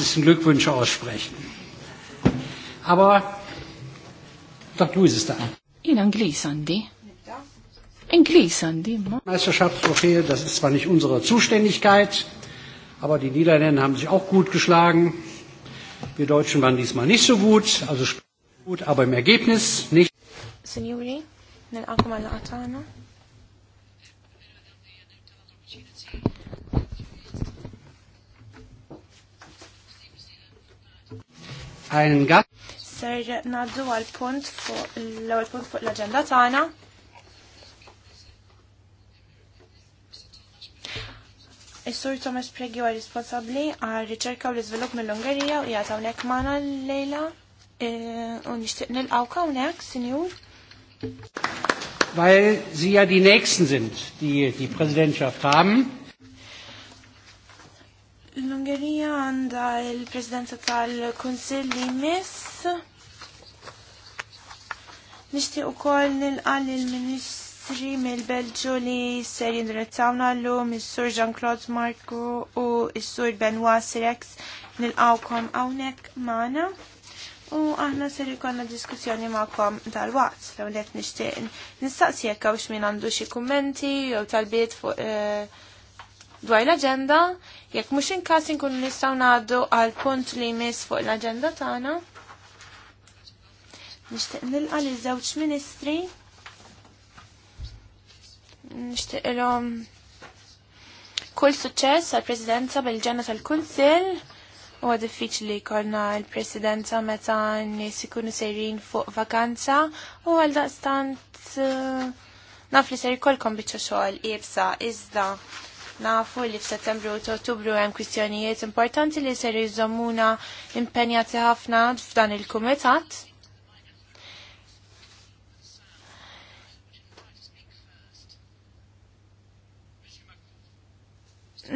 herzlichen Glückwünsche aussprechen. Aber doch du ist es da. In Englisch, Andi. Englisch, Andi. Meisterschaftstrophäe, das ist zwar nicht unsere Zuständigkeit, aber die Niederländer haben sich auch gut geschlagen. Wir Deutschen waren diesmal nicht so gut, also gut, aber im Ergebnis nicht. Signori, nel-akum għal einen Gast. Ser naddu għal punt fuq l-ewwel punt fuq l-aġenda tagħna. Is-Sur Thomas Pregju għal responsabbli għal riċerka u l-iżvilupp mill-Ungerija u jagħta hawnhekk magħna lejla e, u nixtieq nilqgħu hawnhekk, Sinjur. Weil Sie ja die Nächsten sind, die die Präsidentschaft haben. L-Ungerija għanda il-Presidenza tal-Konsill li miss. Nishtiq u nil-għal il-Ministri mill-Belġu li ser jindirizzawna l lu sur Jean-Claude Marco u il-Sur Benoit Sirex kom għawnek maħna. U aħna ser jikonna diskussjoni ma'kom tal-waqt, l-għonet nishtiq. Nistaqsijek għawx min għandu xie kummenti jew tal-biet fuq eh, dwar l-agenda, jekk mhux inkas inkunu nistgħu naddu għal punt li jmiss fuq l-agenda tagħna. Nixtieq nilqa' li żewġ ministri. Nixtieq ilhom kull suċċess għall presidenza bil-ġenna tal-Kunsill. Huwa diffiċli jkollna l-presidenza meta n-nies ikunu sejrin fuq vakanza u għal daqstant eh, naf li ser jkollkom biċċa xogħol izda. iżda Nafu li f'Settembru u Ottubru hemm kwistjonijiet importanti li ser jżommuna impenjati ħafna f'dan il-kumitat.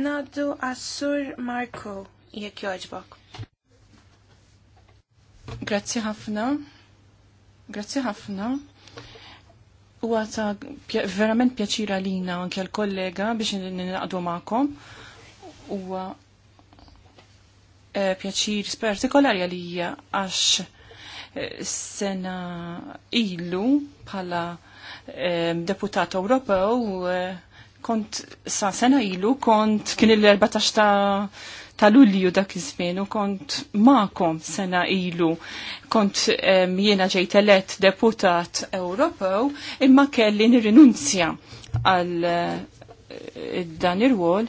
Naddu għassur Marko jekk joġbok. Grazzi ħafna. Grazzi ħafna u għata verament pjaċira lina anke l-kollega biex n-naqdu maqom u eh, pjaċir partikolari għalija għax eh, sena ilu bħala eh, deputat Ewropew kont sa sena ilu kont kien il-14 ta' tal-Ulju dak iż-żmien u kont ma'kom sena ilu. Kont jiena ġejt elett deputat Ewropew imma kelli nirrinunzja għal eh, dan ir-wol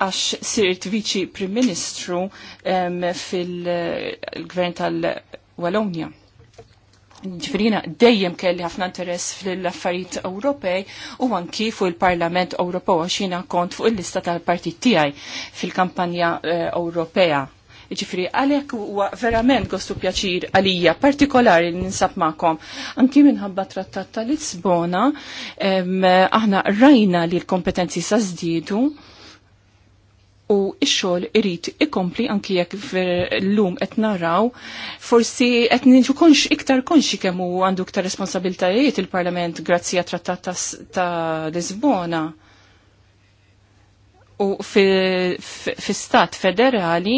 għax sirt viċi Prim Ministru fil-gvern eh, tal-Walonja ġifirina dejjem kelli ħafna interess fil-affarijiet Ewropej u anki fuq il-Parlament Ewropew għax jiena kont fuq il-lista tal-partit tiegħi fil-kampanja eh, Ewropea. Ġifri, għalek huwa verament gostu pjaċir għalija partikolari li ninsab ma'kom. Anki minħabba trattat tal-Lisbona, aħna rajna li l-kompetenzi sa' u x-xogħol irid ikompli anki jekk llum qed naraw forsi qed niġu iktar konxi kemm hu għandu iktar responsabiltajiet il-Parlament grazzi għat-Trattat ta', Lisbona. U fil stat federali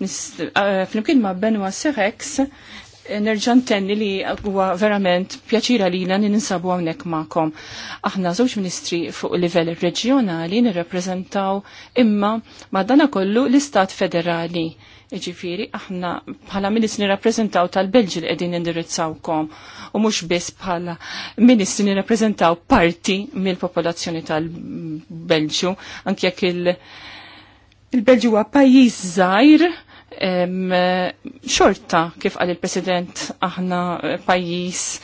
eh, flimkien ma' Benwa Sirex nerġan tenni li huwa verament pjaċira li jina ninsabu għawnek ma'kom. Aħna żewġ ministri fuq livell reġjonali nirrepreżentaw imma madana kollu l-istat federali. Iġifiri, aħna bħala ministri nirrappreżentaw tal-Belġi li qegħdin indirizzawkom u mhux biss bħala ministri nirrappreżentaw parti mill-popolazzjoni tal-Belġu, anke jekk il- Il-Belġu huwa pajjiż żgħir, xorta kif għal il-President aħna pajis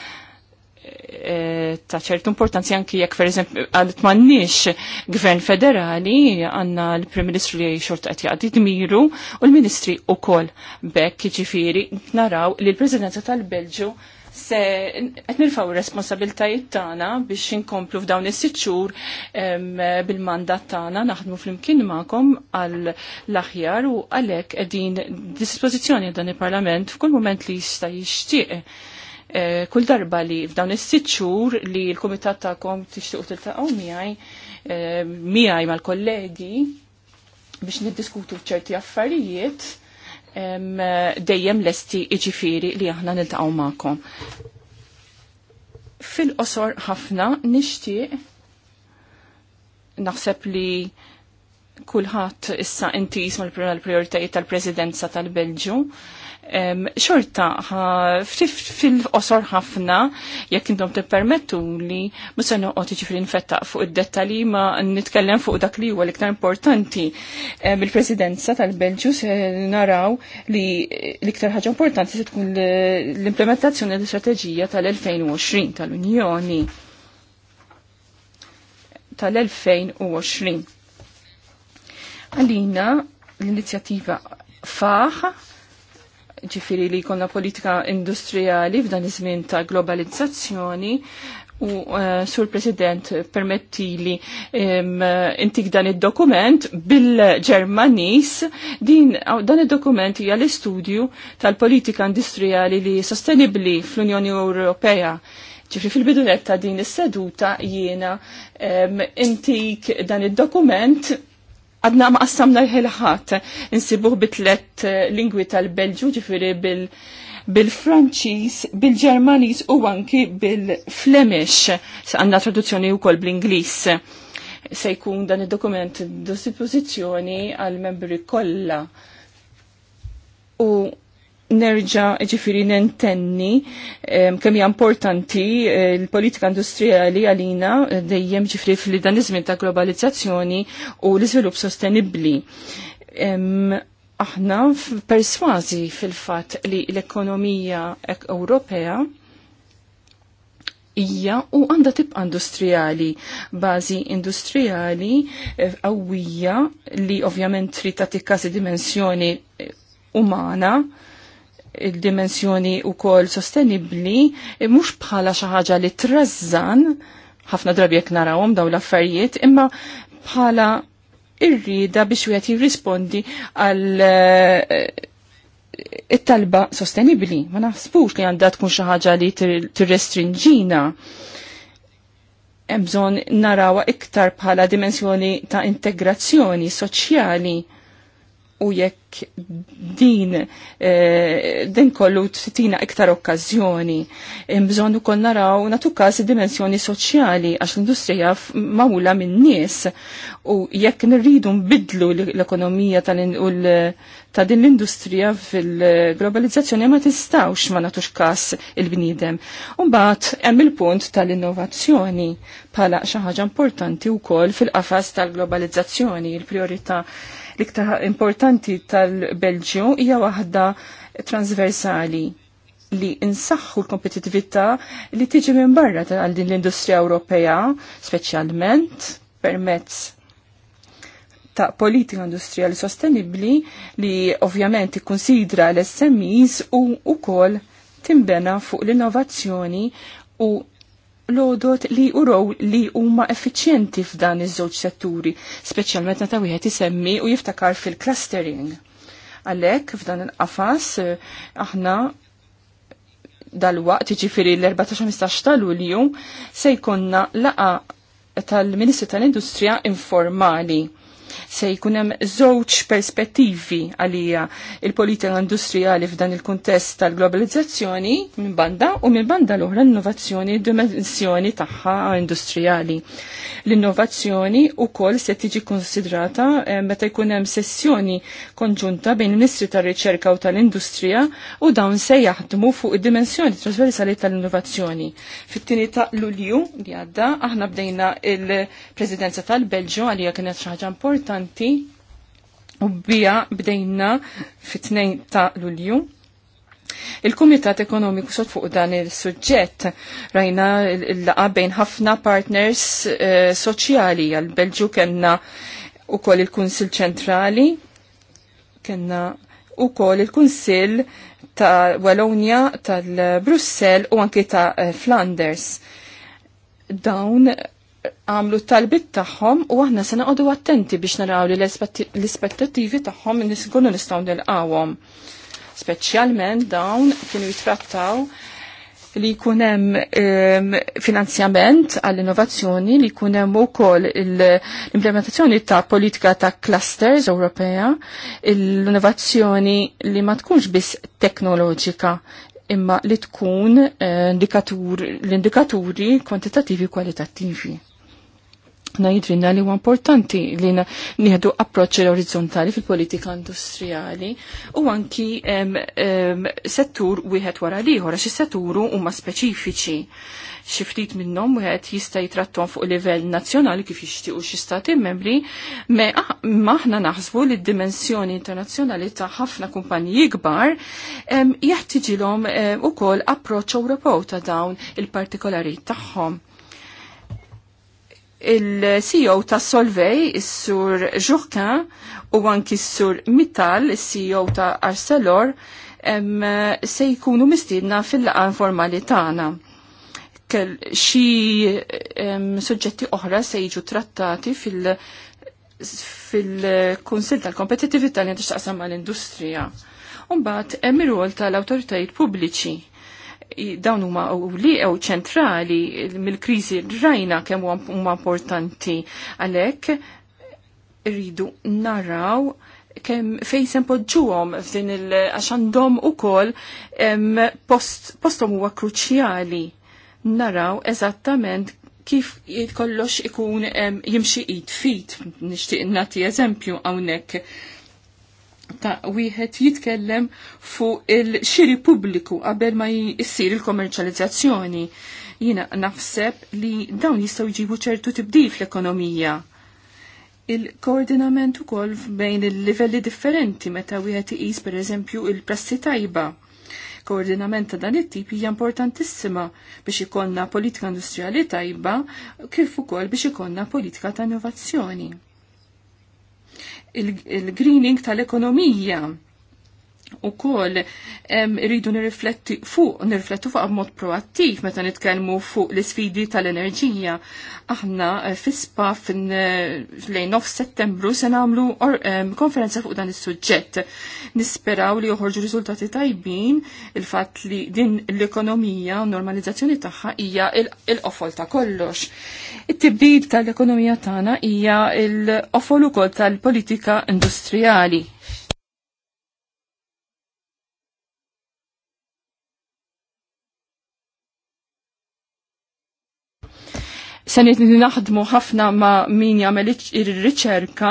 e, ta' ċertu importanzi anki jekk per eżempju għalet mannix gvern federali għanna l-Prim Ministru li xorta għati għaddi dmiru u l-Ministri u kol bekk ġifiri naraw li l-Presidenza tal-Belġu se qed nirfgħu responsabiltajiet tagħna biex inkomplu f'dawn is-sitt xhur bil-mandat tagħna naħdmu flimkien magħkom għall aħjar u għalhekk qegħdin dispożizzjoni dan il-Parlament f'kull mument li jista' jixtieq. E, kull darba li f'dawn is-sitt xhur li l-kumitat tagħkom tixtiequ tiltaqgħu miegħi miegħi mal-kollegi biex niddiskutu ċerti affarijiet dejjem lesti iġifiri li aħna niltaqgħu magħkom. Fil-qosor ħafna nixtieq naħseb li kulħadd issa intis mal-prioritajiet tal-Presidenza tal-Belġu. tal presidenza tal tal presidenza tal belġu xorta fil-qosor ħafna, jekk intom t-permettu li musa noqgħod jiġifieri nfettaq fuq id-dettalji ma nitkellem fuq dak li huwa l-iktar importanti. Bil-Presidenza tal-Belġu se naraw li l-iktar ħaġa importanti se tkun l-implementazzjoni l istrateġija tal-2020 tal-Unjoni tal-2020. Għalina l-inizjattiva faħ ġifiri li jkollna politika industrijali f'dan iż-żmien ta' globalizzazzjoni u uh, sur President permettili um, intik dan id-dokument bil-Ġermanis din dan id-dokument hija l-istudju tal-politika industrijali li sostenibli fl-Unjoni Ewropea Ġifri fil bidunetta din is-seduta jiena um, intik dan id-dokument għadna ma qassamna l-ħelħat, insibuħ bitlet eh, lingwi tal-Belġu ġifiri bil- bil-Franċis, bil-Ġermanis u anki bil-Flemish, għanna traduzzjoni u kol bl-Inglis. Se jkun dan il-dokument d dispozizjoni għal-membri kolla. U nerġa ġifiri nintenni kemm hija importanti eh, l-politika industrijali għalina eh, dejjem ġifiri fil danizmi ta' globalizzazzjoni u l-iżvilupp sostenibbli. Aħna perswazi fil-fatt li l-ekonomija Ewropea hija u għandha tibqa' industrijali, bażi industrijali eh, qawwija li ovvjament trid tagħti każi dimensjoni umana, il-dimensjoni u kol sostenibli, e mux bħala xaħġa li trazzan, ħafna drabi jek narawom daw l-affarijiet, imma bħala irrida biex u jirrispondi għal e, it-talba sostenibli. Ma naħsbux li għandha tkun xaħġa li tirrestringina. Hemm bżonn narawha iktar bħala dimensjoni ta' integrazzjoni soċjali u jekk din eh, din kollu t-tina iktar okkazjoni. Bżon u naraw natu kas dimensjoni soċjali għax l-industrija mawla minn nies u jekk nirridu nbidlu l-ekonomija ta' din l-industrija fil-globalizzazzjoni ma tistawx ma natux kas il-bnidem. Umbat hemm il-punt tal-innovazzjoni pala xi ħaġa importanti wkoll fil-qafas tal-globalizzazzjoni, il priorita l-iktar importanti tal-Belġju hija waħda transversali li insaħħu l-kompetitività li tiġi minn barra għal din l-industrija Ewropea, speċjalment permezz ta' politika industrijali sostenibli li ovvjament ikkunsidra l-SMEs u wkoll timbena fuq l-innovazzjoni u lodot li uraw li huma effiċjenti f'dan iż-żewġ setturi, speċjalment meta wieħed isemmi u jiftakar fil-clustering. Għalhekk f'dan il-qafas eh, aħna dal-waqt jiġifieri l 14 ta' lulju se jkollna laqa tal-Ministru tal-Industrija informali se jkun hemm żewġ perspettivi għalija il-politika industrijali f'dan il-kuntest tal-globalizzazzjoni minn banda u minn banda l-oħra l-innovazzjoni dimensjoni tagħha industrijali. L-innovazzjoni ukoll se tiġi konsidrata eh, meta jkun hemm sessjoni konġunta bejn ministri tar-riċerka u tal-industrija u dawn se jaħdmu fuq id-dimensjoni trasversali tal-innovazzjoni. Fit-tieni ta' Lulju li għadda aħna bdejna il-Presidenza tal-Belġu għalija kienet xi ħaġa importanti importanti u bija bdejna fit-2 ta' Lulju. Il-Kumitat Ekonomiku sot fuq dan il-sujġett rajna l-laqa bejn ħafna partners uh, soċjali għal-Belġu kena u koll il-Kunsil ċentrali, kena u koll il-Kunsil ta' Wallonia, tal-Brussel u anki ta' eh, Flanders. Dawn għamlu talbit tagħhom u aħna se naqogħdu attenti biex naraw li l-ispettattivi tagħhom nisgunu nistgħu għawom Speċjalment dawn kienu jitrattaw li kunem ehm, finanzjament għall-innovazzjoni, li kunem u kol l-implementazzjoni ta' politika ta' clusters Ewropea, l-innovazzjoni li ma tkunx biss teknoloġika, imma li tkun eh, l-indikaturi kvantitativi kwalitativi aħna jidrinna li huwa importanti li nieħdu approċċ orizzontali fil-politika industrijali u anki settur wieħed wara liħor għax setturu huma speċifiċi. Xi ftit minnhom wieħed jista' jitrattom fuq livell nazzjonali kif jixtiequ xi stati membri, me aħna naħsbu li d-dimensjoni internazzjonali ta' ħafna kumpaniji kbar u ukoll approċċ Ewropew ta' dawn il partikolari tagħhom il-CEO ta' Solvay, il-sur Jourquin, u anki il-sur Mittal, il-CEO ta' Arcelor, se jkunu mistidna fil-laqa informali tagħna. Kel xi suġġetti oħra se jiġu trattati fil- fil-Kunsil tal-Kompetitività li għandix taqsam għall-Industrija. Umbat, hemm ir-rol tal-awtoritajiet pubbliċi dawn huma li ew ċentrali mill-kriżi rajna kemm huma importanti għalhekk rridu naraw kemm fejn se npoġġuhom f'din il għax għandhom ukoll posthom huwa kruċjali naraw eżattament kif kollox ikun jimxi id fit nixtieq nagħti eżempju hawnhekk ta' wieħed jitkellem fuq il-xiri pubbliku qabel ma jissir il-kommerċjalizzazzjoni. Jiena naħseb li dawn jistgħu jġibu ċertu tibdil fl-ekonomija. Il-koordinament ukoll bejn il-livelli differenti meta wieħed iqis pereżempju il-prassi tajba. Koordinament ta' dan it-tip hija importantissima biex ikollna politika industrijali tajba kif ukoll biex ikollna politika ta' innovazzjoni il-greening tal-ekonomija u kol rridu nirrifletti fuq, nirrifletti fuq mod proattiv meta nitkellmu fuq l-sfidi tal-enerġija. Aħna eh, fispa eh, lejn 9 settembru se nagħmlu konferenza fuq dan is-suġġett. Nisperaw li joħorġu riżultati tajbin il-fatt li din l-ekonomija u normalizzazzjoni tagħha hija il-qofol ta' kollox. it tibdid tal-ekonomija tagħna hija l-qofol ukoll tal-politika industrijali se naħdmu ħafna ma' min jagħmel ir-riċerka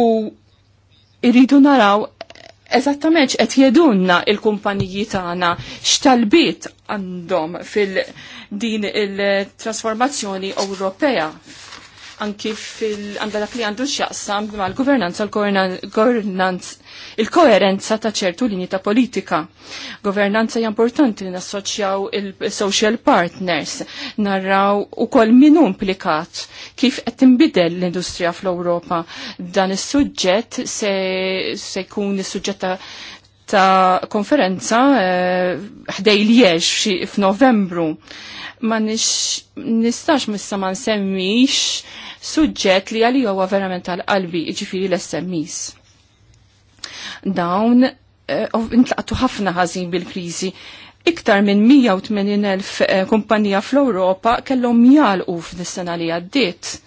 u irridu naraw eżattament qed jedunna il-kumpaniji tagħna x'talbiet għandhom fil- din il-trasformazzjoni Ewropea anki fil għandalak dak li għandu xjaqsam ma l-governanza, il-koerenza ta' ċertu linji ta' politika. Governanza importanti li nassoċjaw il-social partners, narraw u kol minu implikat kif qed tinbidel l-industrija fl-Ewropa. Dan is-suġġett se jkun is-suġġett ta' ta' konferenza eh, ħdej li jiex f'Novembru. Ma nistax missa ma nsemmix suġġett li għalli huwa verament tal-qalbi, ġifiri l-SMIs. Dawn, eh, intlaqtu ħafna ħażin bil-krizi, Iktar minn 180.000 eh, kumpanija fl-Europa kellhom jalqu f'nis-sena li għaddiet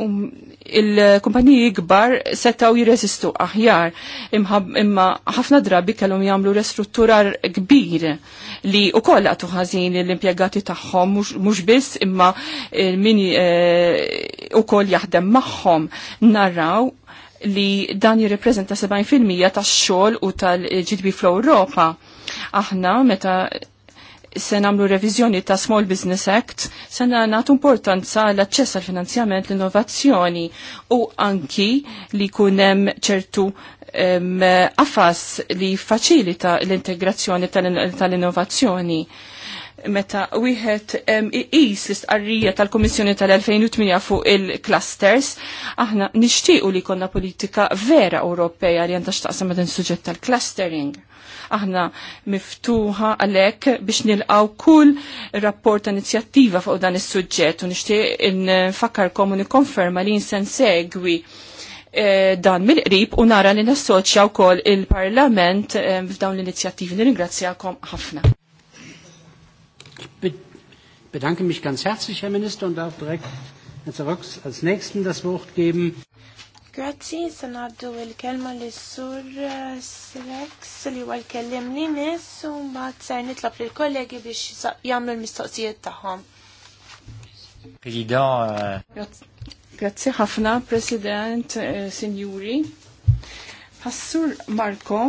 um, il-kumpaniji kbar setaw jirreżistu aħjar imma ħafna drabi kellhom jagħmlu restrutturar kbir li wkoll għatu ħażin l-impjegati tagħhom mhux biss imma eh, min eh, ukoll jaħdem magħhom narraw li dan jirrepreżenta 70% tax-xogħol u tal-GDP fl-Ewropa. Aħna meta se namlu revizjoni ta' Small Business Act, se nagħtu importanza l-aċċess għal finanzjament l-innovazzjoni u anki li kunem ċertu um, affas li faċilita l-integrazzjoni tal-innovazzjoni. Meta wieħed um, iqis l-istqarrija tal-Kummissjoni tal-2008 fuq il-clusters, aħna nixtiequ li konna politika vera Ewropea li għandha x'taqsam ma' din suġġett tal-clustering Aħna miftuħa għalhekk biex nilqaw kull rapport inizjattiva fuq dan is-suġġett u nixtieq infakkarkom u nikkonferma li jinsen segwi eh, dan mill-qrib u nara li nassoċja wkoll il-Parlament eh, f'dawn l-inizjattivi. Nirringrazzjakom ħafna. Bedanke mich ganz herzlich, Herr Minister, und darf direkt Herr als Nächsten das Wort geben. Grazzi, sanaddu il-kelma eh, li sur Srex li għal kellim li nis u mbagħad ser nitlob lil kollegi biex jamlu l-mistoqsijiet taħom. tagħhom. Eh, grazzi ħafna, President, eh, Sinjuri. Passur Marko,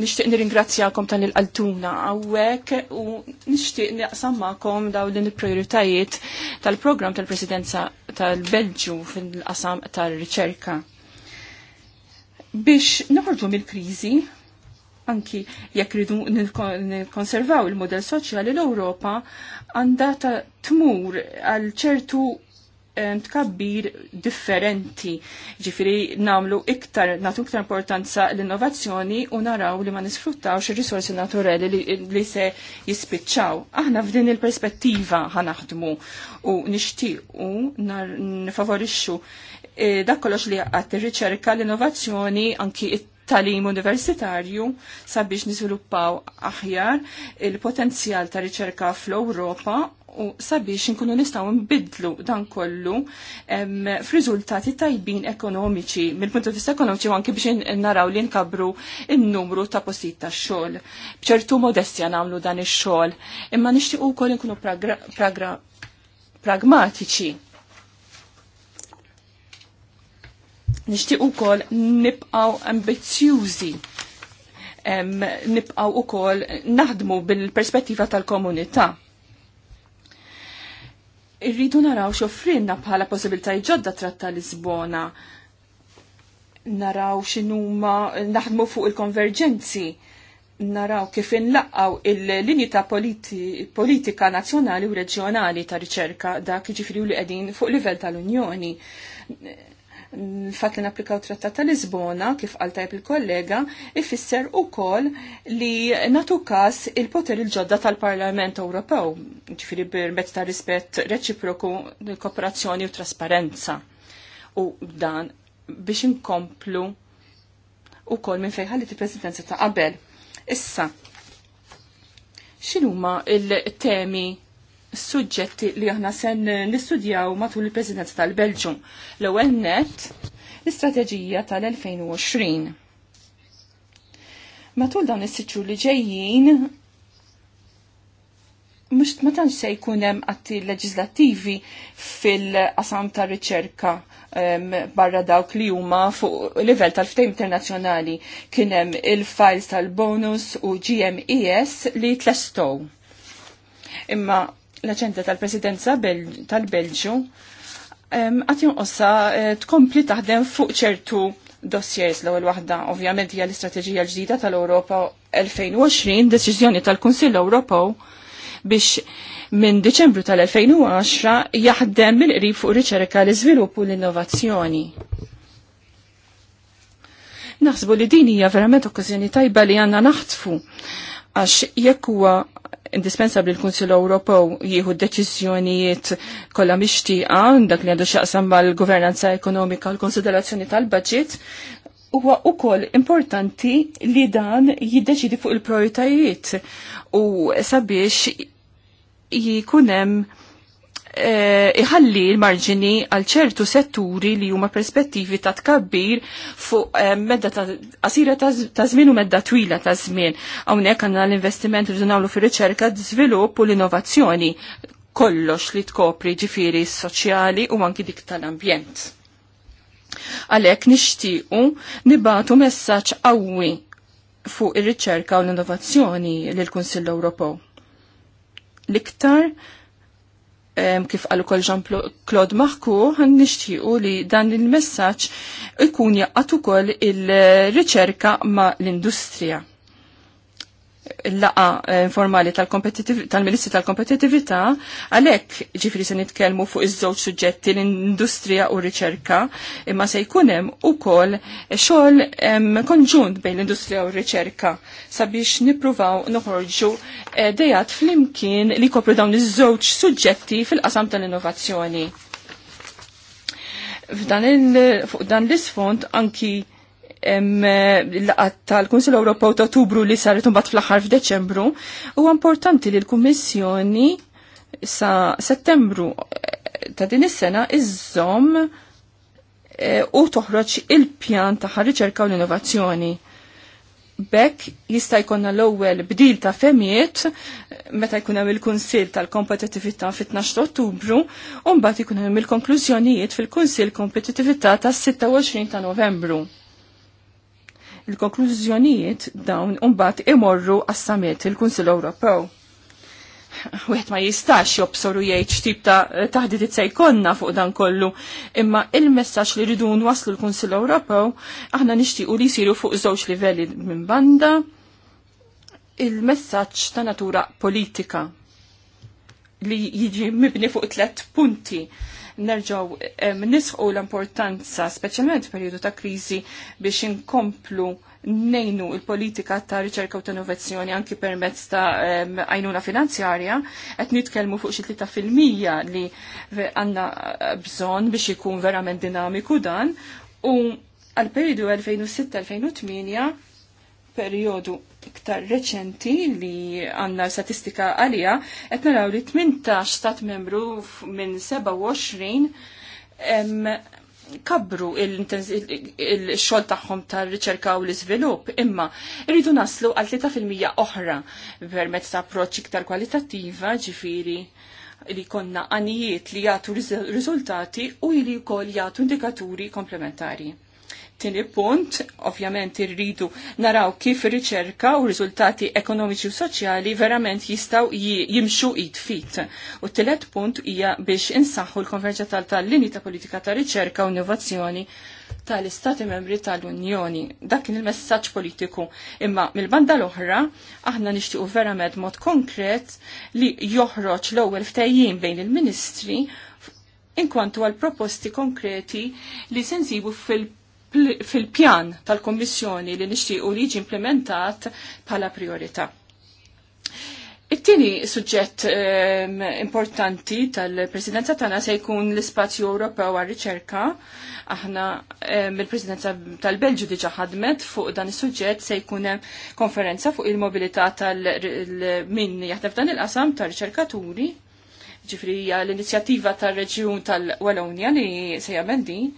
nishtiq nirringrazzjakom tal-qaltuna il għawek u nishtiq naqsam ma'kom daw din il-prioritajiet tal-program tal-presidenza tal-Belġu fil-qasam tal-riċerka. Biex noħorġu mill-krizi, anki jekk ridu nikkonservaw il-modell soċjali l-Ewropa għandha tmur għal ċertu tkabbir differenti. Ġifiri namlu iktar, natu iktar importanza l-innovazzjoni u naraw li ma nisfruttawx il-risorsi naturali li, li se jispiċċaw. Aħna f'din il-perspettiva ħanaħdmu u u nifavorixxu e, dak kollox li għat ir-riċerka l-innovazzjoni anki it talim universitarju sabiex niżviluppaw aħjar il-potenzjal ta' riċerka fl-Ewropa u sabiex inkunu nistgħu nbidlu dan kollu f'riżultati tajbin ekonomiċi, mill-punt ta' vista ekonomiċi anki biex naraw li nkabru n numru ta' postijiet ta' xogħol. Bċertu modestja nagħmlu dan ix-xogħol, imma nixtiequ wkoll inkunu pragmatiċi. Nixtiequ ukoll nibqgħu ambizzjużi nibqgħu ukoll naħdmu bil-perspettiva tal-komunità irridu naraw x'offrinna bħala possibilità ġodda tratta Lisbona. Naraw x'inhuma naħdmu fuq il-konverġenzi, naraw kif inlaqgħu il-linji ta' politi politika nazzjonali u reġjonali ta' riċerka dak jiġifieri li qegħdin fuq livell tal-Unjoni fatt li napplikaw trattat ta' Lisbona, kif għal tajb il-kollega, ifisser ukoll li natu kas il-poter il-ġodda tal-Parlament Ewropew, ġifiri birbet ta' rispett reċiproku, kooperazzjoni u trasparenza. U dan biex inkomplu u kol minn fejħalli il-Presidenza ta' qabel. Issa, xinuma il-temi suġġetti li aħna sen nistudjaw matul il-Presidenza tal-Belġum. L-ewwel net l-istrateġija tal-2020. Matul dawn is-siċċu li ġejjin mux ma tantx se jkun hemm atti leġislattivi fil-qasam ta' riċerka barra dawk li huma fuq livell tal-ftehim internazzjonali kien hemm il-files tal-bonus u GMES li tlestow. Imma l-aċenda tal-presidenza tal-Belġu għat jonqossa eh, tkompli taħdem fuq ċertu dossiers l ewwel waħda ovvjament hija l-istrateġija l-ġdida tal-Ewropa 2020, deċiżjoni tal-Kunsill Ewropew biex minn Deċembru tal-2010 jaħdem mill-qrib fuq riċerka l-iżvilupp u l-innovazzjoni. Naħsbu li din hija verament okkażjoni tajba li għandna naħtfu għax jekk huwa indispensabli l-Kunsil Ewropew jieħu deċiżjonijiet kollha mixtieqa dak li għandu x'jaqsam mal-governanza ekonomika l-konsiderazzjoni tal-budget, huwa ukoll importanti li dan jiddeċidi fuq il-prioritajiet u sabiex jikun hemm Eh, iħalli l-marġini għal ċertu setturi li huma perspettivi ta' tkabbir fuq eh, medda ta' asira ta' żmien u medda twila ta' żmien. Hawnhekk għandna l-investiment li nagħmlu fir-riċerka, żvilupp u l-innovazzjoni kollox li tkopri ġifiri soċjali u anki dik tal-ambjent. Għalek nishtiqu nibatu messaċ qawwi fuq ir-riċerka u l-innovazzjoni lill kunsill Ewropew. L-iktar kif għallu kol Jean-Claude Marco, nishtiqu li dan il-messagġ ikun jaqqatu kol il-riċerka ma l-industrija laqa eh, informali tal-Ministri tal-Kompetitività, għalhekk ġifri se nitkellmu fuq iż-żewġ suġġetti l-industrija u r-riċerka, imma se jkun hemm ukoll xogħol konġunt bejn l-industrija u r-riċerka sabiex nippruvaw noħorġu eh, dejat flimkien li kopru dawn iż-żewġ suġġetti fil-qasam tal-innovazzjoni. F'dan l-isfond anki l-laqat tal-Kunsil Ewropew ta' Ottubru li saret mbagħad fl-aħħar f'Deċembru, huwa importanti li l-Kummissjoni sa Settembru eh, ta' din is-sena iżżomm eh, u toħroġ il-pjan ta' riċerka u l-innovazzjoni. Bekk jista' jkollna l-ewwel bdil ta' femijiet eh, meta jkun hemm il-Kunsill tal-Kompetittività fit-12 ta' Ottubru u mbagħad ikun hemm il-konklużjonijiet fil-Kunsill Kompetittività tas-26 ta' Novembru Il-konklużjonijiet dawn umbat imorru għas samet il-Kunsil Ewropew. Wieħed ma jistax jobsoru jgħid x'tip ta' taħdit se jkollna fuq dan kollu, imma il-messaġġ li ridu nwaslu l-Kunsil Ewropew aħna nixtiequ li jsiru fuq żewġ livelli minn banda il-messaġġ ta' natura politika li jiġi mibni fuq tlet punti nerġaw nisħu l-importanza, specialment periodu ta' krizi, biex inkomplu nejnu il-politika ta' riċerka u ta' innovazzjoni anki permezz ta' għajnuna finanzjarja, qed nitkellmu fuq xi tlita filmija li għandna eh, bżonn biex ikun verament dinamiku dan, u għal periodu 2006-2008 periodu iktar reċenti li għanna statistika għalija, qed naraw li 18 stat membru minn 27 kabru il-xol tagħhom tar-riċerka u l-iżvilupp, imma rridu naslu għal 3% oħra permezz ta' approċċ iktar kwalitattiva, ġifiri li konna għanijiet li jagħtu riżultati u li jkoll jagħtu indikaturi komplementari Tini punt, ovvjament irridu naraw kif riċerka u riżultati ekonomiċi u soċjali verament jistaw jimxu id-fit. U t-tilet punt hija biex insaħħu l-konverġa tal-linji tal ta' politika ta' riċerka u innovazzjoni tal-Istati membri tal-Unjoni. Dak kien il-messaġġ politiku. Imma mill-banda l-oħra, aħna nixtiequ verament mod konkret li joħroġ l-ewwel ftehim bejn il-Ministri inkwantu għal proposti konkreti li sensibu fil- fil-pjan tal-Kommissjoni li nixtiequ li jiġi implementat bħala priorità. It-tieni suġġett um, importanti tal-Presidenza tagħna se jkun l-Ispazju Ewropew għar-riċerka. Aħna mill-Presidenza ehm, tal-Belġu diġà ħadmet fuq dan is-suġġett se jkun hemm konferenza fuq il-mobilità tal-min jaħdem dan il-qasam tar-riċerkaturi. Ġifri hija l-inizjattiva tar-Reġjun tal-Walonja li se jagħmel din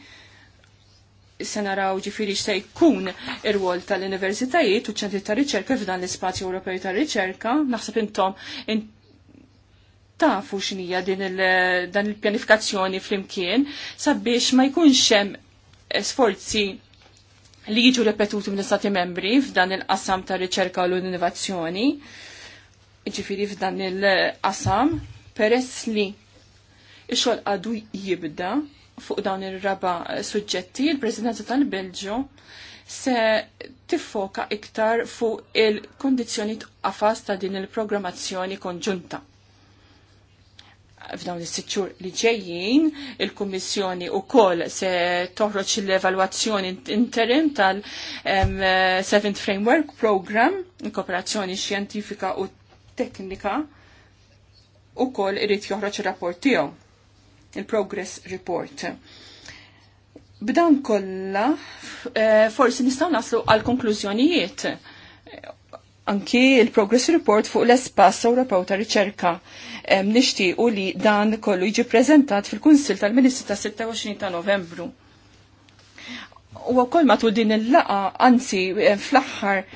se naraw ġifiri se jkun ir wol tal-universitajiet u ċentri ta' riċerka f'dan l-Ispazju Ewropej ta' Riċerka, naħseb intom in tafu x'nija din il dan il-pjanifikazzjoni flimkien sabiex ma jkunx hemm sforzi li jiġu repetuti minn istati membri f'dan il-qasam ta' riċerka u l-innovazzjoni, ġifiri f'dan il-qasam, peress li ix-xogħol għadu jibda, fuq dawn ir-raba suġġetti, il-Presidenza tal-Belġu se tiffoka iktar fuq il-kondizjoni qafas ta' din il-programmazzjoni konġunta f'dawn is-sitxur li ġejjin, il-Kummissjoni wkoll se toħroġ l-evalwazzjoni interim tal 7 Framework Program, kooperazzjoni xjentifika u teknika, u koll irrit joħroġ ir-rapport tiegħu il-Progress Report. B'dan kolla eh, forsi nistgħu naslu għal konklużjonijiet anki il-Progress Report fuq l-Espass Ewropew ta' Riċerka. Eh, nixtiequ li dan kollu jiġi prezentat fil-Kunsil tal-Ministri ta' 26 ta' Novembru. U wkoll matul din il-laqa, anzi eh, fl-aħħar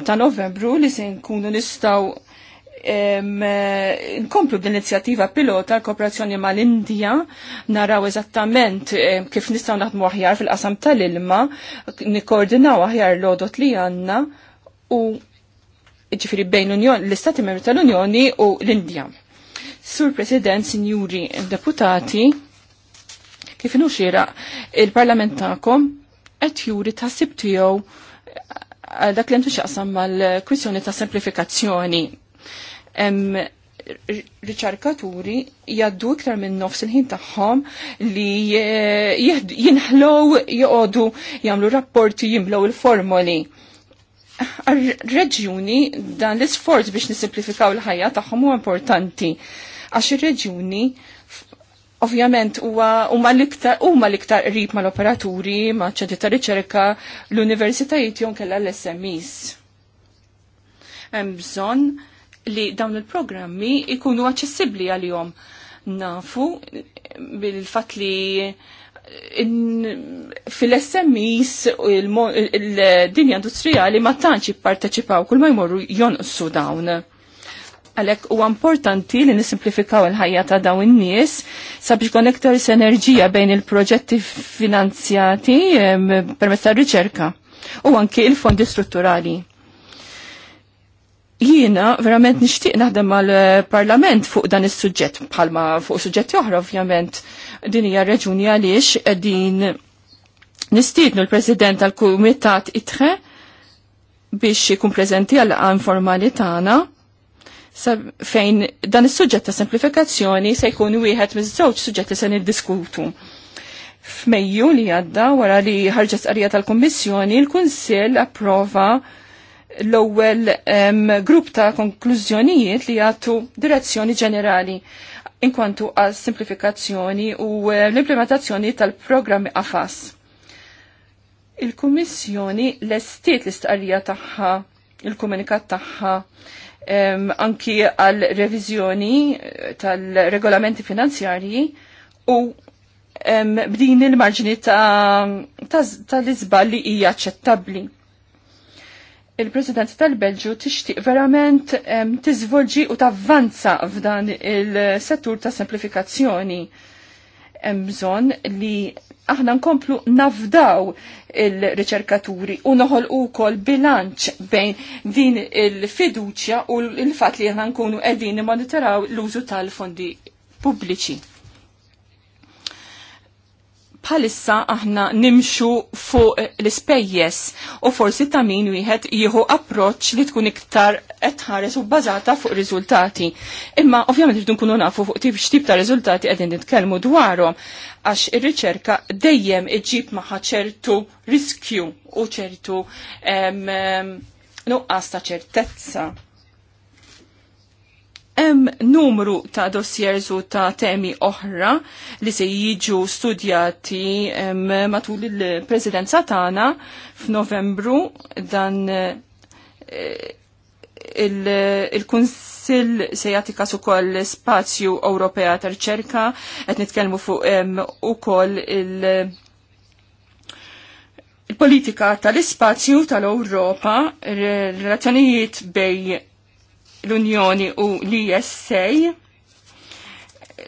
ta' Novembru li se nkunu nistgħu nkomplu bl-inizjattiva pilota l-kooperazzjoni mal-Indija, naraw eżattament kif nistaw naħdmu aħjar fil-qasam tal-ilma, nikkoordinaw aħjar l-odot li għanna u ġifiri bejn l-Istati Membri tal-Unjoni u l-Indija. Sur President, Sinjuri Deputati, kif nuxira il-Parlament ta'kom qed juri ta' sibtijow dak li ntu xaqsam mal-kwissjoni ta' semplifikazzjoni riċarkaturi jaddu iktar minn nofs il-ħin tagħhom li eh, jinħlow joqogħdu jagħmlu rapporti jimlow il-formoli. Reġjuni dan l-isforz biex nisimplifikaw l-ħajja tagħhom huwa importanti għax ir-reġjuni ovvjament huma l-iktar huma l-iktar qrib mal-operaturi, ma' ċedi ta' riċerka, l-universitajiet jew kellha l-SMEs. Hemm bżonn li dawn il-programmi ikunu aċċessibbli għal-jom. Nafu bil-fat li fil smis il-dinja industrijali ma tantx jipparteċipaw kull ma jmorru jonqsu dawn għalek u importanti li nisimplifikaw il-ħajja ta' dawn in-nies sabiex konnektar sinerġija bejn il-proġetti finanzjati permezz tar riċerka u anki il-fondi strutturali jiena verament nixtieq naħdem mal-Parlament fuq dan is-suġġett bħalma fuq suġġetti oħra ovvjament din hija reġuni għaliex din nistiednu l-President tal-Kumitat itħe biex ikun preżenti għal informali tagħna fejn dan is-suġġett ta' semplifikazzjoni se jkun wieħed miż-żewġ suġġetti se niddiskutu. F'Mejju li għadda wara li ħarġet qarija tal-Kummissjoni, il-Kunsill approva l-ewwel grupp ta' konklużjonijiet li jagħtu direzzjoni ġenerali inkwantu għal simplifikazzjoni u l-implementazzjoni tal-programmi AFAS. Il-Kummissjoni l-estiet l-istqarrija tagħha, il-komunikat tagħha anki għal reviżjoni tal-regolamenti finanzjarji u b'din il-marġini tal-izbal li hija aċċettabbli il president tal-Belġu tixtieq verament tiżvolġi u tavvanza f'dan il-settur ta' semplifikazzjoni. Hemm bżonn li aħna nkomplu nafdaw il-riċerkaturi u noħol u kol bilanċ bejn din il-fiduċja u l fat li aħna nkunu edin monitoraw l-użu tal-fondi pubbliċi palissa aħna nimxu fuq l spejjes u forsi ta' min wieħed jieħu approċċ li tkun iktar qed u bbażata fuq riżultati. Imma ovvjament rridu nkunu nafu fuq tip x'tip ta' riżultati qegħdin nitkellmu dwarhom għax ir-riċerka dejjem iġib magħha ċertu riskju u ċertu nuqqas ta' ċertezza Hemm numru ta' dossiers u ta' temi oħra li se jiġu studjati matul il-Presidenza tagħna f'Novembru dan eh, il-Kunsill se jagħti każ ukoll spazju Ewropea ta' riċerka qed nitkellmu fuq ukoll il- il-politika tal-ispazju tal-Ewropa, relazzjonijiet bej l-Unjoni u l-ISA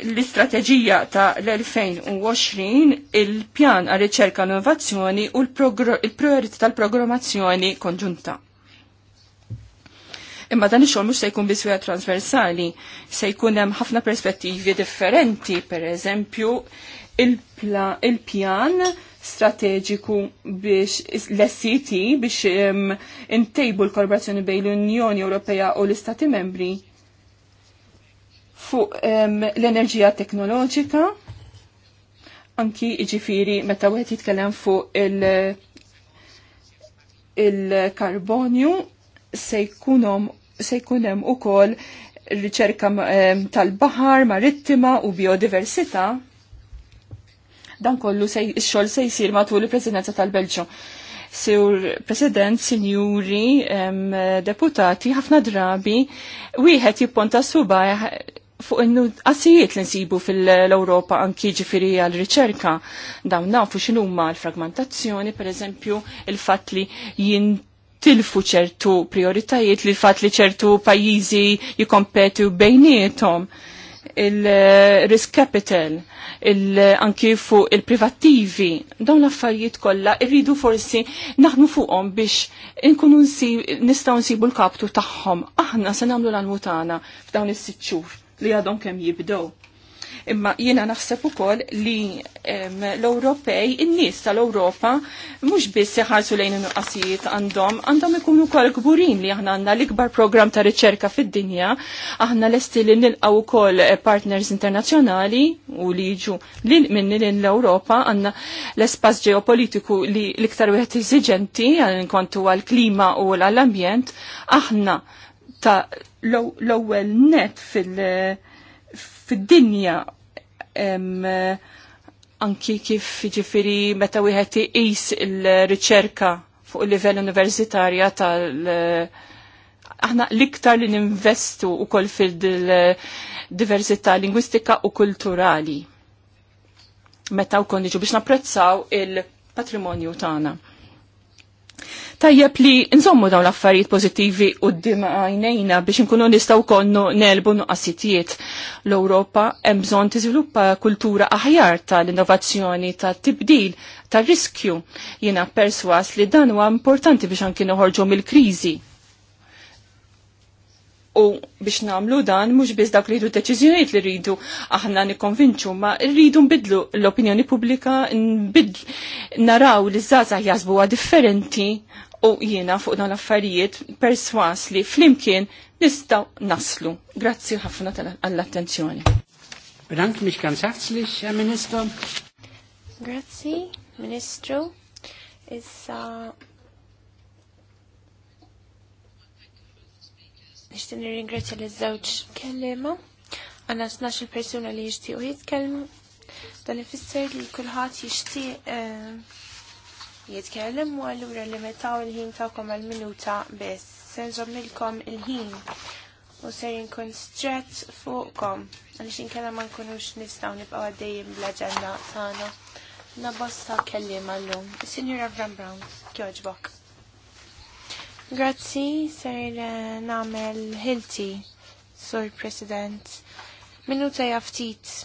l-istrateġija ta' l-2020, il-pjan għal riċerka innovazzjoni u l-priorità tal-programmazzjoni konġunta. Imma dan ix-xogħol mhux se jkun biswija transversali, se jkun hemm ħafna perspettivi differenti, per eżempju, il-pjan il pjan strateġiku biex l-SCT biex um, intejbu l-korporazzjoni bejn l-Unjoni Ewropea u l-Istati membri fuq um, l-enerġija teknoloġika anki iġifiri meta wieħed jitkellem fuq il- karbonju se se jkunem ukoll riċerka tal-bahar, marittima u biodiversità Dan kollu xol se jisir matul il-Presidenza tal-Belġu. Sur President, Signuri Deputati, ħafna drabi, wieħed jipponta suba fuq innu qasijiet li nsibu fil-Europa anki ġifiri għal-riċerka dawn nafu x'inhuma l-fragmentazzjoni, per eżempju, il-fatt li jintilfu ċertu prioritajiet li l-fatt li ċertu pajjiżi jikompetu bejnietom il-risk capital, il anki fuq il-privattivi, dawn l-affarijiet kollha irridu forsi naħnu fuqhom biex inkunu nistgħu nsibu l-kaptu tagħhom. Aħna se nagħmlu l-anmutana f'dawn is-sitt li għadhom kemm jibdew. Imma jiena naħseb ukoll li l-Ewropej, in-nies tal-Ewropa mhux biss iħarsu lejn inqasijiet għandhom, għandhom ikunu wkoll kburin li aħna għandna l-ikbar programm ta' riċerka fid-dinja, aħna lesti li nilqgħu wkoll partners internazzjonali u li jiġu lil lil l-Ewropa għandna l-espass ġeopolitiku li l-iktar wieħed eżiġenti kontu għall klima u l-ambjent, aħna ta' l-ewwel net fil- fid-dinja anki kif ġifiri meta wieħed iqis il-riċerka fuq il-livell universitarja tal- aħna iktar li ninvestu u koll fil-diversità lingwistika u kulturali. Meta u konniġu biex napprezzaw il-patrimonju tagħna tajjeb li nżommu dawn l-affarijiet pozittivi u d-dim għajnejna biex nkunu nistaw konnu nelbu nuqqasitijiet. L-Europa hemm bżonn tiżviluppa kultura aħjar tal-innovazzjoni, tat-tibdil, tar-riskju. Jiena perswas li dan huwa importanti biex anki noħorġu mill-kriżi. U biex namlu dan mhux biss dak li jridu deċiżjonijiet li rridu aħna nikkonvinċu, ma rridu nbidlu l-opinjoni pubblika, nbidlu naraw li żgħażagħ jażbuha differenti u jiena fuq dawn l-affarijiet perswas li flimkien nistaw naslu. Grazzi ħafna għall-attenzjoni. Bedank mich ganz herzlich, Herr Minister. Grazzi, Ministru. Issa nishtin nirringrazzja li żewġ kellima. Għanna snax il persuna li u jitkellmu. Dan ifisser li kulħadd jixtieq eh, jitkellem u għallura metaw il-ħin tagħkom għal minuta biss. Se nżommilkom il-ħin u ser jinkun stret fuqkom għaliex inkella ma nkunux nistgħu nibqgħu għaddejjem bl-aġenda tagħna. Nabosta kellim mallum. Signora Van Brown, kjoġbok. Grazzi, ser eh, namel Hilti, Sur President. Minuta jaftit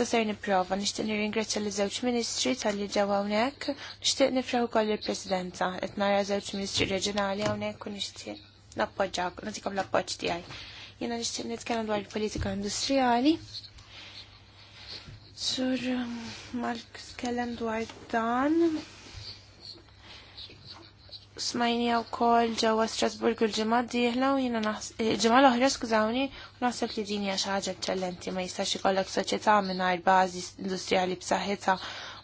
Issa ser nipprova nixtieq nirringrazzja li żewġ ministri tal-li ġew hawnhekk, nixtieq nifraħu ukoll il-Presidenza qed nara żewġ ministri reġjonali hawnhekk u nixtieq nappoġġak, nagħtikom l-appoġġ tiegħi. Jiena nixtieq nitkellem dwar il-politika industrijali. Sur um, Mark kellem dwar dan smajni għaw kol ġawa Strasburgu l-ġemad diħla u jina eh, ġemad l skużawni u naħseb li dinja xaħġa ċellenti ma jistax ikollok soċieta minnajr bazi industrijali b'saħħitha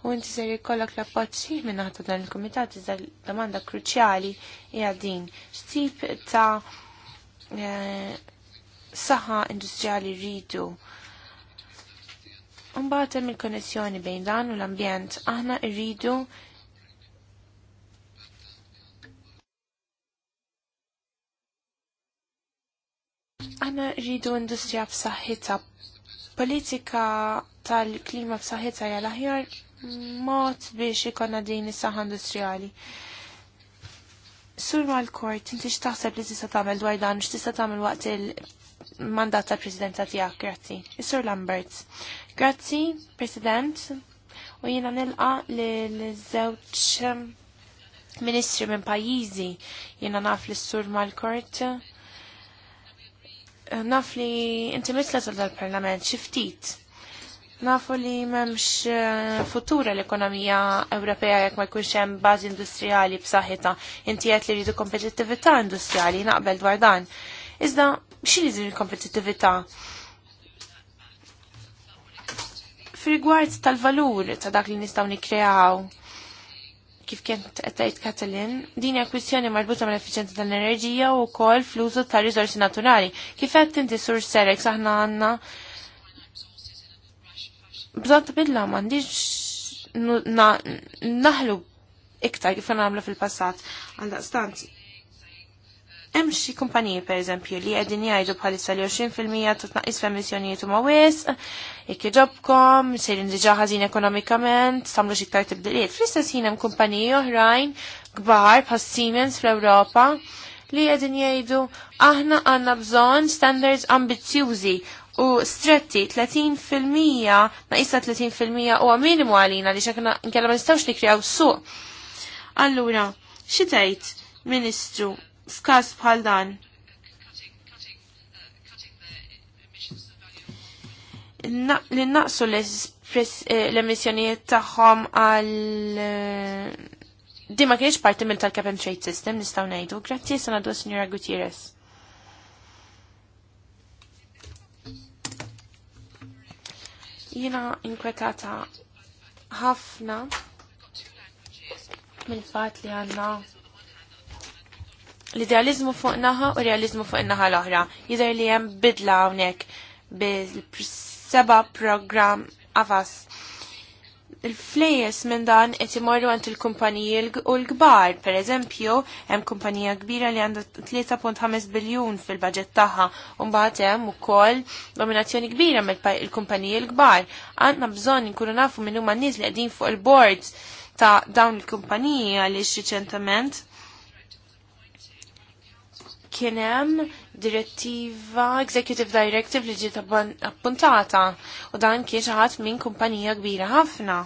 u inti ser ikollok l-appoġġ minna minn dan il-kumitat iżda domanda kruċjali hija din. X'tip ta' eh, saħħa industrijali rridu un hemm il-konnessjoni bejn dan u l-ambjent. Aħna rridu Għanna rridu industrija b'saħħitha. Politika tal-klima b'saħħitha hija l-aħjar mod biex ikonna din is-saħħa industrijali. Sur mal-kort, inti x'taħseb li tista' tagħmel dwar dan x'tista' tagħmel waqt il-mandat tal-Presidenza tiegħek, grazzi. Is-Sur Lambert. Grazzi, President, u jiena nilqa li l-żewġ ministri minn pajjiżi jiena naf li sur mal-kort Naf li inti mitla tal-parlament xiftit. Nafu li memx eh, futura l-ekonomija Ewropea jekk ma jkunx hemm bażi industrijali b'saħħitha. Inti qed li ridu kompetittività industrijali naqbel dwar dan. Iżda xi li il-kompetittività? Fir-rigward tal-valur ta' dak li nistgħu nikkreaw kif kent għettajt Katalin, din hija kwistjoni marbuta mal effiċjenza tal-enerġija u kol fl-użu ta' riżorsi naturali. Kif qed inti sur Serex aħna għandna bżonn bidla m'għandix naħlu iktar kif nagħmlu fil-passat għal daqstanzi. Hemm xi kumpaniji pereżempju li qegħdin jgħidu bħalissa li 20% ta' tnaqqis f'emissjonijiet huma wisq, jekk iġobkom, sejrin diġà ħażin ekonomikament, tagħmlu xi iktar tibdiliet. Fl-istess ħin hemm kumpaniji oħrajn kbar bħal Siemens fl-Ewropa li qegħdin jgħidu aħna għandna bżonn standards ambizzjużi u stretti 30% naqisa 30% huwa minimu għalina li xekna nkella ma nistgħux nikrew suq. Allura, xi tgħid Ministru f'każ bħal dan. Li naqsu eh, l-emissjonijiet tagħhom għal eh, dima kienx parti mill tal-cap and trade system nistgħu ngħidu. Grazzi sanadu Sinjora Gutierrez. Jiena inkwetata ħafna mill-fatt li għandna l-idealizmu fuq naħa u realizmu fuq naħa l-oħra. Jidher li hemm bidla hawnhekk bil-seba program avas. Il-flejes minn dan qed imorru għand il-kumpaniji u l-kbar. Pereżempju, hemm kumpanija kbira li għandha 3.5 biljun fil-baġġett tagħha u mbagħad hemm ukoll dominazzjoni kbira mill-kumpaniji l-kbar. Għandna bżonn inkunu nafu minn huma n-nies li qegħdin fuq il-boards ta' dawn il-kumpaniji għaliex riċentament kienem direttiva, executive directive li ġiet appuntata u dan kien xaħat minn kumpanija kbira ħafna.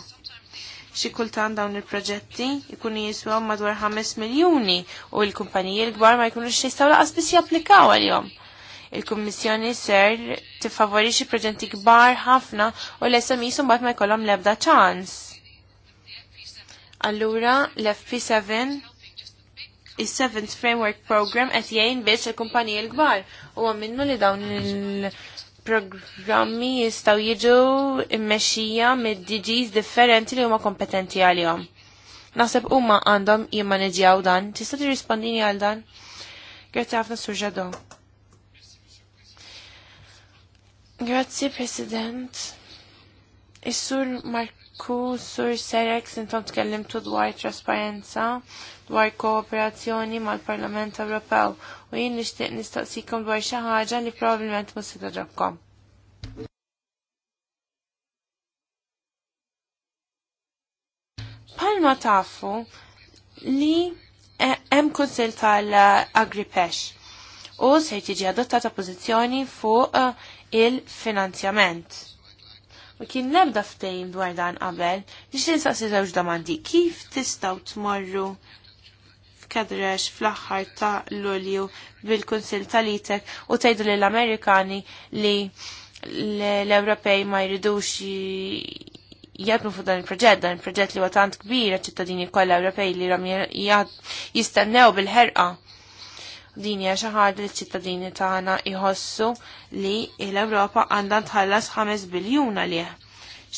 Xi kultan dawn il-proġetti jkun jiswa madwar 5 miljuni u l-kumpaniji l-kbar ma jkunux jistgħu laqas biss japplikaw għalihom. Il-Kummissjoni ser tiffavorixxi proġetti kbar ħafna u l-SMI sumbat ma jkollhom l-ebda ċans. Allura l-FP7 is seventh Framework Program qed jgħin biss il-kumpaniji l-kbar u minnu li dawn il- programmi jistaw jiġu immexxija mid-DGs differenti li huma kompetenti għalihom. Naħseb huma għandhom jimmaneġjaw dan. Tista' tirrispondini għal dan? Grazzi ħafna Sur Ġado. Grazzi President. Is-Sur Mark Ku sur Serex intom tkellimtu dwar trasparenza dwar kooperazzjoni mal-Parlament Ewropew u jien nixtieq nistaqsikom dwar xi ħaġa li probabbilment ma se taġobkom. Palma tafu li e, hemm kunsil tal-Agripesh u se tiġi adottata pożizzjoni fuq eh, il-finanzjament u kien nebda ftejn dwar dan qabel, biex ninsaqsi żewġ domandi. Kif tistgħu tmorru f'kedrex fl-aħħar ta' Lulju bil kunsill tal-Itek u tgħidu lill amerikani li l-Ewropej ma jridux jadmu fuq dan il-proġett, dan il-proġett li huwa tant kbir ċittadini kollha Ewropej li ram jistennew bil-ħerqa Din hija xi ħaġa li ċ-ċittadini tagħna jħossu li l-Ewropa għandha tħallas 5 biljun għalih.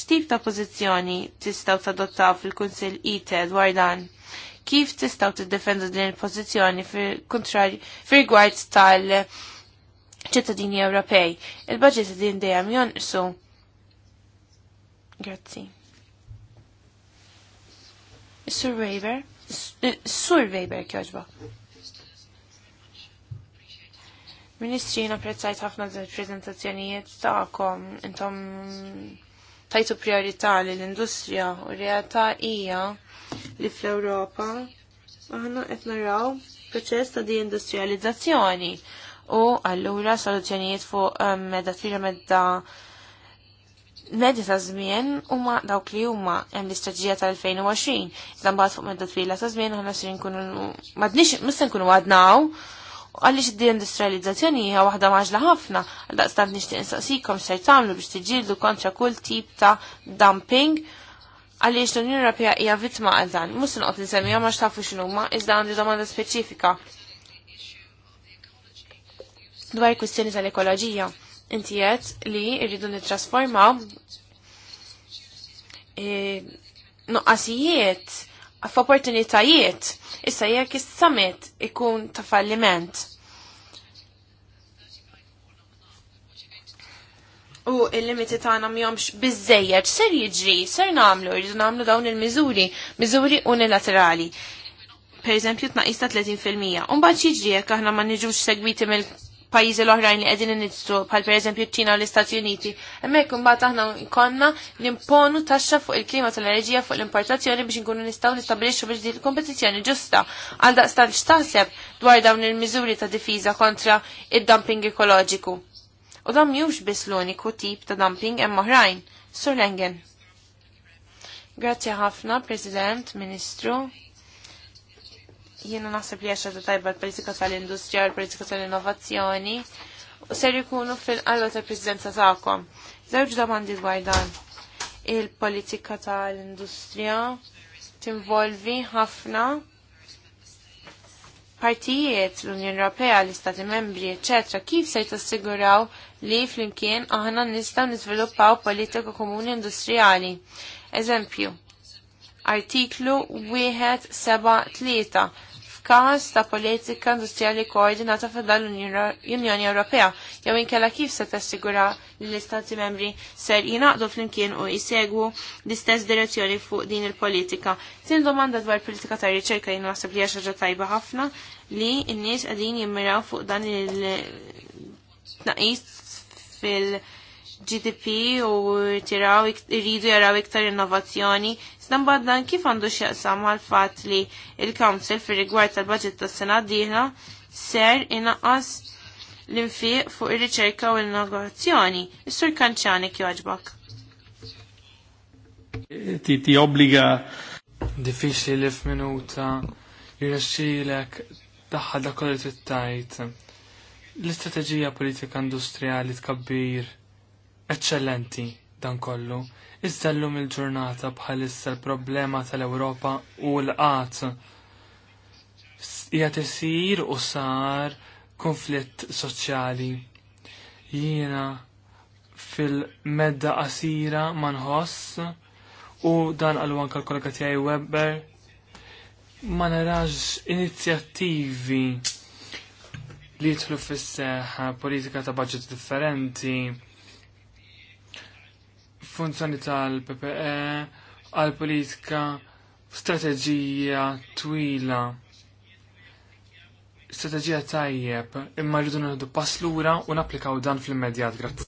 X'tip ta' pożizzjoni tistgħu tadottaw fil-Kunsill ITE dwar dan? Kif tistgħu tiddefendu din il-pożizzjoni fil-kontrarju fir-rigward tal- ċittadini Ewropej. Il-budget din dejjem jonqsu. Grazzi. Sur Weber, Sur Weber kjoġba. Ministri, napprezzajt prezzajt ħafna d-prezentazzjonijiet ta'kom, intom tajtu priorità li l-industrija u realtà hija li fl-Ewropa aħna qed naraw proċess ta' deindustrializzazzjoni u allura soluzzjonijiet fuq eh, medda twila medda medda ta' żmien huma dawk li huma hemm l-istraġija tal-2020. Iżda mbagħad fuq medda twila ta' żmien aħna se nkunu madnix, mista nkunu għadnaw għalli xiddi industrializzazzjoni hija waħda maġla ħafna, għal daqstant nixtieq insaqsikom xejn tagħmlu biex tiġġieldu kontra kull tip ta' dumping għaliex l-Unjoni Ewropea hija vittma għal dan. Mhux inqgħod nisemmija ma xtafu x'inhuma, iżda għandi domanda speċifika. Dwar kwistjoni tal-ekoloġija, inti qed li rridu nittrasformaw eh, nuqqasijiet f'opportunitajiet issa jekk is-summit ikun ta' falliment. U il-limiti tagħna m'jomx biżejjed ser jiġri, ser nagħmlu, rridu nagħmlu dawn il-miżuri, miżuri unilaterali. Per eżempju tnaqis ta' 30%. Umbagħad jiġri jekk aħna ma niġux segwiti mill pajjiżi l-oħrajn li qegħdin inizzu bħal pereżempju eżempju ċina u l-Istati Uniti. Hemmhekk imbagħad aħna jkollna imponu taxxa fuq il-klima tal-enerġija fuq l-importazzjoni biex inkunu nistgħu nistabilixxu biex din il-kompetizzjoni ġusta. Għal daqstant x'taħseb dwar dawn il-miżuri ta' difiża kontra id-dumping ekoloġiku. U dam mhux biss l-uniku tip ta' dumping hemm oħrajn. Sur Lengen. Grazzi ħafna, President, Ministru. Jiena naħseb li għaxa ta' tajba l-politika tal-industrija, l-politika tal-innovazzjoni, u ser jkunu fil-qallu ta' prezidenza ta'kom. Zewġ domandi dwar dan. Il-politika tal-industrija tinvolvi ħafna partijiet l-Unjoni Ewropea, l-Istati Membri, ecc. kif se tassiguraw li flimkien aħna nistgħu niżviluppaw politika komuni industrijali. Eżempju, artiklu 173 f'każ ta' politika industrijali koordinata fid-dan unjoni Ewropea jew inkella kif se tassigura li l-Istati membri ser jinaqdu flimkien u jisegwu l-istess direzzjoni fuq din il-politika. Tin domanda dwar politika ta' riċerka jien naħseb li hija xaġa tajba ħafna li n-nies qegħdin jimmiraw fuq dan il naqis fil- GDP u tiraw irridu jaraw iktar innovazzjoni, stan baddan kif għandu xieqsam għal fat li il-Council fir rigward tal-budget tas sena diħna ser inaqqas l-infiq fuq ir-riċerka u l-innovazzjoni. Is-sur kanċani kjoġbak. Ti obbliga. Diffiċli li f'minuta jirraxxilek daħħa dak li tajt L-istrateġija politika industrijali tkabbir Eċċellenti dan kollu. Iżda llum il-ġurnata bħalissa l-problema tal-Ewropa u l-qat. Jgħat isir u sar konflitt soċjali. Jiena fil-medda qasira ma nħoss u dan qalu anka l-kollega tiegħi Webber ma narax inizjattivi li jidħlu fis-seħħa politika ta' budget differenti funzjoni tal-PPE, għal-politika, strategija twila, Strategija tajjeb, imma rridu nħeddu pass lura u napplikaw dan fl-immedjat, grazzi.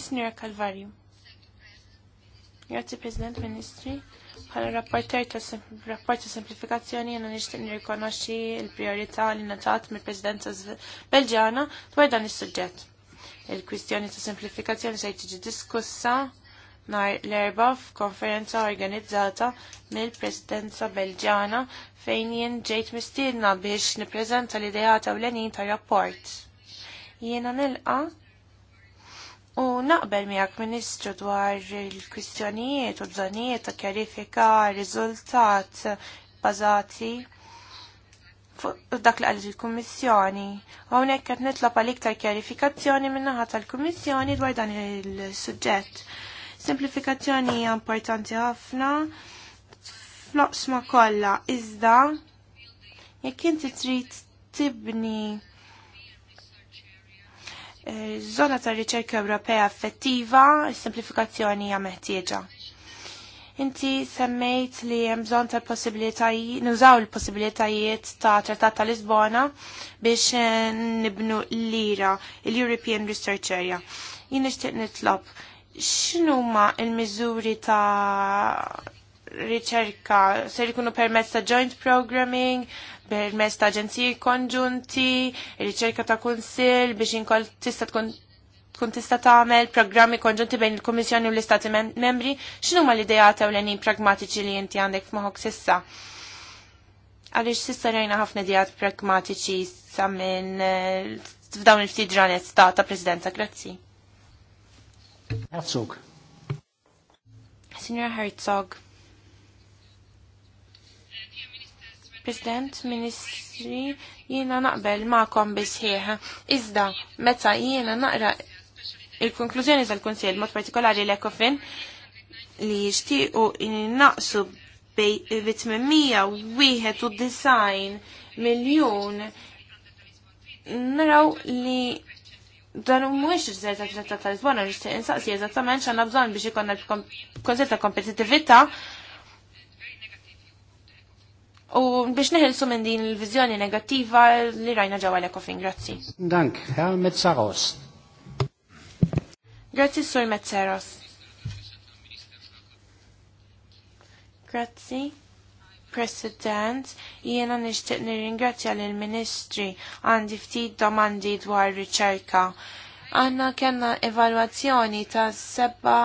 Isnira Calvario. Grazie President Ministri. Għal rapporter ta' rapport ta' semplifikazzjoni jena nixtieq nirrikonoxxi l-prijorità li natat mill-Presidenza Belġana dwar dan is-suġġett. Il-kwistjoni ta' semplifikazzjoni se tiġi diskussa nhar l-erba' f'konferenza organizzata mill-Presidenza Belġana fejn jien ġejt mistiedna biex nippreżenta l-idea ta' l-enin ta' rapport. Jiena nilqa' U naqbel miegħek Ministru dwar il-kwistjonijiet u bżonijiet ta' kjarifika riżultat bażati fuq dak li qalet il-Kummissjoni. Hawnhekk qed nitlob għal iktar kjarifikazzjoni min-naħa tal-Kummissjoni dwar dan il-suġġett. Simplifikazzjoni hija importanti ħafna fl kollha iżda jekk inti trid tibni Zona ta' riċerka Ewropea effettiva, simplifikazzjoni hija meħtieġa. Inti semmejt li hemm bżonn tal-possibilitajiet, nużaw il-possibilitajiet ta' Trattat ta' Lisbona biex eh, nibnu l-lira, l-European Research Area. Jien nixtieq nitlob x'numa l-miżuri ta' riċerka ser ikunu permezz ta' joint programming, permess ta' aġenziji konġunti, riċerka ta' kunsil biex inkol tista' tkun tkun tista' tagħmel programmi konġunti bejn il-Kummissjoni u l-Istati membri, x'inhuma l-idea ta' l pragmatiċi li inti għandek f'moħħok sissa? Għaliex sissa rajna ħafna idejat pragmatiċi sa minn eh, f'dawn il-ftit ġranet ta' ta' Presidenza, grazzi. Herzog. Signor Herzog. President, Ministri, jiena naqbel ma'kom bisħieħ. Iżda, meta jiena naqra il-konklużjoni tal konsil mod partikolari l-Ekofin, li jixtiequ naqsu bit 891 miljon naraw li dan mhuwiex riżerta fit-Trattat ta' Lisbona, nixtieq insaqsi eżattament x'għandna bżonn biex ikollna l konsil ta' kompetitivita U biex neħilsu minn din il-vizjoni negattiva li rajna ġewwa l grazzi. Dank, Herr Metzaros. Grazzi, Sur Metzaros. Grazzi. President, jiena nixtieq nirringrazzja lill ministri għandi ftit domandi dwar riċerka. Għanna kellna evalwazzjoni ta' seba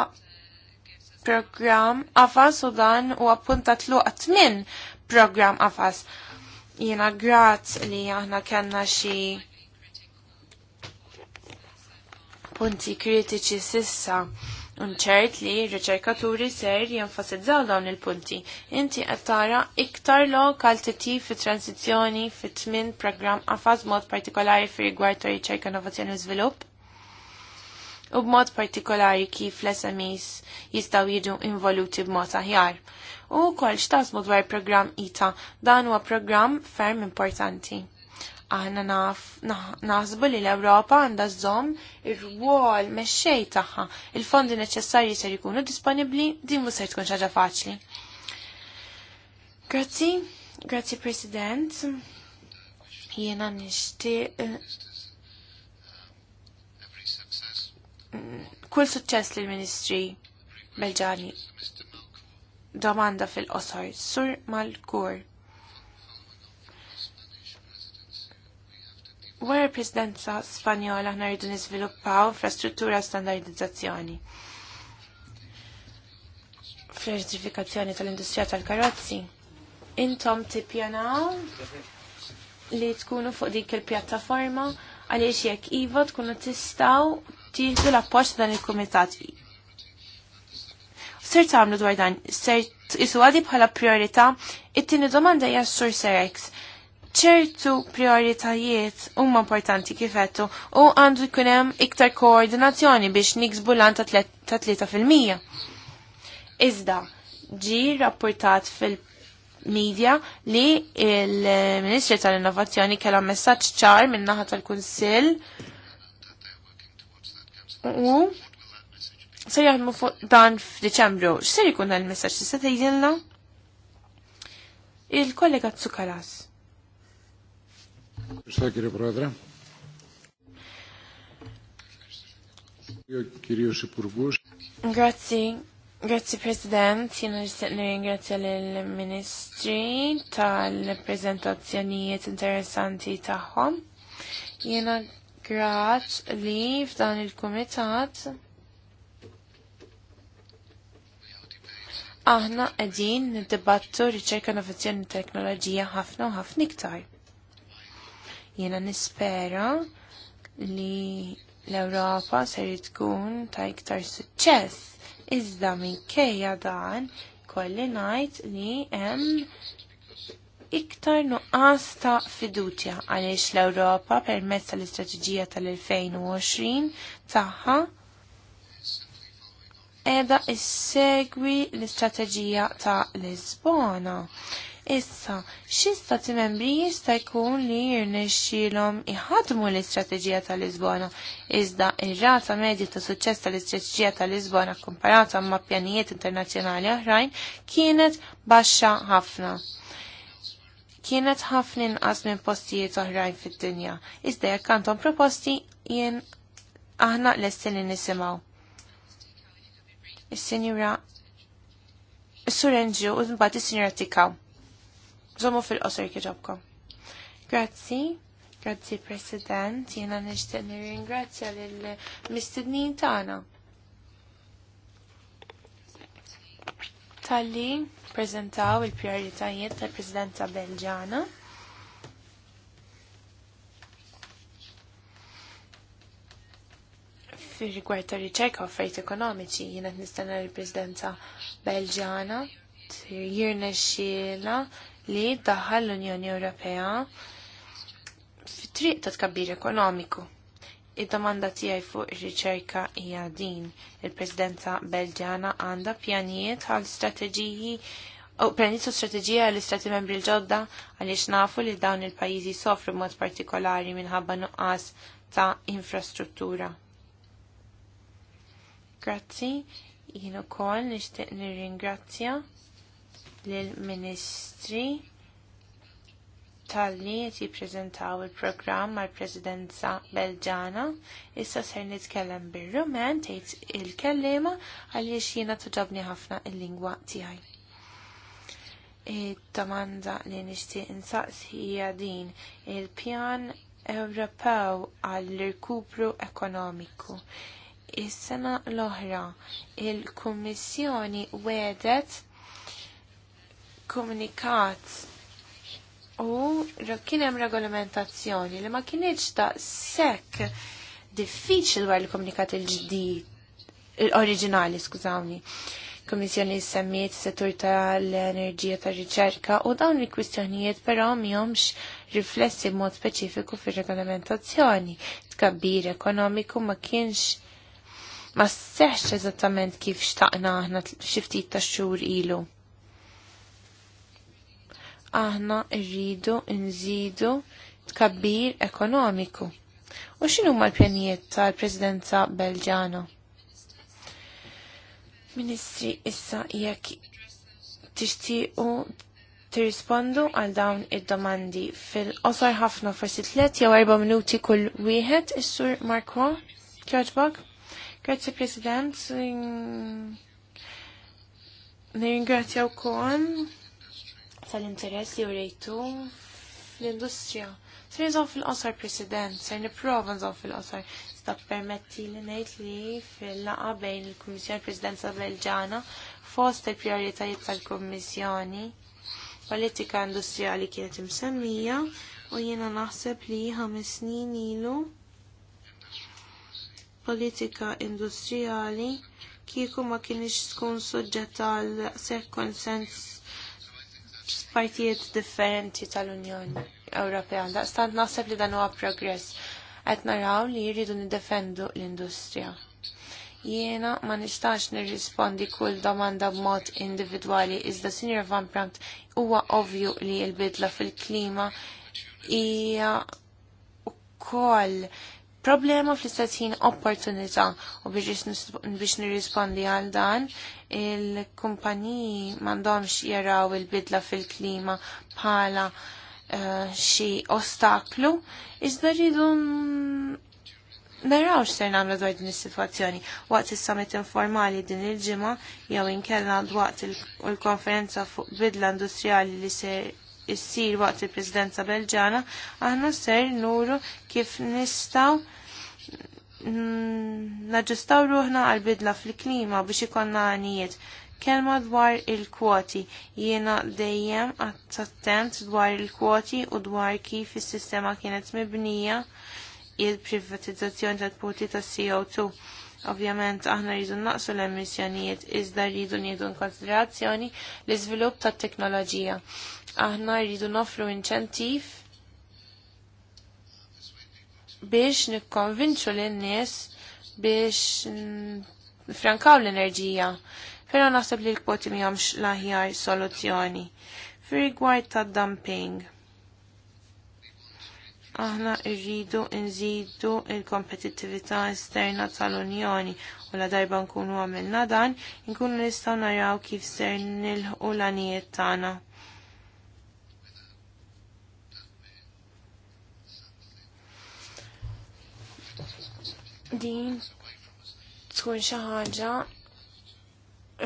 program għafas u dan u appunta luqat minn program għafas. Jena grazz li aħna kena xi punti kritiċi sissa unċert li r-riċerkaturi ser jenfasizzaw dawn il-punti. Inti għattara iktar kaltiti fi transizjoni fi tmin program għafaz mod partikolari fi rigward ta' riċerka innovazzjoni u zvilupp u b'mod partikolari kif l-SMEs jistaw jidu involuti b'mod aħjar. U kol xtas dwar program ITA, dan huwa program ferm importanti. Aħna naħsbu li l-Ewropa għandha żomm ir wol mexxej tagħha. Il-fondi neċessarji ser jkunu disponibbli din mhux se tkun xi faċli. Grazzi, grazzi President. Jiena nixtieq eh, kull suċċess lill ministri Belġani. Domanda fil-qosor, sur mal-kur. Wara presidenza Spanjola aħna rridu niżviluppaw infrastruttura standardizzazzjoni. Fl-elettrifikazzjoni tal-industrija tal-karozzi, intom tippjanaw li tkunu fuq dik il-pjattaforma għaliex jekk iva tkunu tistaw tieħdu l-appoġġ ta' dan il-kumitat. Sir tagħmlu dwar dan, sir isu għadi bħala priorità, it-tieni domanda hija sur Serex. ċertu prioritajiet huma importanti kifettu u għandu jkun hemm iktar koordinazzjoni biex niksbu lan ta' 3%. Iżda, ġi rapportat fil media li il-Ministri tal-Innovazzjoni kellha messaġġ ċar min-naħa tal-Kunsill U se jaħdmu fuq dan f'Diċembru. X'ser ikun dan il-messaġġ tista' tgħidilna? Il-kollega Tsukalas. X'takir prodra? Grazzi, grazzi President, jina ġistiq ringrazzja l-Ministri tal-prezentazzjonijiet interessanti tagħhom. Jina grat li f'dan il-kumitat aħna qegħdin debattu riċerka innovazzjoni teknoloġija ħafna u ħafna iktar. Jiena nispera li l-Ewropa ser tkun ta' iktar suċċess iżda kejja dan kolli ngħid li hemm iktar nuqqas ta' fiduċja għaliex l-Ewropa permezz tal-istrateġija tal-2020 tagħha edha issegwi l-istrateġija ta' Lisbona. Issa, xi stati membri jista' jkun li jirnexxielhom iħadmu l-istrateġija ta' Lisbona, iżda ir-rata medja ta' suċċess tal-istrateġija ta' Lisbona komparata ma' pjanijiet internazzjonali oħrajn kienet baxxa ħafna kienet ħafna inqas minn postijiet oħrajn fid-dinja. Iżda jekk għandhom proposti jien aħna lesti li nisimgħu. Is-sinjura Is-surenġu u mbagħad is-sinjura tikaw. Żommu fil-qosor kieġobkom. Grazzi. Grazzi President, jiena nixtieq nirringrazzja lill-mistednin tagħna. tal-li prezentaw il-prioritajiet tal-Presidenza Belġana. fir rigward ta' riċerka u affarijiet ekonomiċi t nistenna l-Presidenza Belġana jirna xiela li daħal l-Unjoni Ewropea fit-triq ta' tkabbir ekonomiku. Id-domanda tiegħi fuq ir-riċerka hija din. Il-Presidenza Belġjana għandha pjanijiet għal strateġiji u u strateġija għal istati membri l-ġodda għaliex nafu li dawn il-pajjiżi soffru mod partikolari minħabba nuqqas ta' infrastruttura. Grazzi, jien ukoll nixtieq nirringrazzja lill-Ministri tal-li jippreżentaw il-programm għal presidenza Belġana. Issa ser nitkellem bir-Rumen tgħid il-kellima għaliex jiena tuġabni ħafna il-lingwa tiegħi. Id-domanda li nixtieq insaqs hija din il-pjan Ewropew għall-irkupru ekonomiku. Is-sena l-oħra il-Kummissjoni wedet komunikat u kien hemm regolamentazzjoni li ma kienx ta' sekk diffiċil war il-komunikat il-ġdid, l oriġinali skużawni. Komissjoni semmiet settur tal-enerġija ta' riċerka u dawn il-kwistjonijiet però miħomx riflessi mod speċifiku fir regolamentazzjoni Tkabbir ekonomiku ma kienx ma seħx eżattament kif xtaqna aħna xiftit ta' xhur ilu aħna rridu nżidu tkabbir ekonomiku. U ma l pjanijiet tal-Presidenza Belġana? Ministri, issa jekk tixtiequ tirrispondu għal dawn id-domandi fil qosar ħafna forsi tliet jew erba' minuti kull wieħed is-sur Markwa Kjoġbog. Grazzi President. Nirringrazzja wkoll tal-interess li urejtu l-industrija. Ser nizom fil qosar president, ser niprofa nizom fil qosar Sta permetti li ngħid li fil-laqa bejn il-Kummissjoni Presidenza Belġana fost il-prijoritajiet tal-Kummissjoni politika industrijali kienet imsemmija u jiena naħseb li ħames snin ilu politika industrijali kieku ma kienx tkun soġġa għal sekk konsens partijiet differenti tal-Unjoni Ewropea. Daqstant naħseb li dan huwa progress. Qed naraw li jridu nidefendu l-industrija. Jiena ma nistax nirrispondi kull domanda b'mod individwali iżda Sinjor Van Brandt huwa ovvju li l-bidla fil-klima hija ukoll problema fl istat ħin opportunità u biex nirrispondi għal dan il-kumpaniji m'għandhomx jaraw il-bidla fil-klima bħala uh, xi ostaklu iżda rridu Naraw x'ser nagħmlu dwar din is-sitwazzjoni waqt is-summit informali din il-ġimgħa jew inkella dwar il-konferenza fuq bidla industrijali li ser issir waqt il-Presidenza Belġana, aħna ser nuru kif nistaw naġustaw ruħna għal-bidla fil-klima biex ikonna għanijiet. Kelma dwar il-kwoti, jiena dejjem attent dwar il-kwoti u dwar kif is-sistema kienet mibnija il-privatizzazzjoni tal-kwoti ta' CO2. Ovvjament aħna rridu naqsu l-emissjonijiet iżda rridu n konsiderazzjoni l-iżvilupp tat-teknoloġija aħna rridu nofru inċentiv biex nikkonvinċu l-nies biex frankaw l-enerġija. Pero naħseb li l-kvoti miħamx laħjar soluzzjoni. Fir-rigward ta' dumping. Aħna rridu nżidu il-kompetittività esterna tal-Unjoni u la darba nkunu għamilna dan, nkunu nistaw naraw kif ser nilħu l-anijiet tagħna. din tkun xi ħaġa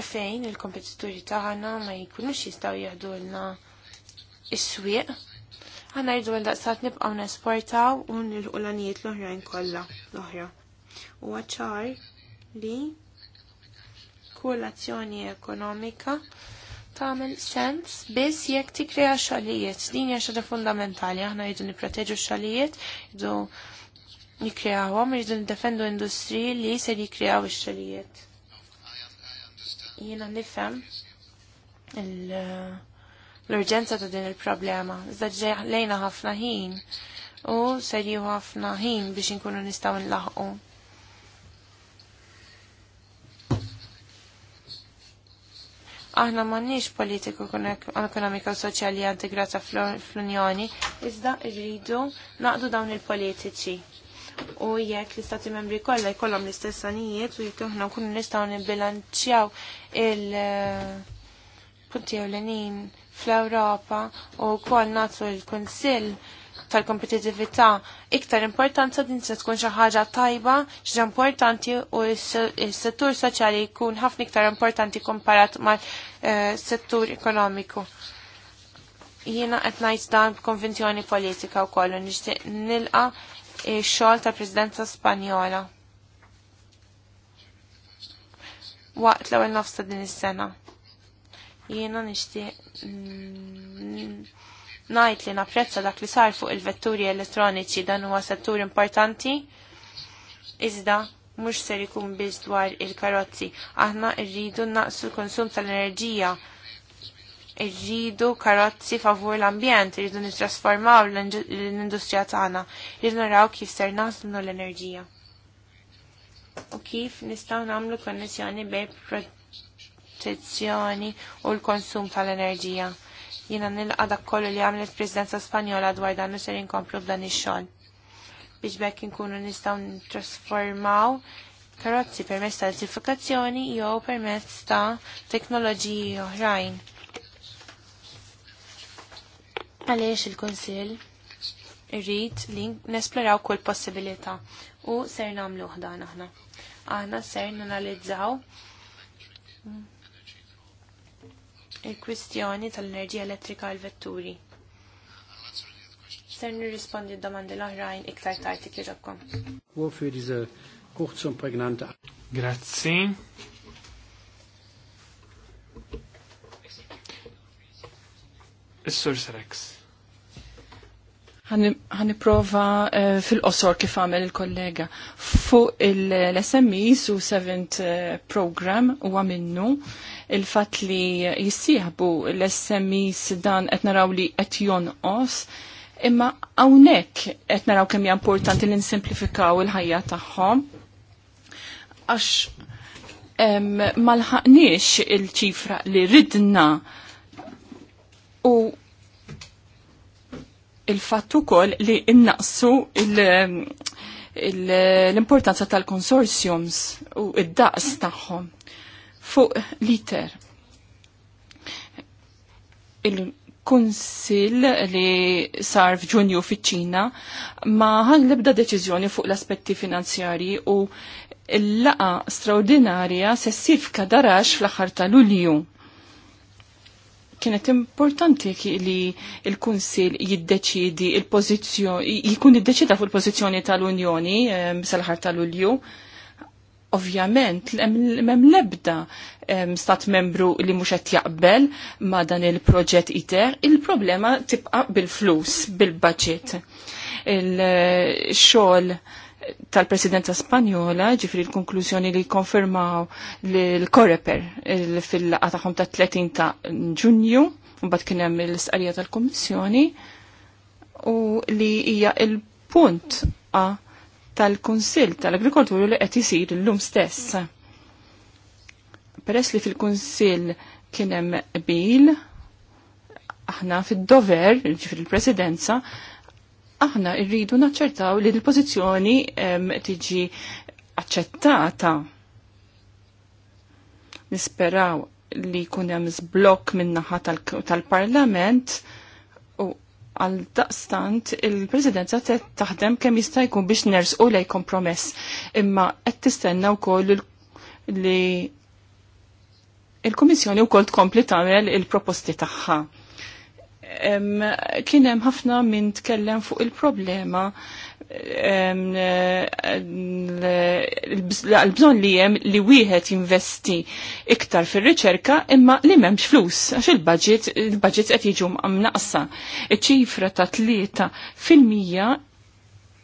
fejn il-kompetituri tagħna ma jkunux jistgħu jaħdulna is-swieq. aħna jridu għal daqsat nibqgħu nesportaw u nilħu l l-oħrajn kollha l-oħra. U ċar li kull azzjoni ekonomika tagħmel sens biss jekk tikkrea xogħlijiet. Din hija xogħol fundamentali aħna jridu nipproteġu x-xogħlijiet, jridu jikreawhom irridu nindefendu industriji li se jikreaw ix-xogħlijiet. Jiena nifhem uh, l-urġenza ta' din il-problema. Iżda lejna ħafna ħin u se ħafna ħin biex inkunu nistgħu nlaħqu. aħna m'għandniex politiku ekonomika u soċjali integrata fl-Unjoni, iżda rridu naqdu dawn il-politiċi u jekk l-istati membri kollha jkollhom l-istess anijiet u jekk aħna nkunu nistgħu nibbilanċjaw il-punti eh, ewlenin fl-Ewropa u wkoll nagħtu l-Kunsill tal-kompetitività iktar importanza din se tkun xi ħaġa tajba, xi importanti u s-settur soċjali jkun ħafna iktar importanti komparat mal-settur eh, ekonomiku jiena qed ngħid dan b'konvinzjoni politika wkoll u nixtieq nilqa' xogħol tal Presidenza Spanjola. Waqt l-ewwel nofs ta' din is-sena. Jiena nixtieq mm, ngħid li napprezza dak li sar fuq il-vetturi elettroniċi dan huwa settur importanti iżda mhux ser ikun biss dwar il-karozzi. Aħna rridu naqsu l-konsum tal-enerġija irridu karozzi favur l-ambjent, irridu nitrasformaw l-industrija tagħna, irridu naraw kif ser naħdmu l-enerġija. U kif nistgħu nagħmlu konnessjoni bejn protezzjoni u l-konsum tal-enerġija. Jiena nilqa dak kollu li għamlet Presidenza Spanjola dwar dan ser inkomplu b'dan ix-xogħol. Biex bekk inkunu nistgħu nittrasformaw karozzi permezz ta' elettrifikazzjoni jew permezz ta' teknoloġiji oħrajn. Għaliex il-Konsil irrid li nesploraw kull possibilità u ser namlu ħdan aħna. Aħna ser nanalizzaw il-kwistjoni tal-enerġija elettrika għal vetturi. Ser nirrispondi d-domandi l-oħrajn iktar tajt li ġobkom. Grazzi. Is-Sur Srex. Ħaniprofa eh, fil-qosor kif għamel il-kollega. Fuq l-SMI su 7 program u minnu il-fat li jissijabu l-SMI dan qed naraw li qed jonqos imma hawnhekk qed naraw kemm hija importanti li il-ħajja tagħhom. Għax malħaqniex il-ċifra li ridna u il-fattu kol li innaqsu l-importanza tal-konsorsjums u id-daqs tagħhom fuq liter. Il-Kunsil li sar f'Ġunju fiċ-Ċina ma ħan libda deċiżjoni fuq l-aspetti finanzjari u l-laqa straordinarja se kadarax fl-aħħar ta' Lulju kienet importanti li il-Kunsil jiddeċidi il-pozizjoni, jikun jiddeċida fuq il-pozizjoni tal-Unjoni sal-ħar tal-Ulju. Ovvjament, mem lebda stat membru li mhux qed jaqbel ma dan il-proġett iter, il-problema tibqa' bil-flus, bil-budget. il xol il tal-presidenza spanjola ġifri l-konklużjoni li konfermaw l-Koreper fil-laqa taħħom ta' 30 ta' ġunju, mbagħad kien hemm l-istqarrija tal-Kummissjoni u li hija il-punt tal-Kunsill tal-Agrikolturu li qed isir illum stess. Peress li fil-Kunsill kien hemm bil aħna fid-dover, ġifri l-presidenza, aħna irridu naċċertaw li l-pożizzjoni tiġi aċċettata. Nisperaw li jkun hemm żblokk min-naħa tal-Parlament u għal daqstant il-Presidenza taħdem kemm jista' jkun biex nersqu lej kompromess imma qed tistenna wkoll li il-Kummissjoni wkoll tkompli tagħmel il-proposti tagħha kien hemm ħafna min tkellem fuq il-problema l-bżon li jem li wieħed jinvesti iktar fil-riċerka imma li memx flus, għax il-budget, il-budget qed jiġu mnaqsa. Iċ-ċifra ta' tlieta fil-mija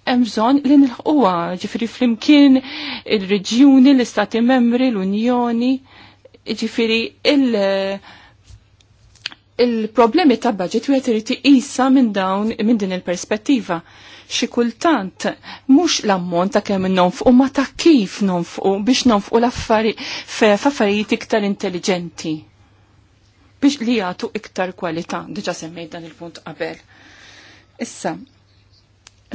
hemm bżonn li nilħquha, ġifieri flimkien il-reġjuni, l-istati membri, l-Unjoni, ġifieri il- il-problemi ta' budget u jgħet jisa minn dawn minn din il-perspettiva. Xi kultant mhux l-ammont ta' kemm nonfqu ma ta' kif nonfqu biex nonfqu l-affarijiet iktar intelligenti biex li jagħtu iktar kwalità. Diġà semmejt dan il-punt qabel. Issa,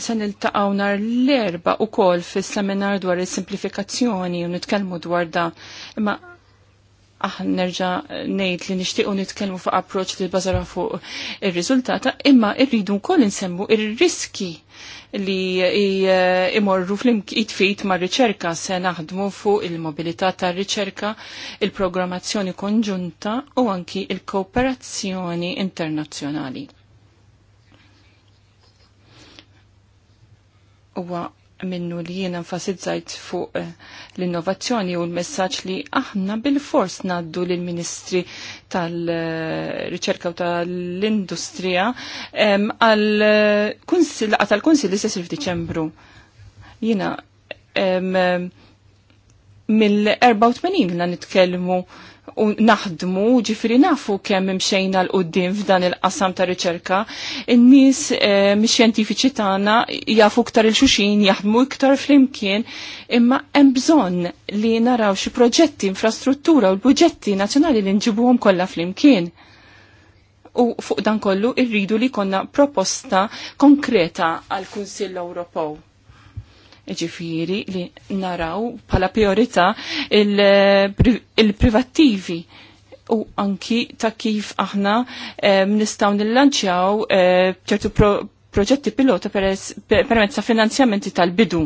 se niltaqgħu nar l-erba' kol fis-seminar dwar is-simplifikazzjoni u nitkellmu dwar da, imma aħ nerġa ngħid li nixtiequ nitkellmu fuq approċċ li bażara fuq ir-riżultata, imma rridu wkoll insemmu ir-riski li eh, imorru fl-imkit ma' riċerka se naħdmu fuq il-mobilità tar riċerka, il-programmazzjoni konġunta u anki il-kooperazzjoni internazzjonali. Huwa minnu li jiena enfasizzajt fuq eh, l-innovazzjoni u l-messaġġ li aħna bil-fors naddu lill-Ministri tal-Riċerka u tal-Industrija għal eh, kunsil tal-Kunsil li sesir f'Diċembru. Jiena mill-84 la nitkellmu u naħdmu, ġifiri nafu kemm imxejna l-qoddim f'dan il-qasam ta' riċerka, n-nis eh, xjentifiċi tagħna jafu ktar il-xuxin, jaħdmu iktar flimkien, imma hemm bżonn li naraw xi proġetti, infrastruttura u l budġetti nazzjonali li nġibuhom kollha flimkien. U fuq dan kollu irridu li konna proposta konkreta għal-Kunsill Ewropew ġifiri li naraw pala priorita il-privattivi u anki ta' kif aħna eh, nistaw nil-lanċjaw eh, ċertu proġetti pilota permezz ta' finanzjamenti tal-bidu.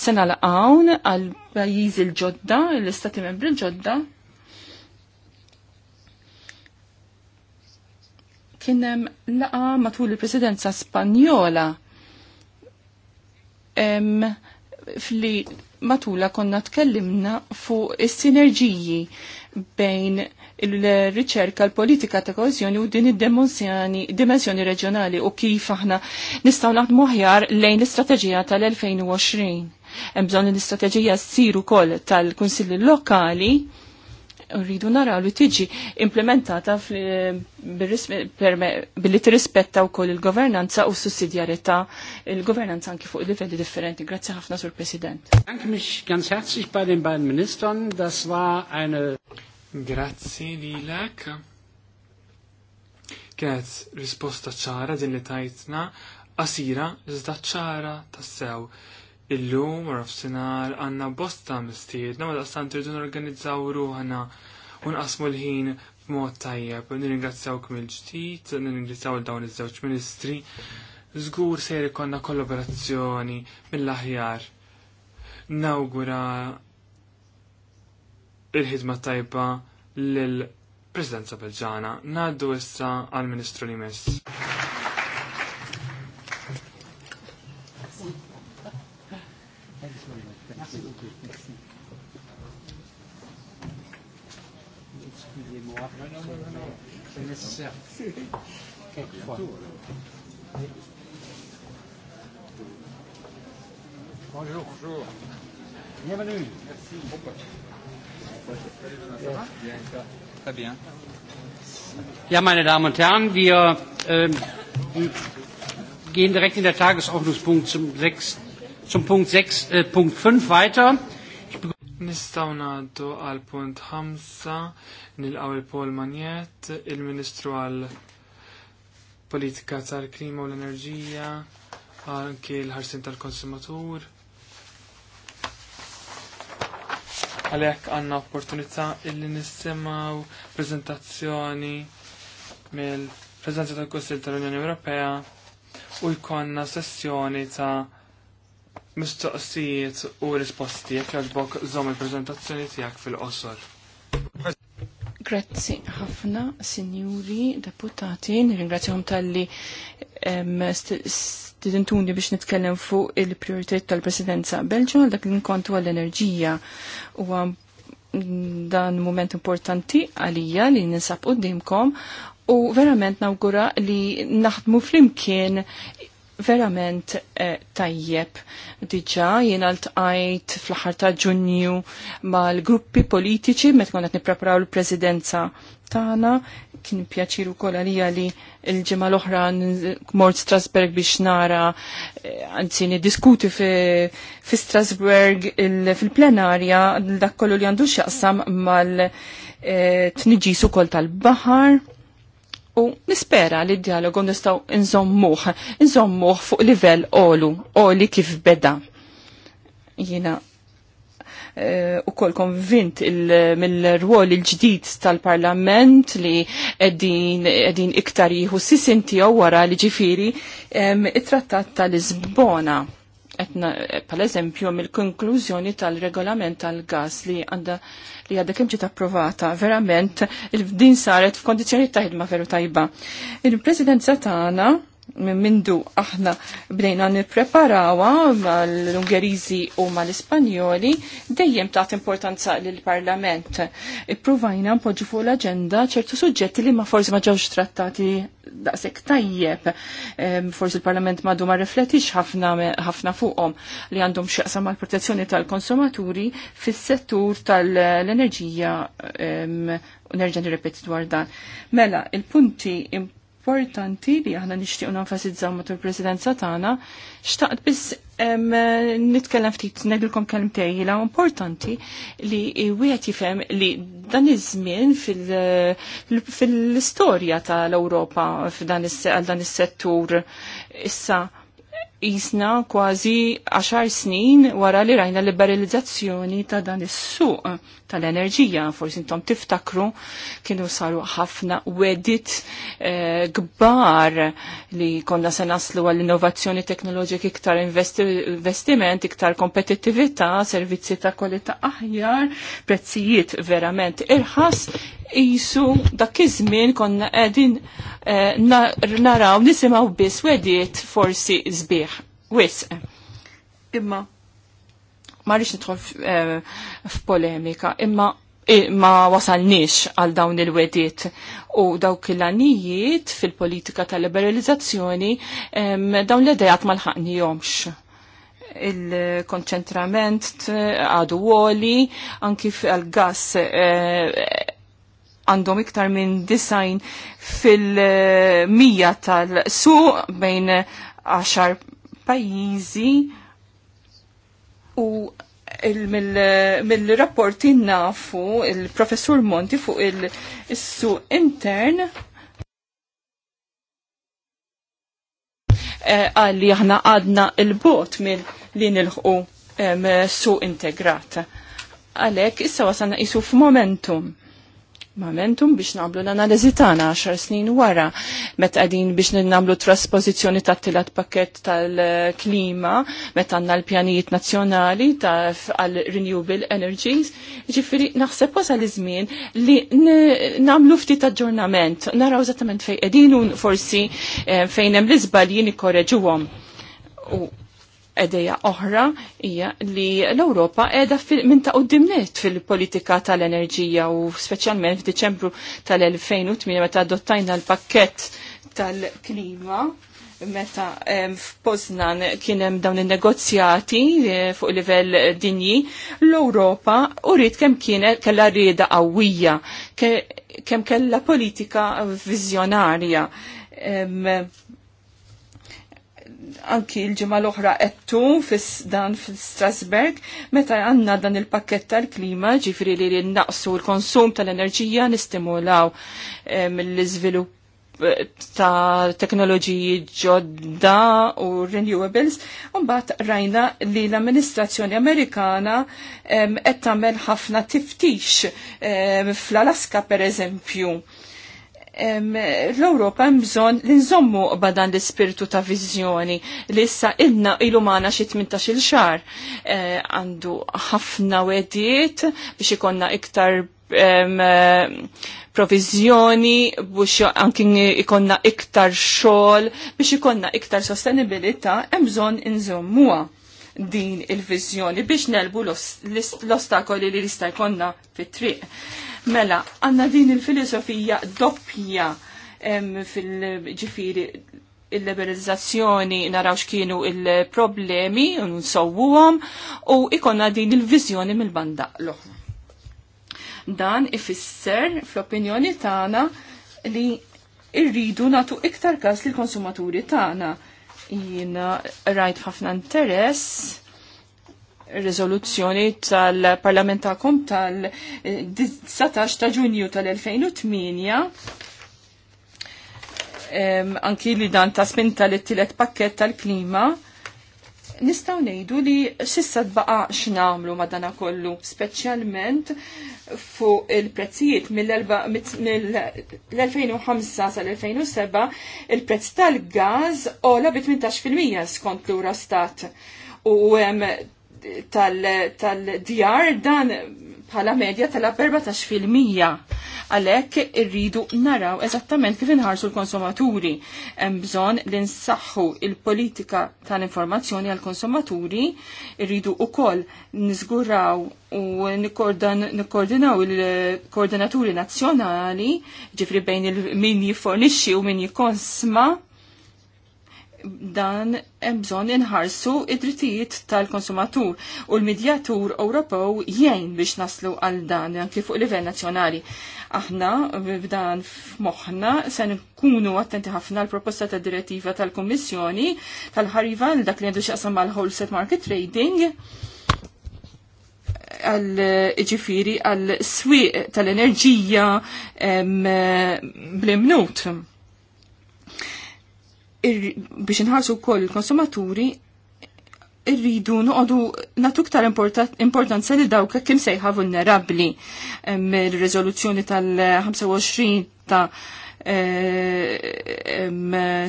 Sena l-għawn għal pajiz il ġodda l-istati membri il ġodda kienem laqa matul il-presidenza spanjola fli matula konna tkellimna fuq is-sinerġiji bejn il-riċerka, l-politika ta' kohezjoni u din id-dimensjoni reġjonali u kif aħna nistgħu naħdmu aħjar lejn l-istrateġija tal-2020. Hemm bżonn l-istrateġija ssir ukoll tal-kunsilli lokali rridu nara li tiġi implementata billi tirrispetta wkoll il-governanza u s-sussidjarjetà il-governanza anki fuq livelli differenti. Grazzi ħafna sur President. Danke mich ganz herzlich bei den beiden Ministern. Das war eine Grazzi lilek. Kienet risposta ċara din li tajtna qasira iżda ċara tassew. sew Illum rafsinar għanna bosta mistiedna namma daqstan tridu n-organizzaw ruħana un-qasmu l-ħin b'mod tajjeb. Nirringrazzawk mill-ġdid, nirringrazzaw l-dawn iż-żewġ ministri. Żgur se konna kollaborazzjoni mill-aħjar. Nawgura il-ħidma tajba l Presidenza Belġana. Naddu issa għal-Ministru li miss. Bonjour. Bienvenue. Merci. Ja, meine Damen und Herren, wir ähm, gehen direkt in der Tagesordnungspunkt zum, 6, zum Punkt 6, äh, Punkt 5 weiter. Nistaw naddu għal punt 5 nilqaw il-Pol Manjet, il-Ministru għal Politika tal-Klima u l-Enerġija, anki l-ħarsin tal-Konsumatur. Għalek għanna opportunità illi nissemaw prezentazzjoni mill-Prezenza tal-Kussil tal-Unjoni Ewropea u jkonna sessjoni ta' mistoqsijiet u risposti jekk għadbok żomm il-prezentazzjoni tiegħek fil-qosor. Grazzi ħafna, sinjuri, deputati, nirringrazzjahom tal-li studentuni biex nitkellem fuq il-prioritet tal-presidenza Belġu għal dak l-inkontu għall-enerġija u dan moment importanti għalija li ninsab u u verament nawgura li naħdmu flimkien verament eh, tajjeb. Diġa jien għajt fl-ħar ta' ġunju mal-gruppi politiċi met konet nipreparaw l-prezidenza tagħna kien pjaċir ukoll għalija li l-ġimgħa l-oħra mort Strasberg biex nara eh, anzi niddiskuti fi Strasberg fil-plenarja dak kollu li għandu x'jaqsam mal-tniġis eh, ukoll tal-baħar u nispera li d-dialogu nistaw nżommuħ, nżommuħ fuq livell olu, oli kif beda. Jina eh, u kol konvint mill-rwol il-ġdid tal-parlament li edin, iktar jihu sisinti u wara li ġifiri it-trattat tal-Lisbona Eh, pal eżempju mill-konklużjoni tal-regolament tal-gas li għanda li għadda kemm ġiet approvata, verament il-din saret f'kondizzjoni ta' veru tajba. Il-presidenza tagħna mindu aħna bdejna nipreparawa mal-Ungerizi u mal-Ispanjoli dejjem taħt importanza l-Parlament. Ippruvajna npoġġu fuq l-agenda ċertu suġġetti li ma forsi ma ġewx trattati daqshekk tajjeb. Forsi l-Parlament madu ma riflettix ħafna fuqhom li għandhom x'jaqsam mal-protezzjoni tal-konsumaturi fis-settur tal-enerġija nerġa' nirrepeti dwar dan. Mela, il-punti importanti li aħna nixtiequ nenfasizzaw matul il-presidenza tagħna, xtaqt biss nitkellem ftit ngħidilkom kelm tgħidla importanti li wieħed jifhem li dan iż-żmien fil-istorja tal-Ewropa f'dan dan is-settur issa jisna kważi 10 snin wara li rajna liberalizzazzjoni ta' dan is-suq tal-enerġija. Forsi intom tiftakru kienu saru ħafna wedit kbar eh, li konna se naslu għall-innovazzjoni teknoloġika iktar investi investiment, iktar kompetittività, servizzi ta' kwalità aħjar, prezzijiet verament irħas jisu dak iż-żmien konna qegħdin eh, naraw nisimgħu biss wediet forsi żbieħ wisq. Imma ma rridx nidħol eh, f'polemika, imma ma wasalniex għal dawn il-wedit u dawk il-għanijiet fil-politika tal-liberalizzazzjoni dawn l-edajat ma l il-konċentrament għadu għoli, anki għal-gas eh, għandhom iktar minn design fil-mija tal-su bejn 10 pajjiżi u mill-rapporti mil nafu il-professur Monti fuq il-su intern eh, għalli e, aħna għadna il-bot mill li nilħu su integrat. Għalek, issa wasanna jisu f-momentum momentum biex nagħmlu l-analizi tagħna 10 snin wara meta qegħdin biex nagħmlu trasposizzjoni tat-tielet pakket tal-klima meta għandna l-pjanijiet nazzjonali għal renewable energies. Ġifieri naħseb wasal iż-żmien li nagħmlu ftit aġġornament, naraw eżattament fejn qegħdin forsi eh, fejn hemm l-iżbaljien ikkoreġuhom edeja oħra hija li l-Ewropa qiegħda minn ta' nett fil-politika tal-enerġija u speċjalment f'Diċembru tal-2008 meta adottajna l-pakkett tal-klima meta f'Poznan kien hemm dawn in-negozjati eh, fuq livell dinji, l-Ewropa urid kemm kienet kellha rieda qawwija, kemm kellha politika viżjonarja anki l-ġimgħa l-oħra qedtu fis dan fil-Strasberg meta għandna dan il-pakket tal-klima ġifri li naqsu l-konsum tal-enerġija nistimulaw mill-iżvilupp eh, ta' teknoloġiji ġodda u renewables, mbagħad rajna li l-amministrazzjoni Amerikana qed tagħmel ħafna tiftix fl-Alaska pereżempju l-Europa mżon li nżommu badan l-spiritu ta' vizjoni li issa idna il-umana xi 18 il-xar eh, għandu ħafna wedit biex ikonna iktar provizjoni biex anki ikonna iktar xol biex ikonna iktar sostenibilita hemm bżonn inżommuha din il-vizjoni biex nelbu l-ostakoli li jista' jkollna fit-triq Mela, għanna din il-filosofija doppja fil-ġifiri il-liberalizzazzjoni naraw x'kienu il-problemi u nsowwuhom u ikonna din il-viżjoni mill-banda l-oħra. Dan ifisser fl-opinjoni tagħna li irridu natu iktar każ lill konsumaturi tagħna. Jiena rajt ħafna interess Rizoluzzjoni tal-Parlament tal-Kom tal-19 ta' ġunju tal-2008 anki li dan ta' spinta li t-tilet pakket tal-klima nistaw nejdu li sissa tbaqa x'namlu ma dana kollu, speċjalment fuq il-prezzijiet mill-2005 sal-2007 il-prezz tal-gaz ola bi 18% skont l-Eurostat u tal-djar dan bħala medja tal-14 filmija. Għalek irridu naraw eżattament kif inħarsu l-konsumaturi. Hemm bżonn li nsaħħu il-politika tal-informazzjoni għal-konsumaturi, irridu ukoll niżguraw u nikkoordinaw il-koordinaturi nazzjonali, ġifri bejn il-min jifornixxi u min jikonsma' dan hemm bżonn inħarsu id-drittijiet tal-konsumatur u l-medjatur Ewropew jgħin biex naslu għal dan anke fuq livell nazzjonali. Aħna b'dan f'moħħna se nkunu attenti ħafna l-proposta ta' direttiva tal-Kummissjoni tal-ħariva l dak li għandu x'aqsam mal-wholesale market trading għal ġifiri għal swieq tal-enerġija bl-imnut biex nħarsu koll il-konsumaturi irridu noqogħdu natu ktar importanza li dawk kim sejħa vulnerabbli mir-riżoluzzjoni tal-25 ta' eh,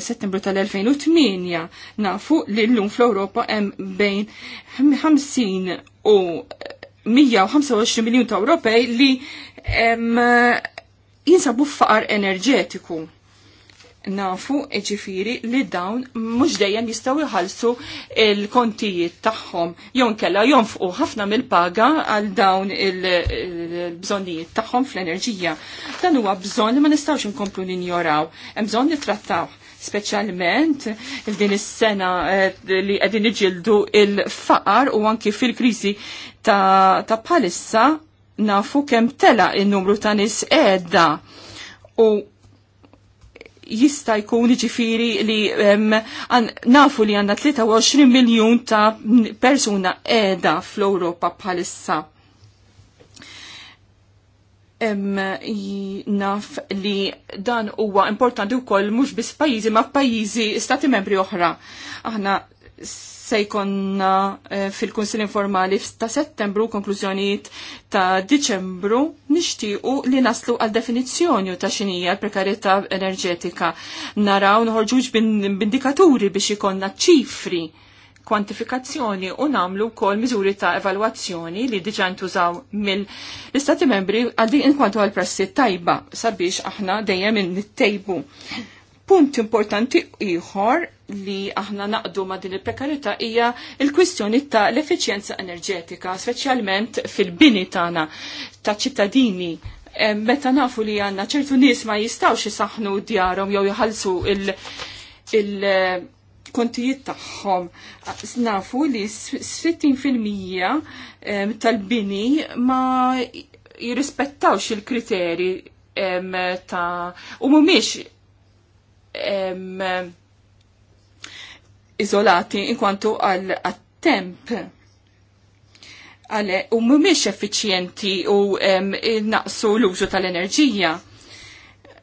settembru tal-2008 nafu li l-lum fl-Europa hemm bejn 50 u 125 miljun ta' Ewropej li jinsabu f'faqar enerġetiku nafu ġifiri li dawn mux dejjem jistaw jħalsu il-kontijiet tagħhom. Jon kella jonfqu ħafna mill-paga għal dawn il-bżonnijiet tagħhom fl-enerġija. Dan huwa bżonn li ma nistawx inkomplu ninjoraw. Hemm bżonn nittrattaw speċjalment f'din is-sena eh, li qegħdin iġildu il-faqar u anki fil-kriżi ta', ta palissa nafu kemm tela in-numru ta' nies qiegħda u jista' jkun ġifiri li um, an, nafu li għandna 23 miljun ta' persuna edha fl-Ewropa bħalissa. Um, naf li dan huwa importanti wkoll mhux biss pajjiżi ma' pajjiżi stati membri oħra. Aħna se jkonna eh, fil-Kunsil Informali ta' settembru, konklużjonijiet ta' Diċembru, nixtiequ li naslu għal definizzjoni ta' xinija l-prekarietà enerġetika. Naraw nħorġuġ b'indikaturi biex ikonna ċifri kwantifikazzjoni u namlu kol miżuri ta' evalwazzjoni li diġan ntużaw mill-istati membri għaddi inkwantu għal-prassi tajba sabiex aħna dejjem nittejbu. Punt importanti ieħor li aħna naqdu ma din il-prekarità hija il-kwistjoni ta' l-effiċjenza enerġetika, speċjalment fil-bini tagħna ta' ċittadini e, meta nafu li għanna ċertu nies ma jistawx jisaħnu djarhom jew jħallsu il- il- kontijiet tagħhom. Nafu li 60% e, tal-bini ma jirrispettawx il-kriteri e, ta' u mhumiex izolati inkwantu għal temp għale u mumiex effiċjenti u naqsu l-użu tal-enerġija.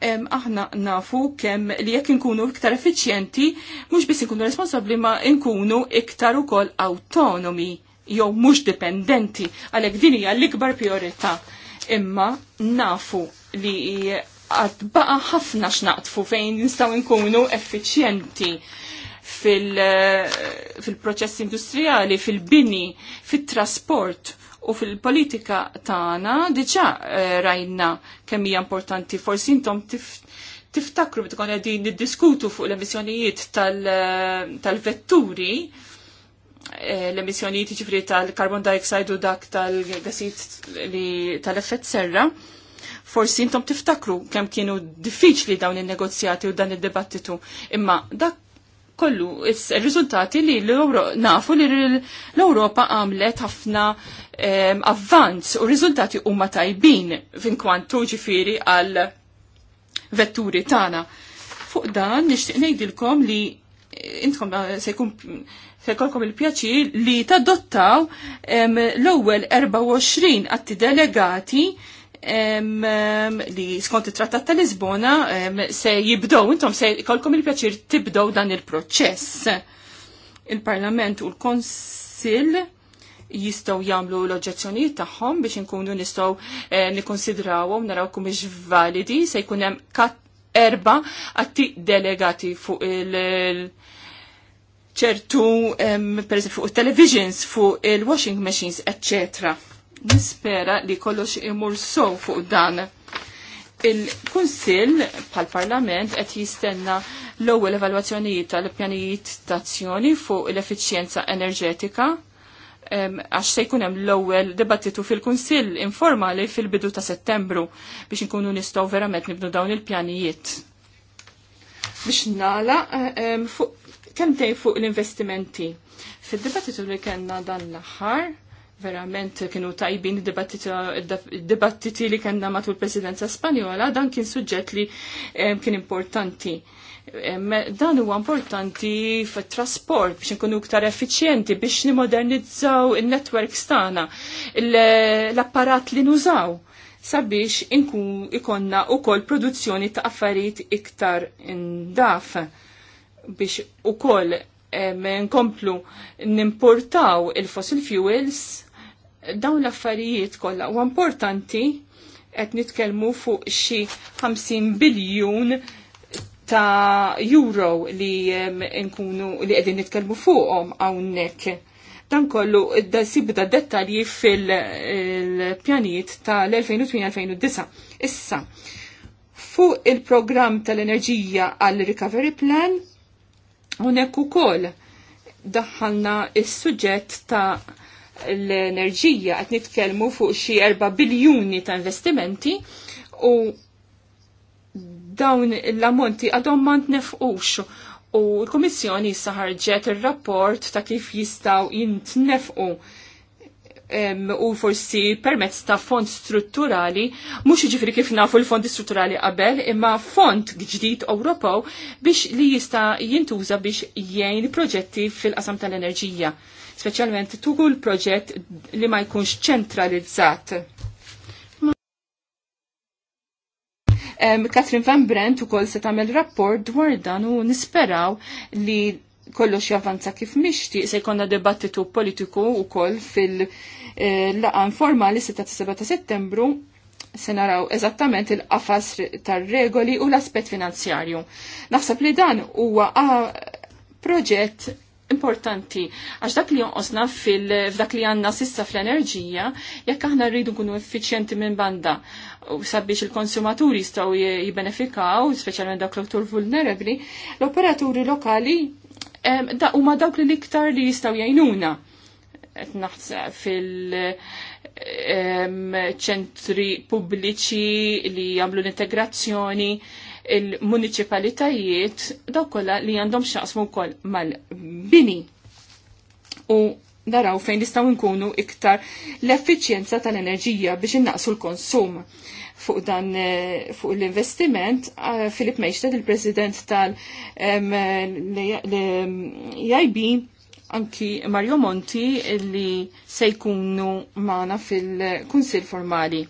Aħna nafu kemm li jekk inkunu iktar effiċjenti, mhux biss inkunu responsabbli ma inkunu iktar ukoll autonomi jew mhux dipendenti għalhekk din hija l-ikbar priorità. Imma nafu li għad baqa ħafna x'naqtfu fejn nistgħu nkunu effiċjenti eh, fil-proċess fil industrijali, fil-bini, fil-trasport u fil-politika tagħna diġà eh, rajna kemm hija importanti forsi intom tif tiftakru bit tkun qegħdin niddiskutu fuq l-emissjonijiet eh, tal-vetturi tal eh, l-emissjonijiet ġifri tal-carbon dioxide u dak tal-gasit tal-effett serra Forsi intom tiftakru kemm kienu diffiċli dawn in-negozjati u dan id-dibattitu, imma dak kollu il-rizultati li nafu li l-Europa għamlet ħafna avvanz u rizultati huma tajbin fin kwantu ġifiri għal vetturi tana. Fuq dan nixtieq ngħidilkom li eh, intkom eh, se jkun il-pjaċir li tadottaw l-ewwel 24 atti delegati li skont it-trattat ta' Lisbona se jibdow, intom se kolkom il-pjaċir tibdow dan il-proċess. Il-Parlament u l-Konsil jistow jamlu l-oġġezzjonijiet tagħhom biex inkunu nistgħu eh, nikkonsidrawhom naraw kum validi se jkun hemm kat erba atti delegati fuq il- ċertu, per fuq il-televisions, fuq il-washing machines, eccetera nispera li kollox imur sow fuq dan. Il-Kunsill pal-Parlament qed jistenna l-ewwel evalwazzjonijiet tal-pjanijiet tazzjoni fuq l-effiċjenza enerġetika għax se jkun hemm l-ewwel dibattitu fil-Kunsill informali fil-bidu ta' Settembru biex inkunu nistgħu verament nibdu dawn il-pjanijiet. Biex nala fuq kemm fuq l-investimenti. Fid-dibattitu li kellna dan l-aħħar, verament kienu tajbin id-dibattiti li kena matul presidenza spanjola, dan kien suġġett li eh, kien importanti. Eh, dan huwa importanti fit-trasport biex nkunu iktar effiċjenti biex nimodernizzaw in-netwerks tagħna, l-apparat li nużaw sabiex inkun ikonna kol produzzjoni ta' affarijiet iktar indaf biex ukoll eh, nkomplu nimportaw il-fossil fuels dawn l-affarijiet kollha u importanti qed nitkellmu fuq xi 50 biljun ta' euro li nkunu li qegħdin nitkellmu fuqhom hawnhekk. Dan kollu da sibda dettalji fil-pjanijiet tal-2008-2009. Issa, fuq il-programm tal-enerġija għal recovery plan, unek u koll daħħalna il sujġet ta' l-enerġija qed nitkellmu fuq xi 4 biljuni ta' investimenti u dawn l-ammonti għadhom ma ntnefqux u l-Komissjoni issa ħarġet ir-rapport ta' kif jistgħu jintnefqu um, u forsi permezz ta' fond strutturali, mhux jiġifieri kif nafu l-fond strutturali qabel, imma fond ġdid Ewropew biex li jista' jintuża biex jgħin proġetti fil-qasam tal-enerġija speċjalment tugu l-proġett li ma jkunx ċentralizzat. Katrin Van Brent ukoll se tagħmel rapport dwar dan u nisperaw li kollox javvanza kif mixti se jkollna debattitu politiku wkoll fil-laqa informali 6 ta' settembru se naraw eżattament il-qafas tar-regoli u l-aspett finanzjarju. Naħseb li dan huwa proġett importanti għax dak li jonqosna f'dak li għanna sissa fl-enerġija jekk aħna rridu nkunu effiċjenti minn banda u sabiex il-konsumaturi jistgħu jibbenefikaw, speċjalment dak l-aktur vulnerabli, l-operaturi lokali da huma dawk li l-iktar li jistgħu jgħinuna naħseb fil-ċentri pubbliċi li jagħmlu l-integrazzjoni il-municipalitajiet daw kollha li għandhom xaqsmu wkoll mal-bini. U naraw fejn nistgħu nkunu iktar l-effiċjenza tal-enerġija biex innaqsu l-konsum fuq dan eh, fuq l-investiment, Filip eh, Mejxted, il-president tal jib e anki Mario Monti, li se jkunu mana fil-kunsil formali.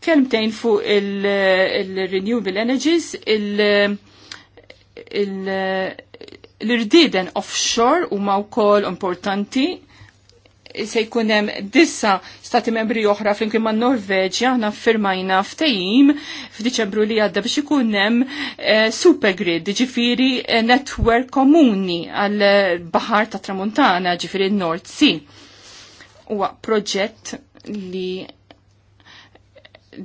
Kelmtejn fuq il-renewable il energies, l-irdiden offshore u ma' wkoll importanti se jkun hemm dissa stati membri oħra flimkien man Norveġja aħna firmajna ftehim f'Diċembru li għadda biex ikun hemm eh, supergrid, ġifiri eh, netwerk komuni għal baħar ta' Tramuntana, ġifiri n-Nord Sea. Huwa proġett li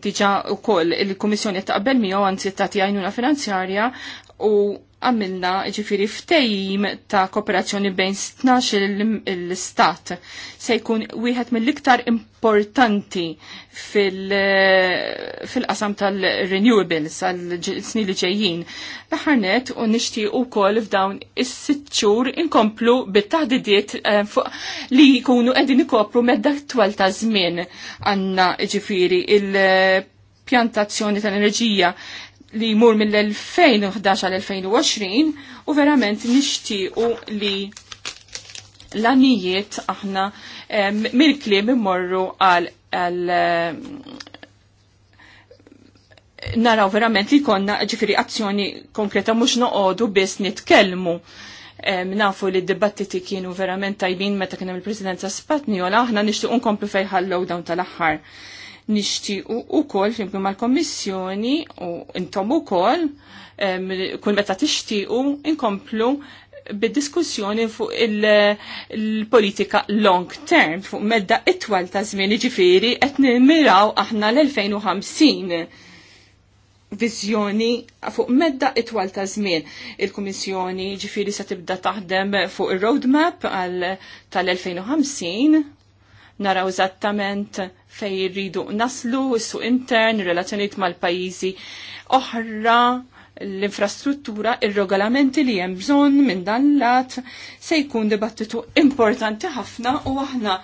diġa u koll il-Komissjoni taqbel miegħu għanzi tagħti għajnuna finanzjarja u għamilna ġifiri ftejim ta' kooperazzjoni bejn 12 l-istat se jkun wieħed mill-iktar importanti fil-qasam fil qasam tal għal-snin li ġejjin. Laħarnet u nixti u kol f'dawn is-sitxur inkomplu bit-taħdidiet eh, li jkunu għedin ikopru medda twal ta' żmien għanna ġifiri il- pjantazzjoni tal-enerġija li jmur mill-2011 għal 2020 u verament nixtiequ li l-anijiet aħna mill-klim immorru għal naraw verament li konna ġifiri azzjoni konkreta mux noqodu biss nitkelmu. Nafu li d-dibattiti kienu verament tajbin meta kienem il-presidenza spatniola, aħna nishtu nkomplu fejħal dawn tal-axħar nixtiequ ukoll flimkien mal-Kommissjoni u intom ukoll kull meta tixtiequ inkomplu bid-diskussjoni fuq il-politika long term, fuq medda itwal ta' żmien ġifiri qed nimmiraw aħna l-2050 viżjoni fuq medda itwal ta' żmien. Il-Kummissjoni ġifiri se tibda taħdem fuq ir roadmap tal-2050 naraw eżattament fej rridu naslu, is-suq intern, relazzjoniet mal-pajjiżi oħra, l-infrastruttura, ir-regolamenti li hemm bżonn minn dan lat se jkun dibattitu importanti ħafna u aħna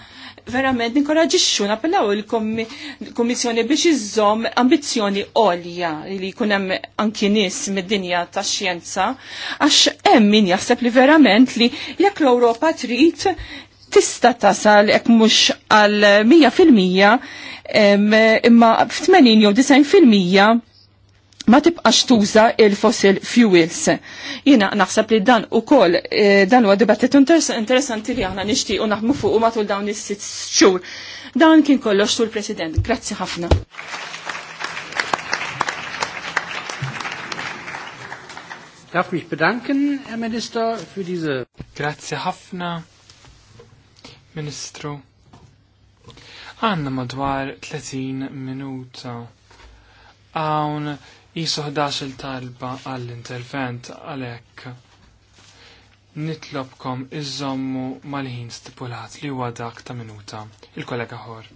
verament ninkoraġixxu napellaw il-Kummissjoni biex iżomm ambizzjoni għolja li jkun hemm anki nies mid-dinja tax-xjenza għax hemm min jaħseb li verament li jekk l-Ewropa trid tista tasal jekk mhux għal 100% imma f'80 jew 90% ma tibqax tuża il-fossil fuels. Jina naħseb li dan u e, dan huwa dibattit interessanti li aħna nixtiequ naħdmu fuq matul dawn is-sitt xhur. Dan kien kollox tul President. Grazzi ħafna. Darf mich bedanken, Herr Minister, für diese... Grazie ħafna. Ministru. Għanna madwar 30 minuta. Għawn jisu 11 talba għall-intervent għalek. Nitlobkom iżommu mal-ħin stipulat li huwa dak ta' minuta. Il-kollega ħor.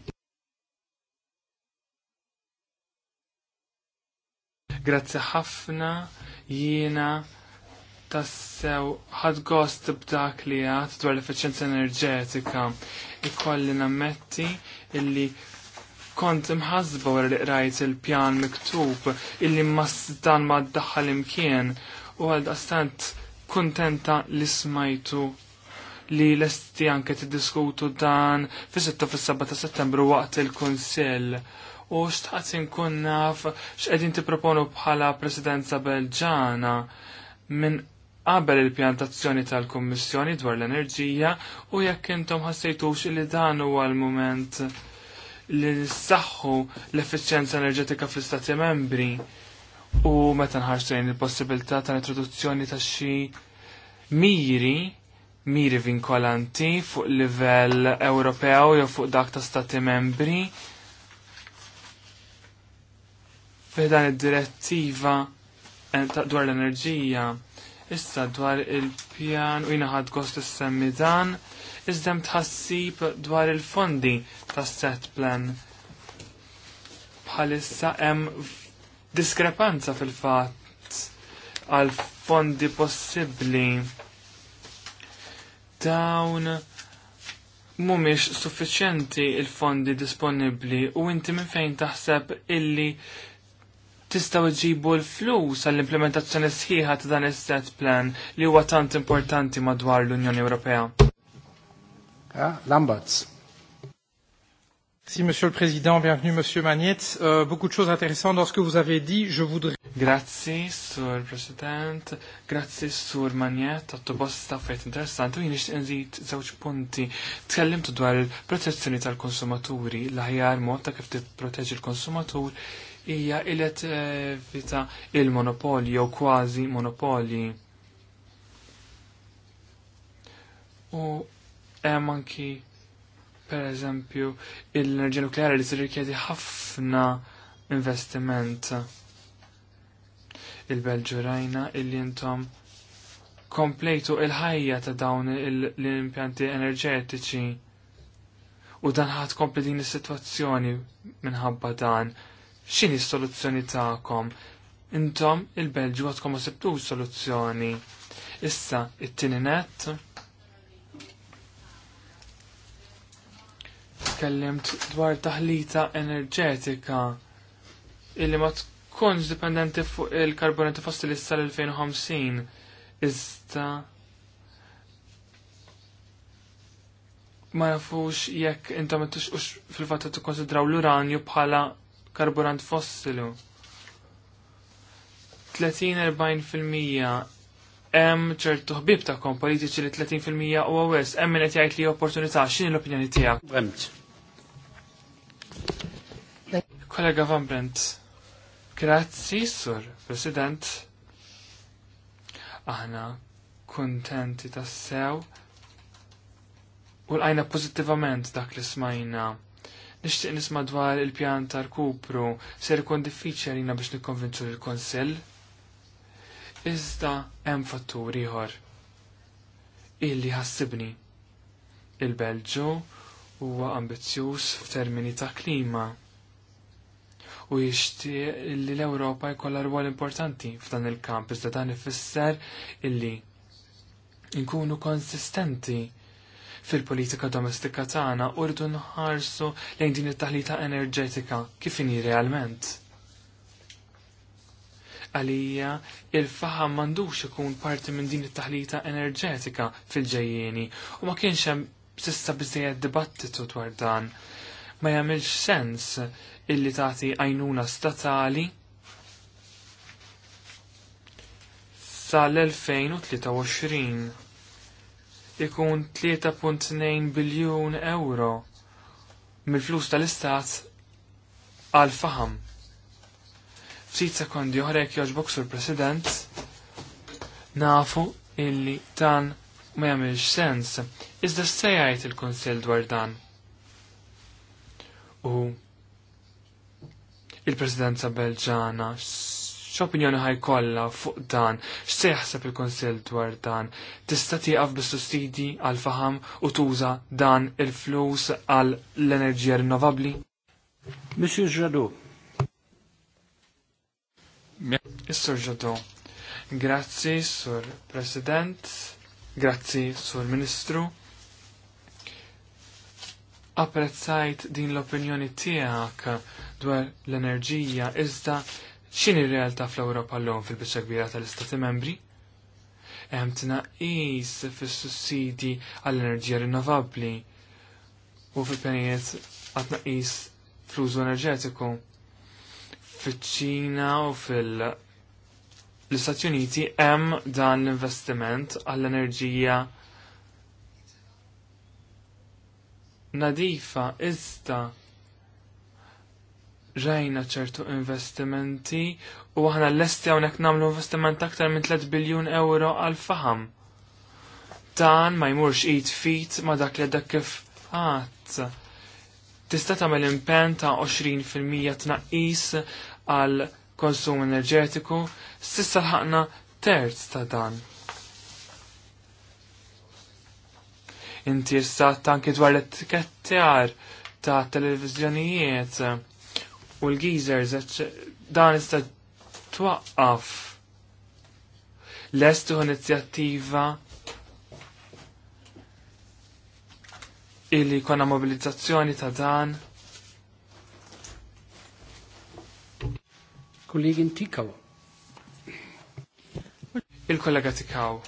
Grazzi ħafna jiena tassew ħad gost b'dak li għat dwar l-efficienza enerġetika. Ikolli nammetti illi kont imħazba wara li qrajt il-pjan miktub illi ma dan ma ddaħħal imkien u għal daqstant kontenta li smajtu li lesti anke t-diskutu dan fis-6 fis-7 ta' Settembru waqt il-Kunsill u xtaqt inkun naf x'qegħdin tipproponu bħala Presidenza Belġana minn qabel il-pjantazzjoni tal-Kummissjoni dwar l-enerġija u jekk intom ħassejtux li dan huwa l-mument li nissaħħu l-effiċjenza enerġetika fl-Istati membri u meta nħarsejn il-possibilità ta' introduzzjoni ta' xi miri miri vinkolanti fuq livell Ewropew jew fuq dak ta' Stati membri f'dan id-direttiva eh, dwar l-enerġija Issa dwar il-pjan u jinaħad gost semmi dan, iżdem tħassib dwar il-fondi ta' set plan. Bħalissa hemm diskrepanza fil-fatt għal fondi possibbli. Dawn mumiex suffiċjenti il-fondi disponibli u inti minn fejn taħseb illi tistaw iġibu l-flus għall-implementazzjoni sħiħa ta' dan is-set plan li huwa tant importanti madwar l-Unjoni Ewropea. Ah, Lambats. Merci, Monsieur le Président. Bienvenue, Monsieur Magnetz. Euh, beaucoup de choses intéressantes dans ce que vous avez dit. Je voudrais... Grazie, Sur President. Grazie, Sur Magnet. Tattu bosta fejt interessanti. Jini xtenżit zawċ punti. Tkellimtu dwar il-protezzjoni tal-konsumaturi, l-ħajar mod ta' kif tipproteġi l-konsumatur hija ilet eh, vita il-monopoli jew kważi monopoli. U hemm anki pereżempju l-enerġija nukleari li tirrikjedi ħafna investiment. Il-Belġu rajna illi intom komplejtu il-ħajja ta' dawn l-impjanti enerġetiċi u dan ħad kompli din is-sitwazzjoni minħabba dan x'inhi s-soluzzjoni tagħkom. Intom il-Belġu għadkom ma soluzzjoni. Issa it-tieni net tkellimt dwar taħlita enerġetika illi ma tkunx dipendenti fuq il-karbonati fossili sal-2050. Issa, ma nafux jekk intom tixqux fil-fatta tikkonsidraw l-uranju bħala karburant fossilu. 30-40% hemm ċertu ħbib ta' kom politiċi li 30% u għawes, hemm min qed jgħid li opportunità x'in l-opinjoni tiegħek? Bremt. Kollega Van Brent, grazzi sur President. Aħna kuntenti tassew u l-għajna pozittivament dak li smajna Nixtieq nisma dwar il-pjan tar kupru ser ikun diffiċli għalina biex nikkonvinċu l-Konsell. Iżda hemm fatturi ieħor illi ħassibni. Il-Belġu huwa ambizzjuż f'termini ta' klima u jixtieq li l-Ewropa jkollha rwol importanti f'dan il-kamp iżda dan ifisser illi nkunu konsistenti fil-politika domestika tagħna u rridu nħarsu lejn din it-taħlita enerġetika kif inhi realment. Għalija il-faħam m'għandux ikun parti minn din it-taħlita enerġetika fil-ġejjieni u ma kienx hemm sissa biżejjed dibattitu dwar dan. Ma jagħmilx sens illi tagħti għajnuna statali sal-2023 ikun 3.2 biljun euro mill-flus tal-istat għal faham. Ftit sekondi oħrek joġbok sur president nafu illi dan ma jagħmilx sens. Iżda sejajt il-Kunsill dwar dan. U il-Presidenza Belġana x'opinjoni ħaj kollha fuq dan, x'se jaħseb il-Kunsill dwar dan, tista' tieqaf bis-sussidi għal faham u tuża dan il-flus għal l-enerġija rinnovabbli? Monsieur Jadu. sur Grazzi, Sur President. Grazzi, Sur Ministru. Apprezzajt din l-opinjoni tiegħek dwar l-enerġija iżda X'inhi il-realta fl-Ewropa llum fil-biċċa kbira tal-Istati Membri? Hemm tnaqqis fis-sussidi għall-enerġija rinnovabbli u fil-pjanijiet għat tnaqqis fl-użu enerġetiku. Fiċ-Ċina u fil- l-Istati Uniti hemm dan l-investiment għall-enerġija nadifa iżda rajna ċertu investimenti u aħna l-lesti għonek namlu investiment aktar minn 3 biljun euro għal faham. Dan ma jmurx id fit ma dak li dak kif għat. Tista tagħmel impen ta' 20% tnaqis għal konsum enerġetiku, sissa ħakna terz ta' dan. Inti issa tanki dwar l-etikettjar ta' televizjonijiet u l-geezers, dan issa twaqqaf l-estu inizjattiva illi konna mobilizzazzjoni ta' dan. Kollegin Tikaw. Il-kollega Tikaw.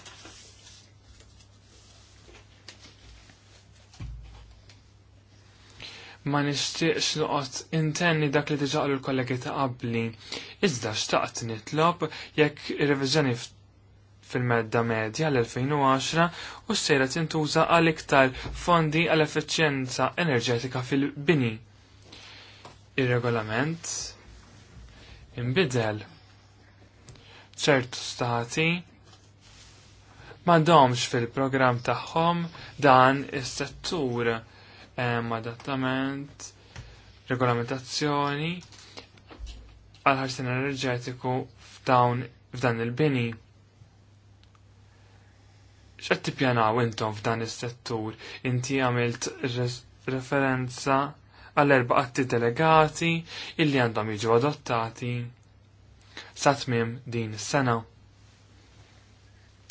ma nishtiqx noqgħod intenni dak li diġa l-kollegi ta' qabli. Iżda xtaqt nitlob jekk ir-reviżjoni fil-medda medja l-2010 u s-sejra tintuża għal iktar fondi għal effiċjenza enerġetika fil-bini. Ir-regolament imbidel ċertu stati ma domx fil-program tagħhom dan is-settur hemm adattament, regolamentazzjoni għal ħarsin enerġetiku f'dawn f'dan il-bini. t tippjanaw intom f'dan is-settur? Inti għamilt referenza għall erba għatti delegati illi għandhom jiġu adottati sa tmiem din is-sena.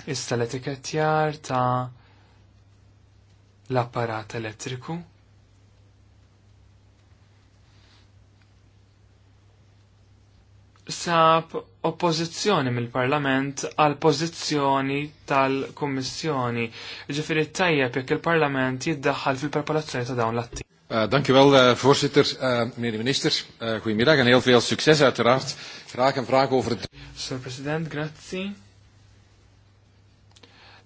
Issa l-etikettjar ta' l-apparat elettriku sab oppożizzjoni mill-Parlament għal pożizzjoni tal-Kummissjoni. Ġifieri tajjeb jekk il-Parlament jiddaħħal fil-preparazzjoni ta' dawn l-atti. Eh, Dankjewel, eh, voorzitter, eh, meneer de minister. Goedemiddag en heel veel succes uiteraard. Graag een vraag over Sir President, grazie.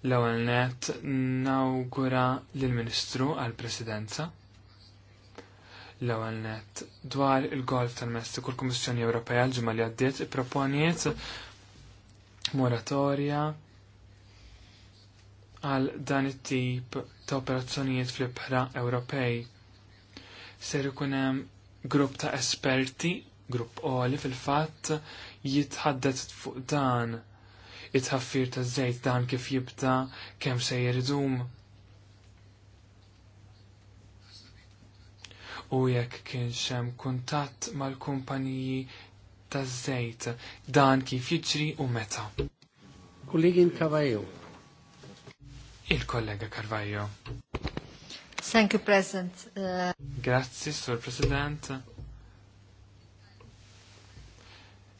L-ewwel net nawgura lill-Ministru għall-Presidenza. L-ewwel net dwar il-golf tal-Messiku l-Kummissjoni Ewropea l ġimma li għaddiet ipproponiet moratorja għal dan it-tip ta' operazzjonijiet fl-ibħra Ewropej. Ser ikun hemm grupp ta' esperti, grupp oli fil-fatt jitħaddet fuq dan it-ħaffir ta' żejt dan kif jibda kemm se jirdum u jekk kienx hemm kuntatt mal-kumpaniji taż-żejt dan kif jiġri u meta. Kollegin Kavajo. Il-kollega Carvajo. Thank you, President. Uh... Grazzi, Sur President.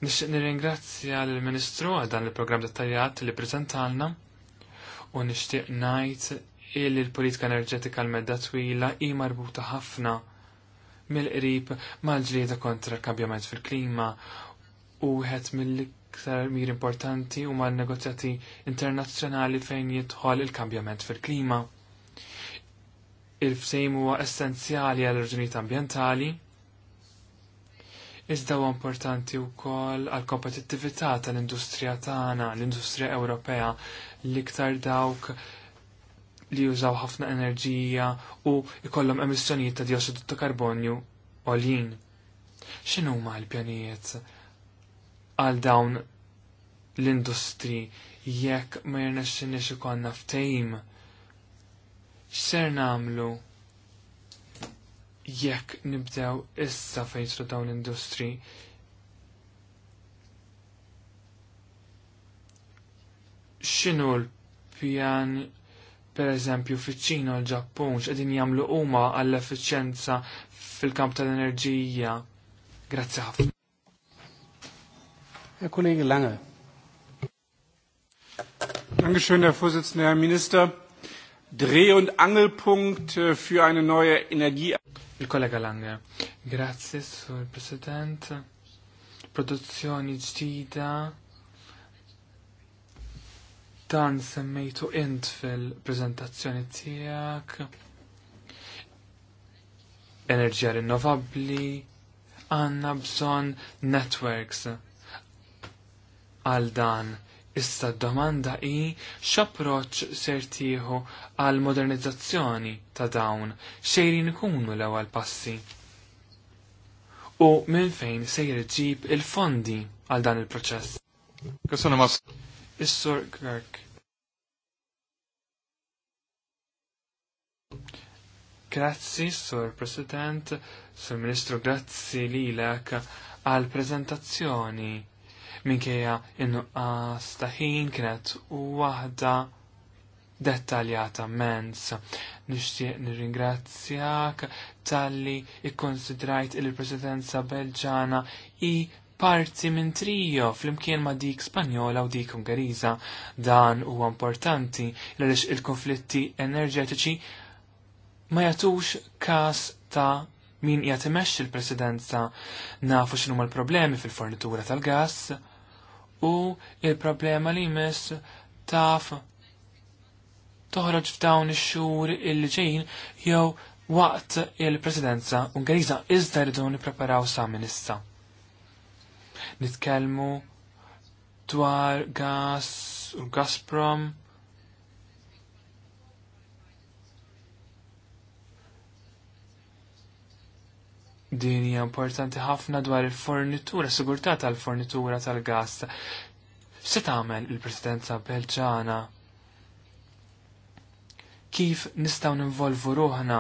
Nixtieq nirringrazzja l ministru għal dan il-programm dettaljat li prezentalna u nixtieq ngħid il l-politika enerġetika l-medda twila hi marbuta ħafna mill-qrib mal-ġlieda kontra l kambjament fil-klima u wieħed mill-iktar mir importanti u mal negozjati internazzjonali fejn jidħol il-kambjament fil-klima. il fsejmu huwa essenzjali għal raġunijiet ambjentali, iżda huwa importanti wkoll għal kompetittività tal-industrija tagħna, l-industrija Ewropea, l-iktar dawk li jużaw ħafna enerġija u jkollhom emissjonijiet ta' dioxidu ta' karbonju għolin. X'inhu huma l-pjanijiet għal dawn l-industri jekk ma jirnexxinix ikollna ftehim? X'ser nagħmlu jekk nibdew issa fejtru dawn l-industri x'inhu l-pjan Per eżempju, fiċ-Ċina u l-Ġappun x'qegħdin jagħmlu huma għall-effiċjenza fil-kamp tal-enerġija. Grazzi ħafna. Herr Kollege Lange. Dankeschön, Herr Vorsitzender, Herr Minister. Dreh- und Angelpunkt äh, für eine neue Energie. Il-kollega Lange. Grazie, Sur President. Produzzjoni ġdida Dan semmejtu int fil-prezentazzjoni tiegħek. Enerġija rinnovabbli, għandna bżonn networks għal dan. Issa d-domanda hi x'approċċ ser tieħu għal modernizzazzjoni ta' dawn xejrin ikunu l-ewwel passi. U minn fejn se jirġib il-fondi għal dan il-proċess. Kussuna mas. Is-Sur Kirk. Grazzi, Sur President, Sur Ministru, grazzi lilek għal prezentazzjoni minkejja in-nuqqas kienet u kienet waħda dettaljata mens. Nixtieq nirringrazzjak talli ikkonsidrajt il-Presidenza Belġana i parti minn fl flimkien ma' dik Spanjola u dik Ungeriża. Dan huwa importanti għaliex il-konflitti enerġetiċi ma jagħtux każ ta' min qiegħed il presidenza nafu x'inhuma l-problemi fil-fornitura tal-gass u il-problema li jmiss taf toħroġ f'dawn ix-xhur il ġejjin jew waqt il-presidenza Ungeriża iżda rridu nippreparaw sa minn issa nitkellmu dwar gas u Gazprom. Din hija importanti ħafna dwar il-fornitura, sigurtà tal-fornitura tal-gas. Se tagħmel il-Presidenza Belġana? Kif nistgħu ninvolvu ruħna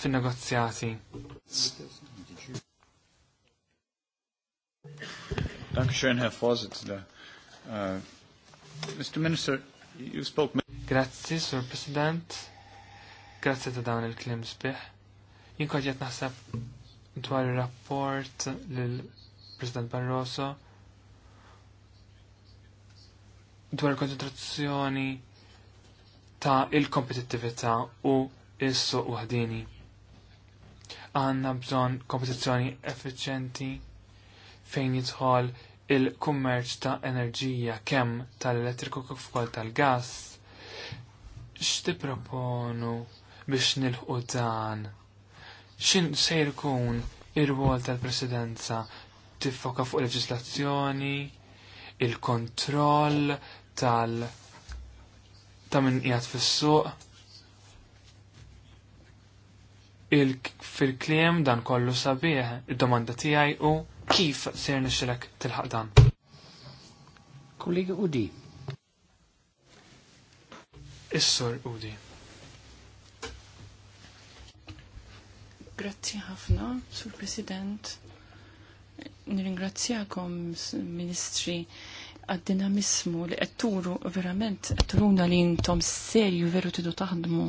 fin-negozjati? Äh, Grazie, Sir Grazzi, Sur President. Grazzi ta' dawn il-klim sbiħ. Jinkod jett naħseb dwar il-rapport l-President Barroso dwar il-konċentrazzjoni ta' il-kompetittività u il-suq uħdini. Għanna bżon kompetizzjoni effiċenti fejn jidħol il-kummerċ ta' enerġija kemm tal-elettriku kif ukoll tal gass X'tipproponu biex nilħu dan? X'in se jkun ir-rwol tal-Presidenza tiffoka fuq leġislazzjoni, il-kontroll tal- ta' min qiegħed fis-suq. fil-kliem dan kollu sabiħ, id-domanda tiegħi u kif ser nixxilek tilħaq dan. Kollega Udi. Is-sur Udi. Grazzi ħafna, Sur President. Nirringrazzjakom, Ministri, għad-dinamismu li għetturu verament għetturuna li jintom serju veru tidu taħdmu.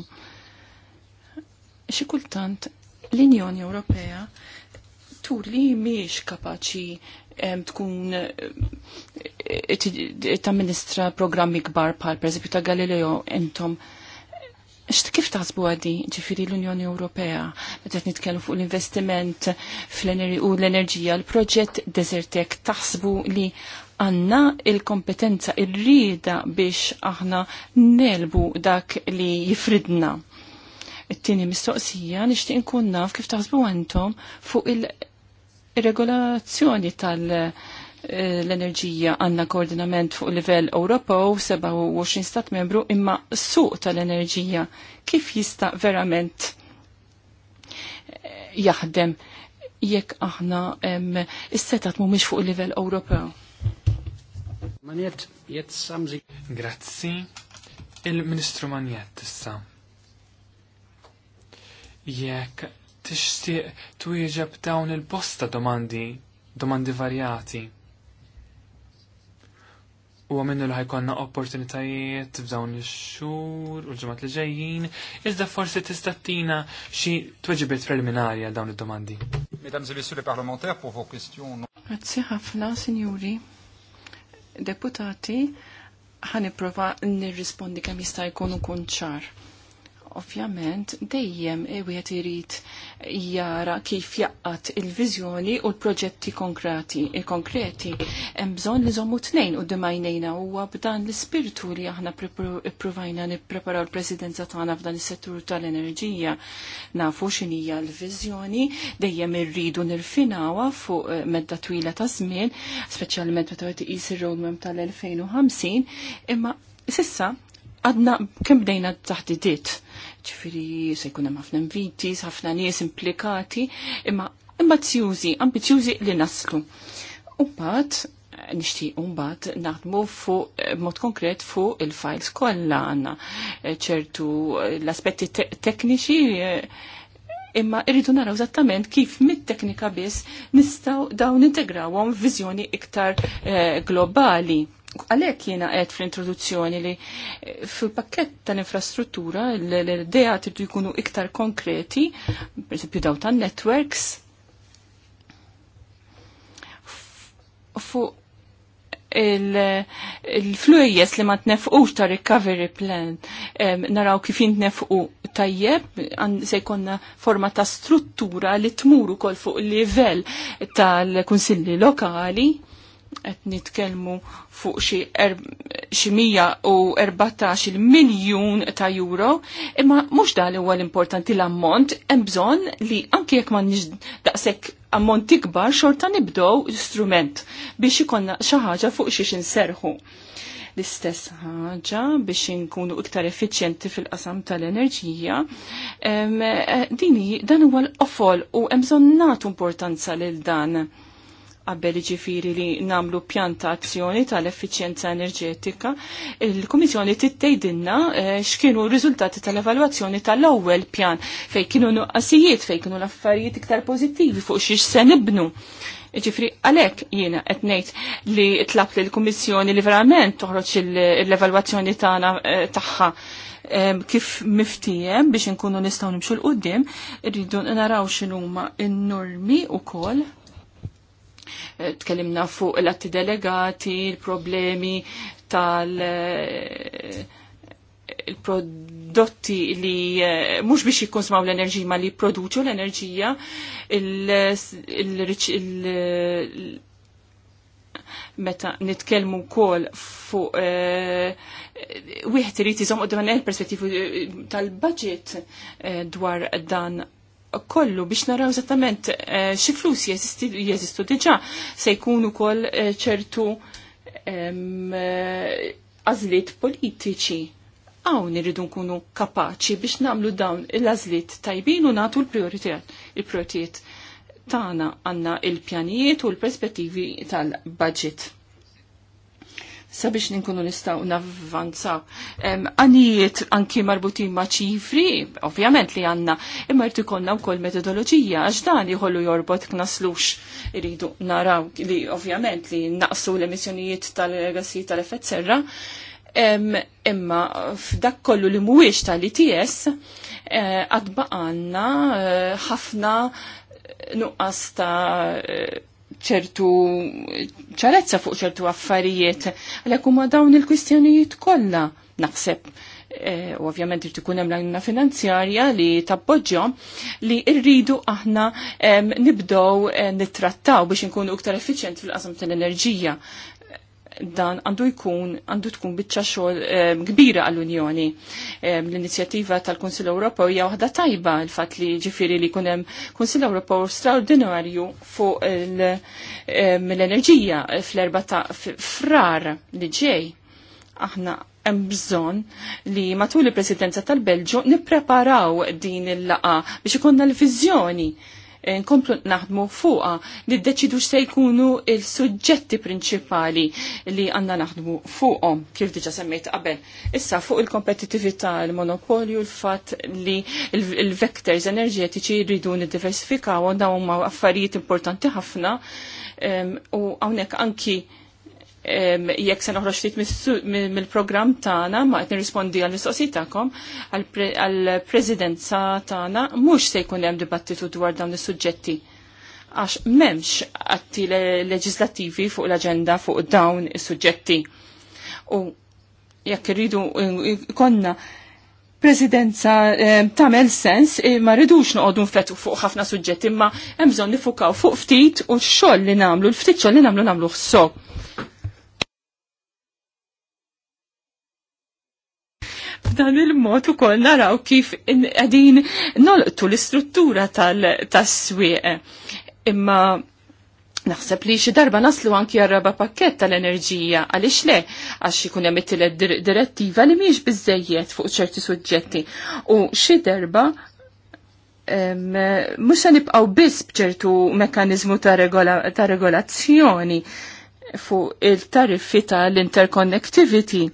Xikultant l-Unjoni Ewropea tur li miex kapaċi tkun eh, eh, it-amministra eh, programmi kbar pal per ta' Galileo intom Ixt kif taħsbu għaddi ġifiri l-Unjoni Ewropea, meta nitkellu fuq l-investiment u l-enerġija, l-proġett Desertek taħsbu li għanna il-kompetenza irrida biex aħna nelbu dak li jifridna. It-tieni mistoqsija nixtieq nkun naf kif taħsbu għandhom fuq il- Ir-regolazzjoni tal-enerġija għanna koordinament fuq livell Ewropew 27 stat membru imma suq tal-enerġija kif jista' verament eh, jaħdem jekk aħna s setat mhumiex fuq livell Ewropew. Manjet, jett Grazzi. Il-Ministru Manjet issa. Jekk tixtieq twieġeb dawn il-bosta domandi, domandi varjati. U għamennu li ħajkonna opportunitajiet f'dawn ix-xhur u l-ġimgħat li ġejjin, iżda forsi tista' tina xi tweġibiet preliminari għal dawn id-domandi. Mesdames et messieurs les parlementaires pour vos questions. Grazzi ħafna, signori. Deputati, ħaniprofa nirrispondi kemm jista' jkun ukun ċar. Ovvjament, dejjem e wieħed irid jara kif jaqqat il-viżjoni u l-proġetti konkreti. E konkreti. Hemm bżonn li żommu tnejn u dimajnejna huwa b'dan l-ispirtu li aħna ppruvajna nippreparaw l-presidenza tagħna f'dan is-settur tal-enerġija. Nafu x'inhija l-viżjoni, dejjem irridu nirfinawha fuq eh, medda twila ta' żmien, speċjalment meta qed iqis ir-roadmap tal-2050, imma sissa għadna kemm bdejna t taħdidiet. ċifiri se jkun hemm ħafna inviti, ħafna nies implikati, imma ambizjużi, ambizjużi li naslu. U nishti nixtieq mbagħad naħdmu fuq mod konkret fuq il-files kollha għandna ċertu l-aspetti tekniċi imma irridu naraw eżattament kif mit-teknika biss nistgħu dawn integrawhom f'viżjoni iktar eh, globali għalek jena għed fl-introduzzjoni li eh, fil-pakket tal-infrastruttura l-idea tridu jkunu iktar konkreti, per esempio daw ta' networks, fu il-flujjes li ma tnefqux ta' recovery plan naraw kif nefqu tajjeb se jkonna forma ta' struttura li t-muru kol fuq livell tal-kunsilli lokali qed nitkellmu fuq xi 114 miljun ta' euro, imma mhux dan huwa l-importanti l-ammont, hemm bżonn li anke jekk m'għandniex daqshekk ammont ikbar xorta nibdew l-istrument biex ikonna xi ħaġa fuq xi xinserħu. L-istess ħaġa biex inkunu iktar effiċjenti fil-qasam tal-enerġija, eh, dan huwa l-qofol u hemm bżonn nagħtu importanza lil dan qabel ġifiri li namlu azzjoni tal-effiċjenza enerġetika, il-Komissjoni tittejdinna eh, x'kienu r-riżultati tal-evalwazzjoni tal-ewwel pjan fejn kienu nuqqasijiet, fej kienu l-affarijiet iktar pożittivi fuq xiex se nibnu. Ġifri, għalek jiena etnejt li tlab li l-Komissjoni li verament toħroċ l-evalwazzjoni taħħa eh, eh, kif miftijem biex nkunu nistaw nimxu l-qoddim, rridu naraw x'inhuma n-normi u kol tkellimna fuq l-atti delegati, il-problemi tal- eh, il-prodotti li eh, mhux biex jikkonsmaw l-enerġija ma li jipproduċu l-enerġija il meta nitkellmu wkoll fuq eh, wieħed irid iżomm qudiem perspettivi tal-budget dwar dan kollu biex naraw eżattament eh, xi flus jeżistu diġà se jkunu kol eh, ċertu eh, għażliet politiċi Għaw irridu nkunu kapaċi biex namlu dawn il-azlit tajbin u natu l-prioritiet. Il-prioritiet tana għanna il-pjanijiet u l-perspettivi tal-budget sabiex ninkunu nistaw navvanzaw. Għanijiet anki marbutin ma' ċifri, ovvjament li għanna, imma jirti konna u kol metodologija, għax dan jħollu jorbot knaslux. Iridu naraw li ovvjament li naqsu l-emissjonijiet tal-gassi tal-effett serra, imma f'dak kollu li mhuwiex tal-ITS eh, għadba għanna eh, ħafna nuqqas ta' eh, ċertu ċarezza fuq ċertu affarijiet, għalhekk huma dawn il-kwistjonijiet kollha naħseb. E, u ovvjament irid ikun hemm l għanna finanzjarja li tabboġġo li rridu aħna nibdew e, nittrattaw biex inkunu iktar effiċent fil-qasam tal-enerġija dan għandu jkun għandu tkun biċċa xogħol eh, kbira għall-Unjoni. Eh, l-inizjattiva tal-Kunsill Ewropew hija waħda tajba l fatt li ġifieri li jkun hemm Kunsill Ewropew straordinarju fuq eh, l-enerġija fl-erba ta' frar li ġej. Aħna hemm bżonn li matul il-Presidenza tal-Belġu nippreparaw din il-laqa biex ikunna l-viżjoni Eh, nkomplu naħdmu fuqa li d-deċidu se jkunu il-suġġetti prinċipali li għanna naħdmu fuqhom kif diġa semmejt qabel. Issa fuq il-kompetitività, il-monopolju, l fat li il-vectors enerġetiċi jridu nid-diversifikaw dawn huma affarijiet importanti ħafna u hawnhekk anki jekk se noħroġ ftit mill-programm tagħna ma qed nirrispondi għal mistoqsijiet tagħkom għall-Presidenza tagħna mhux se jkun hemm dibattitu dwar dawn is-suġġetti għax memx atti leġislativi fuq l-agenda fuq dawn is-suġġetti. U jekk irridu konna presidenza tamel sens ma rridux noqogħdu nfetu fuq ħafna suġġetti imma hemm bżonn nifukaw fuq ftit u x-xogħol li nagħmlu, l-ftit xogħol li nagħmlu nagħmlu ħsob. Dan il-mod ukoll naraw kif qegħdin nolqtu l-istruttura tas-swieq. Imma Naħseb li xi darba naslu anki għarraba pakket tal-enerġija, għaliex le, għax ikun hemm it direttiva li mhijiex biżejjed fuq ċerti suġġetti. U xi darba mhux se nibqgħu biss b'ċertu mekkaniżmu ta' regolazzjoni fuq il-tariffi tal-interconnectivity.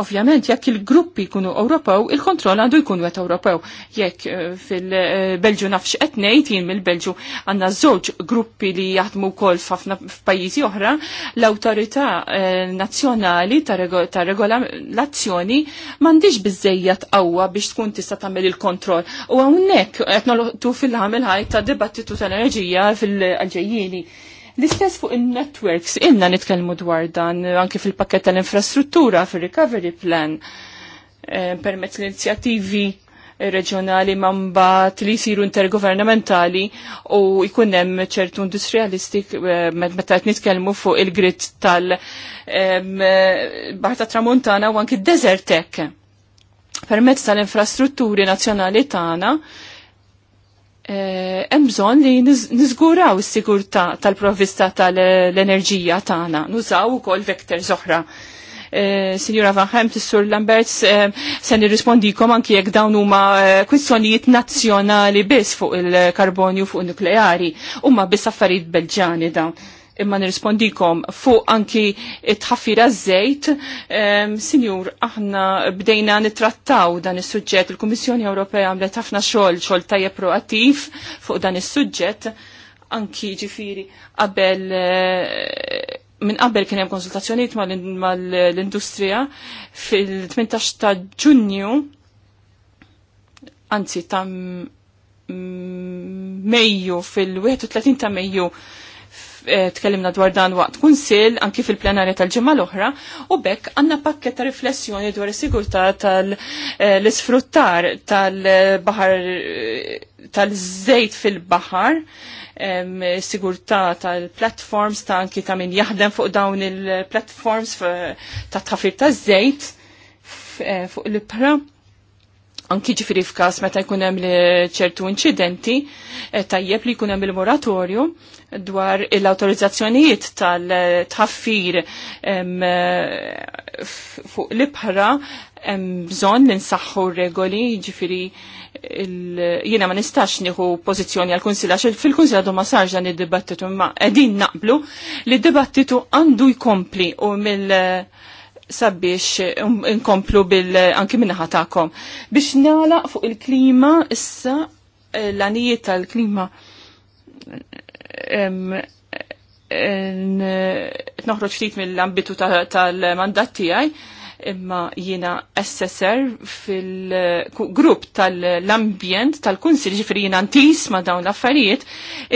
Ovvjament, jekk il-gruppi jkunu Ewropew, il-kontroll għandu jkun wet Ewropew. Jekk eh, fil-Belġu nafx etnejt, jien mill-Belġu għanna żewġ gruppi li jaħdmu wkoll f'pajjiżi oħra, l-awtorità eh, nazzjonali ta' regolazzjoni m'għandix biżejja qawwa biex tkun tista' tagħmel il-kontroll. U hawnhekk qed nolqtu fil-ħamil ħaj ta' dibattitu tal-enerġija fil alġejjini L-istess fuq in-networks, inna nitkellmu dwar dan anki fil-pakket tal-infrastruttura fil-recovery plan eh, permezz l-inizjattivi reġjonali mambat li jisiru intergovernamentali u jkun hemm ċertu industrialistik eh, meta qed nitkellmu fuq il-grid tal-Barta eh, Tramuntana u anki d-Desertek. Permezz tal-infrastrutturi nazzjonali tagħna Eh, hemm bżonn li niżguraw is-sigurtà tal-provvista tal-enerġija tagħna, nużaw ukoll vektor oħra. Eh, Signora Van Hemt, Sur Lamberts, eh, se nirrispondikom anki jekk dawn huma kwistjonijiet nazzjonali biss fuq il-karbonju fuq nukleari huma biss affarijiet belġani dawn imma nirrispondikom fuq anki it-ħaffira żejt. Um, Sinjur, aħna bdejna nitrattaw dan is-suġġett. Il-Kummissjoni Ewropea għamlet ħafna xogħol xogħol tajjeb proattiv fuq dan is-suġġett anki ġifiri qabel eh, minn qabel kien hemm konsultazzjonijiet mal-industrija fil-18 ta' Ġunju anzi ta' Mejju fil-31 ta' Mejju Eh, tkellimna dwar dan waqt kunsil anki fil-plenarja tal-ġimgħa l-oħra u bekk għandna pakket ta' riflessjoni dwar is-sigurtà tal-isfruttar eh, tal-baħar eh, tal-żejt fil-baħar sigurtà tal-platforms ta' anki ta' min jaħdem fuq dawn il-platforms ta' tħafir ta' żejt fuq l-ibra anki ġifiri f'kas meta jkun hemm ċertu inċidenti, eh, tajjeb li jkun hemm il-moratorju dwar l-autorizzazzjonijiet tal-tħaffir eh, fuq l-ibħra bżonn l nsaħħu regoli ġifiri jiena ma nistax nieħu pożizzjoni għal kunsilla fil-kunsilla du ma sarx dan id-dibattitu imma qegħdin naqblu li d-dibattitu għandu jkompli u mill- sabiex um, inkomplu bil anki minna tagħkom. Biex nagħlaq fuq il-klima issa eh, l-anijiet tal-klima eh, noħroġ ftit mill-ambitu tal-mandat tiegħi imma jina SSR fil-grupp tal-ambjent tal-kunsil ġifri jina antis ma dawn l-affarijiet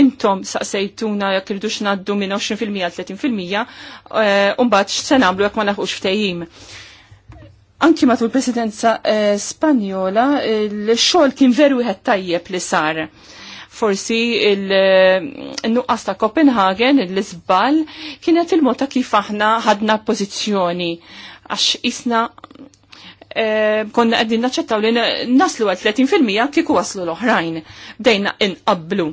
intom saqsejtuna jek irdux naddu minn 20% 30% umbat x'se nagħmlu jekk ma naħux ftejim. Anki matul presidenza eh, Spanjola l-xogħol kien veru wieħed tajjeb li sar forsi il-nuqqas eh, ta' Copenhagen, l-izbal, kienet il-mota kif aħna ħadna pozizjoni għax isna eh, konna għeddin naċċettaw li naslu għal 30% kieku waslu l-oħrajn. dejna inqablu.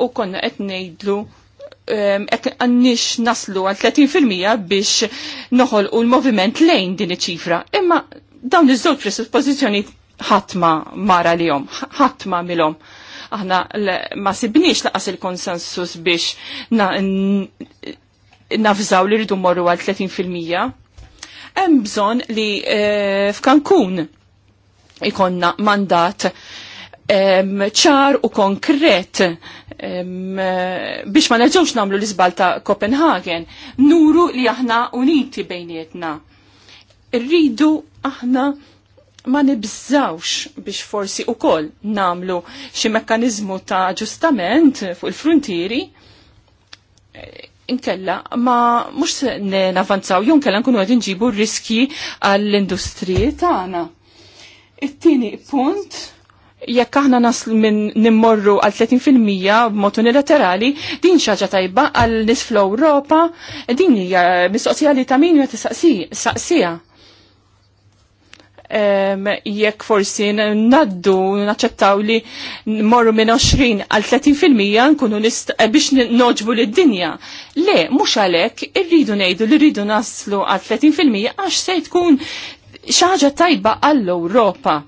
U konna qed eh, għed għannix naslu għal 30% biex noħol u l-moviment lejn din iċifra. Imma dawn iż-żewġ presuppożizzjoni ħatma mara li jom, ħatma milom. Aħna ma sibniex laqas il-konsensus biex nafżaw li rridu morru għal 30%. Hemm bżonn li eh, f'Kankun ikonna mandat ċar u konkret biex ma nerġawx nagħmlu l izbal ta' Copenhagen, nuru li aħna uniti bejnietna. Rridu aħna ma nibżawx biex forsi u koll namlu xi mekkanizmu ta' ġustament fuq il-frontieri inkella ma mux navanzaw, jom kella nkunu għedin ġibu riski għall-industriji tagħna. It-tieni punt, jekk aħna nasl minn nimmorru għal 30% b'mod unilaterali, din xaġa tajba għal nisflow Ewropa, din hija mistoqsija li ta' min saqsija jekk forsi naddu naċċettaw li morru minn 20 għal 30% nkunu eh, biex noġbu lid dinja Le, mhux għalhekk irridu ngħidu li rridu naslu għal 30% għax se tkun xi ħaġa tajba għall-Ewropa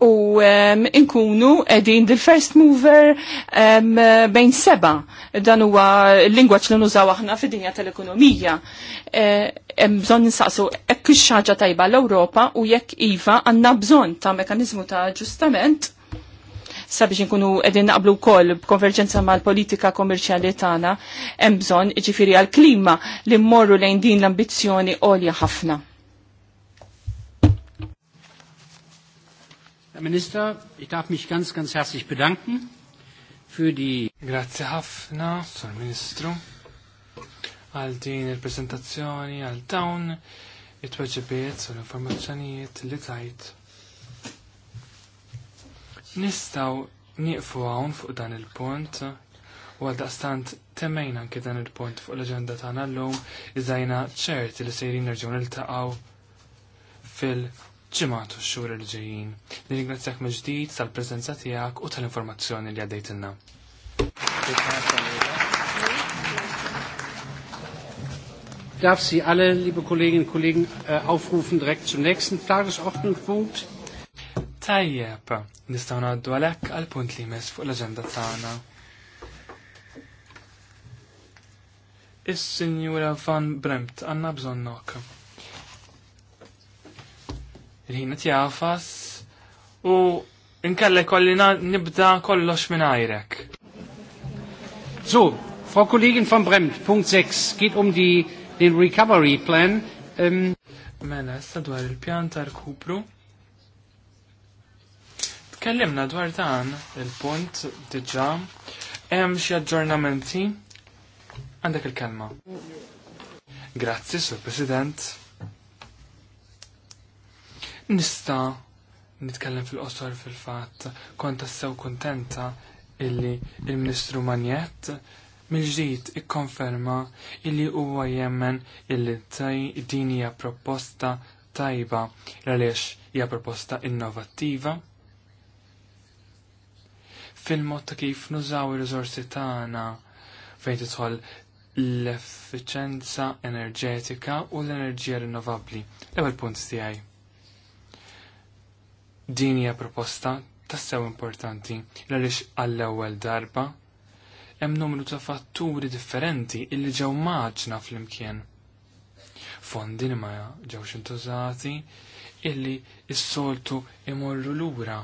u um, inkunu edin dil-first mover um, bejn seba. Dan huwa l-lingwaġġ li nużaw aħna fid-dinja tal-ekonomija. Hemm bżonn nisaqsu hekk xaġa tajba l-Ewropa u jekk iva għandna bżonn ta' mekanizmu ta' ġustament sabiex nkunu edin naqblu kol b'konverġenza mal-politika kommerċjali tagħna hemm bżonn ġifieri għall-klima li mmorru lejn din l-ambizzjoni għolja ħafna. Herr Minister, ich darf mich ganz, ganz herzlich bedanken für die... Grazie ħafna, Sor Ministru, għal din il-presentazzjoni, għal dawn it-tweġibiet u l-informazzjonijiet li tajt. Nistaw nieqfu hawn fuq dan il-punt u għal daqstant temmejna anke dan il-punt fuq l-aġenda tagħna llum iżajna ċert li sejrin nerġgħu niltaqgħu fil- ċimatu u x-xhur li ġejjin. Nirringrazzjak mill tal prezenza tijak u tal-informazzjoni li għaddejtilna. Darf Sie alle, liebe Kolleginnen und Kollegen, äh, aufrufen direkt zum nächsten Tagesordnungspunkt. Tajjeb, nistaw għaddu għalek għal-punt li jmiss fuq l-agenda tagħna. Is-Sinjura Van Bremt għandna bżonn nok il-ħin qed jafas u nkelle kollina nibda kollox minn għajrek. So, Frau Kollegin von Bremt, Punkt 6, geht um die, den Recovery Plan. Ähm, mela, issa dwar il-pjan ta' rkupru. Tkellimna dwar dan il-punt diġà hemm xi aġġornamenti. Għandek il-kelma. Grazzi, Sur President. Nista nitkellem fil-qosor fil-fatt konta sew kontenta illi il-Ministru Manjet mil ġdid ikkonferma illi huwa jemmen illi din hija proposta tajba għaliex hija proposta innovattiva fil-mod ta' kif nużaw ir-riżorsi tagħna fejn tidħol l-effiċenza enerġetika u l-enerġija rinnovabbli. L-ewwel punt tiegħi. Din hija proposta tassew importanti għaliex għall-ewwel darba hemm numru ta' fatturi differenti illi ġew maġna flimkien. Fondi li ma ġewx intużati illi s-soltu imorru lura.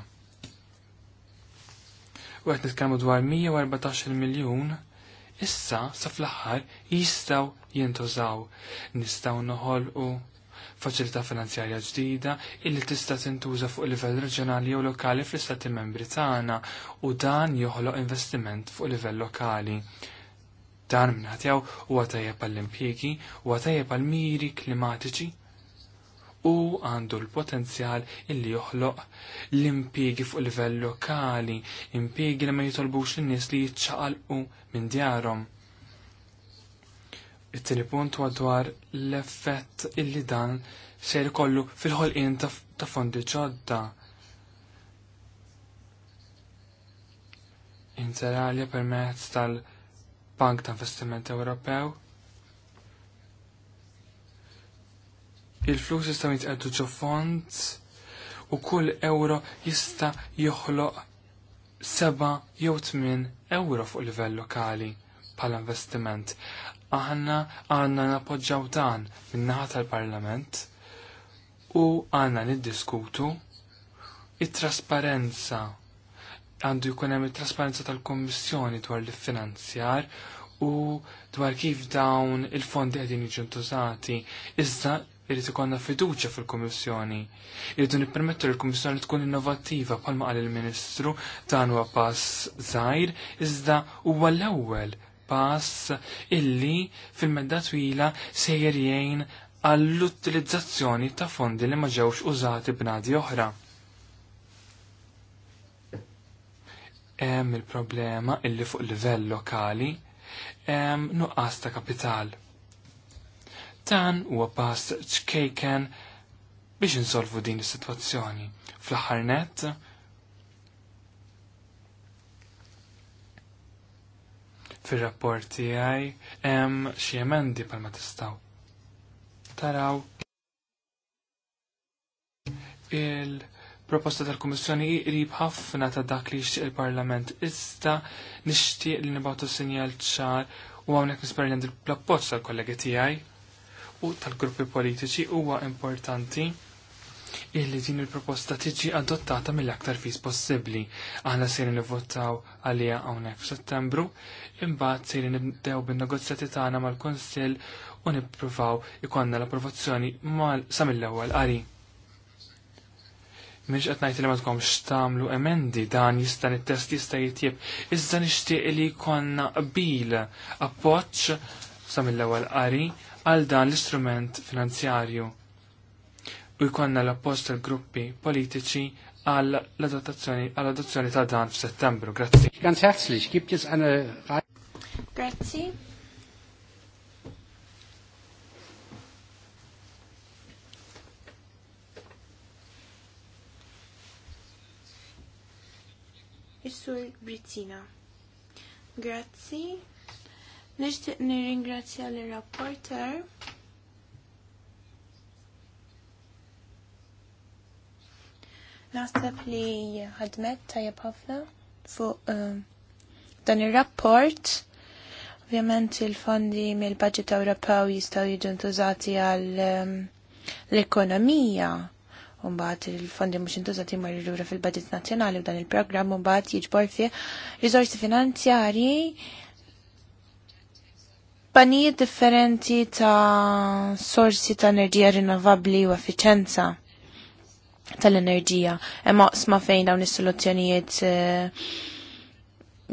U qed nitkellmu dwar 114 miljun issa sa fl-aħħar jistgħu jintużaw, nistgħu noħolqu faċilità finanzjarja ġdida illi tista' tintuża fuq livell reġjonali jew lokali fl-istati membri tagħna u dan joħloq investiment fuq livell lokali. Dan minħatjaw huwa tajjeb għall-impjiegi, huwa tajjeb għall-miri klimatiċi u għandu l-potenzjal illi joħloq l-impiegi fuq livell lokali, impiegi li ma jitolbux l-nies li jitċaqalqu minn djarhom It-tieni punt huwa dwar l-effett illi dan se jkollu fil-ħolqien ta' fondi ġodda. Interalja permezz tal-Bank ta' Investiment Ewropew. Il-flus jista' jitqeddu ġo fond u kull euro jista' joħloq seba' jew tmien euro fuq livell lokali bħala investiment aħna għanna napoġġaw dan minnaħa tal-Parlament u għanna niddiskutu it-trasparenza għandu jkun hemm it-trasparenza tal-Kommissjoni dwar l-finanzjar u dwar kif dawn il-fondi qegħdin jiġu ntużati. Iżda irrid ikollna fiduċja fil-Kummissjoni. Irridu nippermettu l-Kummissjoni tkun innovattiva bħalma qal il-Ministru dan huwa pass żgħir iżda huwa l-ewwel pass illi fil-medda twila sejjer jgħin għall-utilizzazzjoni ta' fondi li ma ġewx użati b'nadi oħra. Hemm il-problema illi fuq livell lokali hemm nuqqas ta' kapital. Dan huwa pass ċkejken biex insolvu din is-sitwazzjoni. Fl-aħħar nett, fir-rapport tiegħi hemm xi emendi bħalma tistaw taraw il-proposta tal-Kummissjoni qrib ħafna ta' dak li jixtieq il-Parlament issa nixtieq li nibgħatu sinjal ċar u hawnhekk nisperjend il appoġġ tal-kollegi tiegħi u tal-gruppi politiċi huwa importanti illi din il-proposta tiġi adottata mill-aktar fis possibbli. Aħna sejri nivvotaw għalija hawnhekk f'Settembru, imbagħad sejri nibdew bin-negozjati tagħna mal-Kunsill u nippruvaw ikonna l-approvazzjoni mal sa mill-ewwel qari. Mhix qed ngħid li ma tkomx tagħmlu emendi dan jista' it-test jista' jitjieb, iżda nixtieq li jkollna qbil appoġġ sa mill-ewwel qari għal dan l-istrument finanzjarju u jkonna l-appost gruppi politiċi għall-adozzjoni ta' dan f'Settembru. Grazzi. Ganz herzlich, gibt es eine Grazzi. Is-sur Brizzina. Grazzi. Nixtieq nirringrazzja l-rapporter. Naħseb li ħadmet tajjeb ħafna fuq eh, dan ir-rapport. Ovvjament il-fondi mill-Budget Ewropew jistgħu jiġu ntużati għal eh, l-ekonomija Umbat il-fondi mux intużati mar lura fil-budget nazjonali u dan il-programm mbagħad jiġbor fi rizorsi finanzjari banijiet differenti ta' sorsi ta' enerġija rinnovabli u effiċenza tal-enerġija. Ema sma fejn dawn is-soluzzjonijiet eh,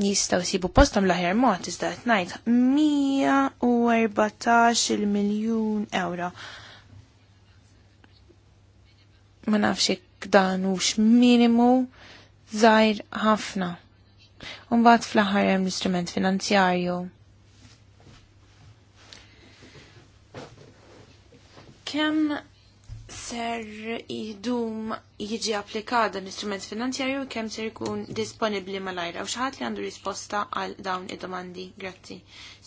jistgħu sibu postom l-aħjar mod iżda qed ngħid 114 miljun euro. Ma nafx jekk dan hux minimu żgħir ħafna. Umbagħad fl-aħħar hemm l-istrument finanzjarju. Kemm ser jidum jiġi applikat dan l-istrument finanzjarju kemm ser jkun disponibli mal-ajra u xaħat li għandu risposta għal dawn id-domandi. Grazzi.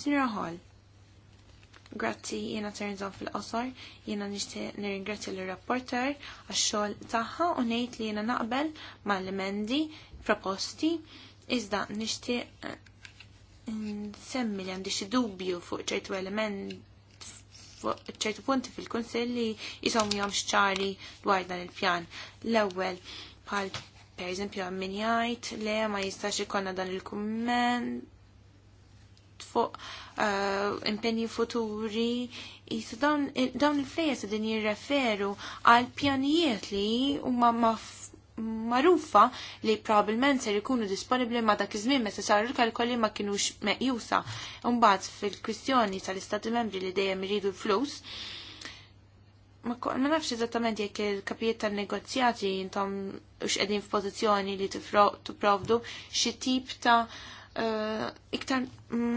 Sinra Hall. Grazzi jena terżon fil-qosor, jena nishti nirringrazzi l-rapporter għax-xogħol tagħha u ngħid li jena naqbel mal-emendi proposti iżda nishti eh, nsemmi li għandi xi dubju fuq ċertu elementi ċertu punti fil kunsilli li jisom jom xċari dwar dan il-pjan. L-ewwel bħal per eżempju min jgħid le ma jistax ikonna dan il-kumment fuq uh, impenji futuri jisu dawn il-flejes din jirreferu għal pjanijiet li huma maf marufa li probablement ser ikunu disponibli ma dak iż-żmien meta sar il kalkoli ma kinux meqjusa. Imbagħad fil-kwistjoni tal-Istati Membri li dejjem iridu l-flus, ma nafx eżattament jekk il-kapijiet tan-negozjati intom x qegħdin f'pożizzjoni li tipprovdu xi tip ta' eh, iktar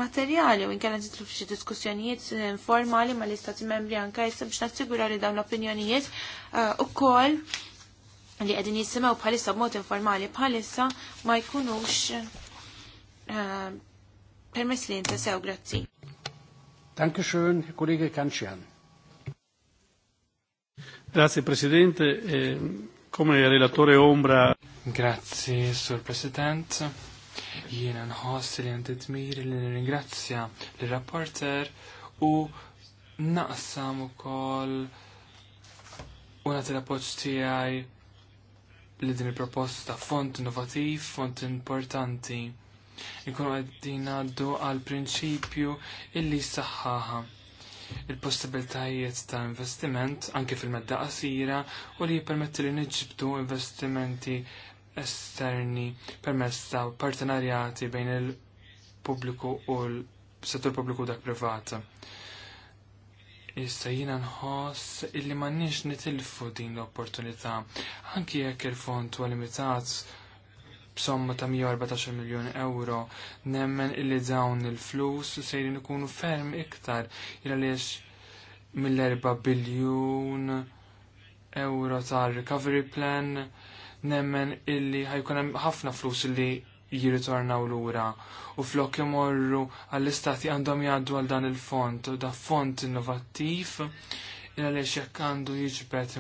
materjali u inkella titlu f'xi diskussjonijiet informali mal istati membri anke issa biex nassigura li dawn l-opinjonijiet eh, ukoll li għedin jisimaw bħalissa b'mod informali bħalissa ma jkunux uh, permess li jintesew, grazzi. Dankeschön, kollege Kanċjan. Grazie Presidente, eh, come relatore ombra. Grazie, Sur President. Jiena nħoss li għandi tmir li nirringrazzja l-rapporter u naqsam ukoll u nagħti l-appoġġ tiegħi li din il-proposta font innovativ, font importanti. Ikun għaddin għaddu għal prinċipju illi saħħaħa il-possibiltajiet ta' investiment anke fil-medda qasira u li jippermetti li nġibdu investimenti esterni permezz ta' partenarjati bejn il-pubbliku u l-settur pubbliku dak privat. Issa jina nħoss illi m'għandniex nitilfu din l-opportunità. Anki jekk il-fond huwa limitat b'somma ta' 114 miljon euro, nemmen illi dawn il-flus sejrin ikunu ferm iktar il għaliex mill-4 biljun euro ta' recovery plan, nemmen illi ħajkun hemm ħafna flus illi jirritornaw lura u flok imorru għall-istati għandhom jgħaddu għal dan il-font u da font innovattiv jina għaliex jekk għandu jiġbet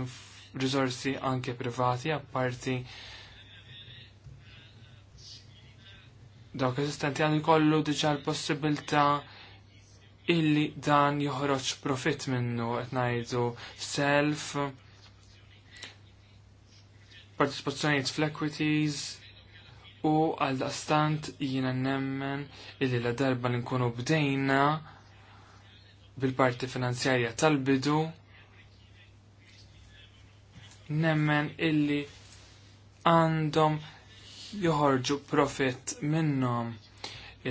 risorsi anke privati apparti dawk esistenti għandu kollu diġa l-possibilta illi dan joħroġ profit minnu qed ngħidu self participazzjonijiet fl-equities U għal dastant jiena nemmen illi la darba li nkunu bdejna bil-parti finanzjarja tal-bidu nemmen illi għandhom joħorġu profit minnom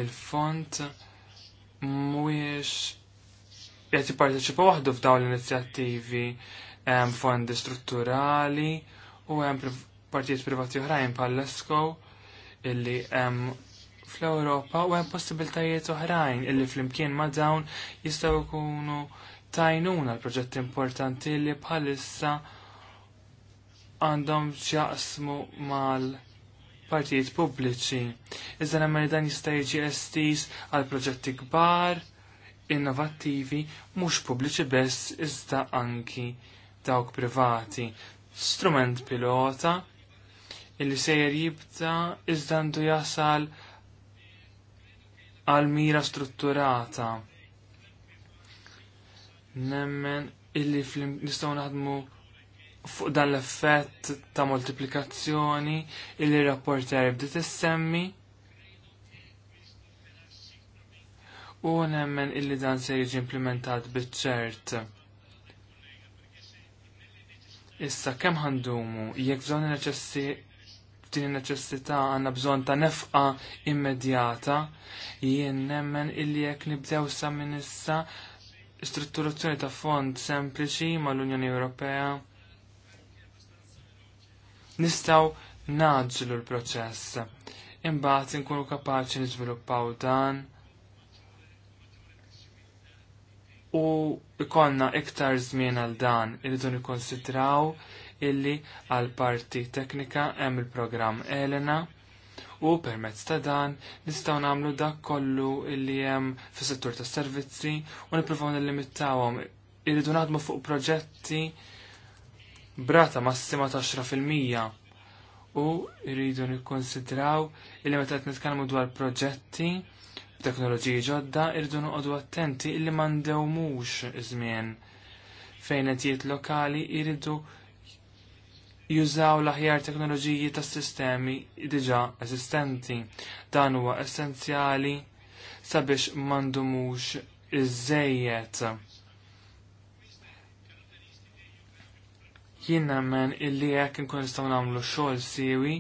il-font m'wiex qed jipparteċipa waħdu f'dawn l-inizjattivi hemm fondi strutturali u hemm partijiet privati oħrajn bħal l illi hemm fl-Ewropa u hemm possibiltajiet oħrajn illi flimkien ma' dawn jistgħu jkunu tajnuna l-proġetti importanti li bħalissa għandhom x'jaqsmu mal-partijiet pubbliċi. Iżda nemmen dan jista' jiġi estis għal proġetti kbar, innovattivi, mhux pubbliċi biss iżda anki dawk privati. Strument pilota illi sejjer jibda iżda għandu jasal għal mira strutturata. Nemmen illi nistgħu naħdmu fuq dan l-effett ta' moltiplikazzjoni illi rapporter bdiet issemmi. U nemmen illi dan se jiġi implementat biċ-ċert. Issa kemm ħandumu jekk bżonn f'din neċessità għandna bżonn ta' nefqa immedjata, jien nemmen illi jekk nibdew sa' minn issa strutturazzjoni ta' fond sempliċi mal-Unjoni Ewropea. Nistaw naġġlu l-proċess. Imbagħad inkunu kapaċi niżviluppaw dan u ikonna iktar żmien għal dan irridu nikkonsidraw illi għal parti teknika hemm il-programm Elena u permezz ta' dan nistgħu nagħmlu dak kollu illi hemm fis-settur tas-servizzi u nippruvaw nillimittawhom irridu naħdmu fuq proġetti brata massima ta' 10% u irridu nikkonsidraw illi meta qed nitkellmu dwar proġetti b'teknoloġiji ġodda irridu noqogħdu attenti illi m'għandewmux iż-żmien fejn entijiet lokali jridu jużaw l-aħjar teknoloġiji tas sistemi diġa eżistenti. Dan huwa essenzjali sabiex mandumux iż-żejjed. Jien nemmen illi jekk nkun nistgħu nagħmlu xogħol siewi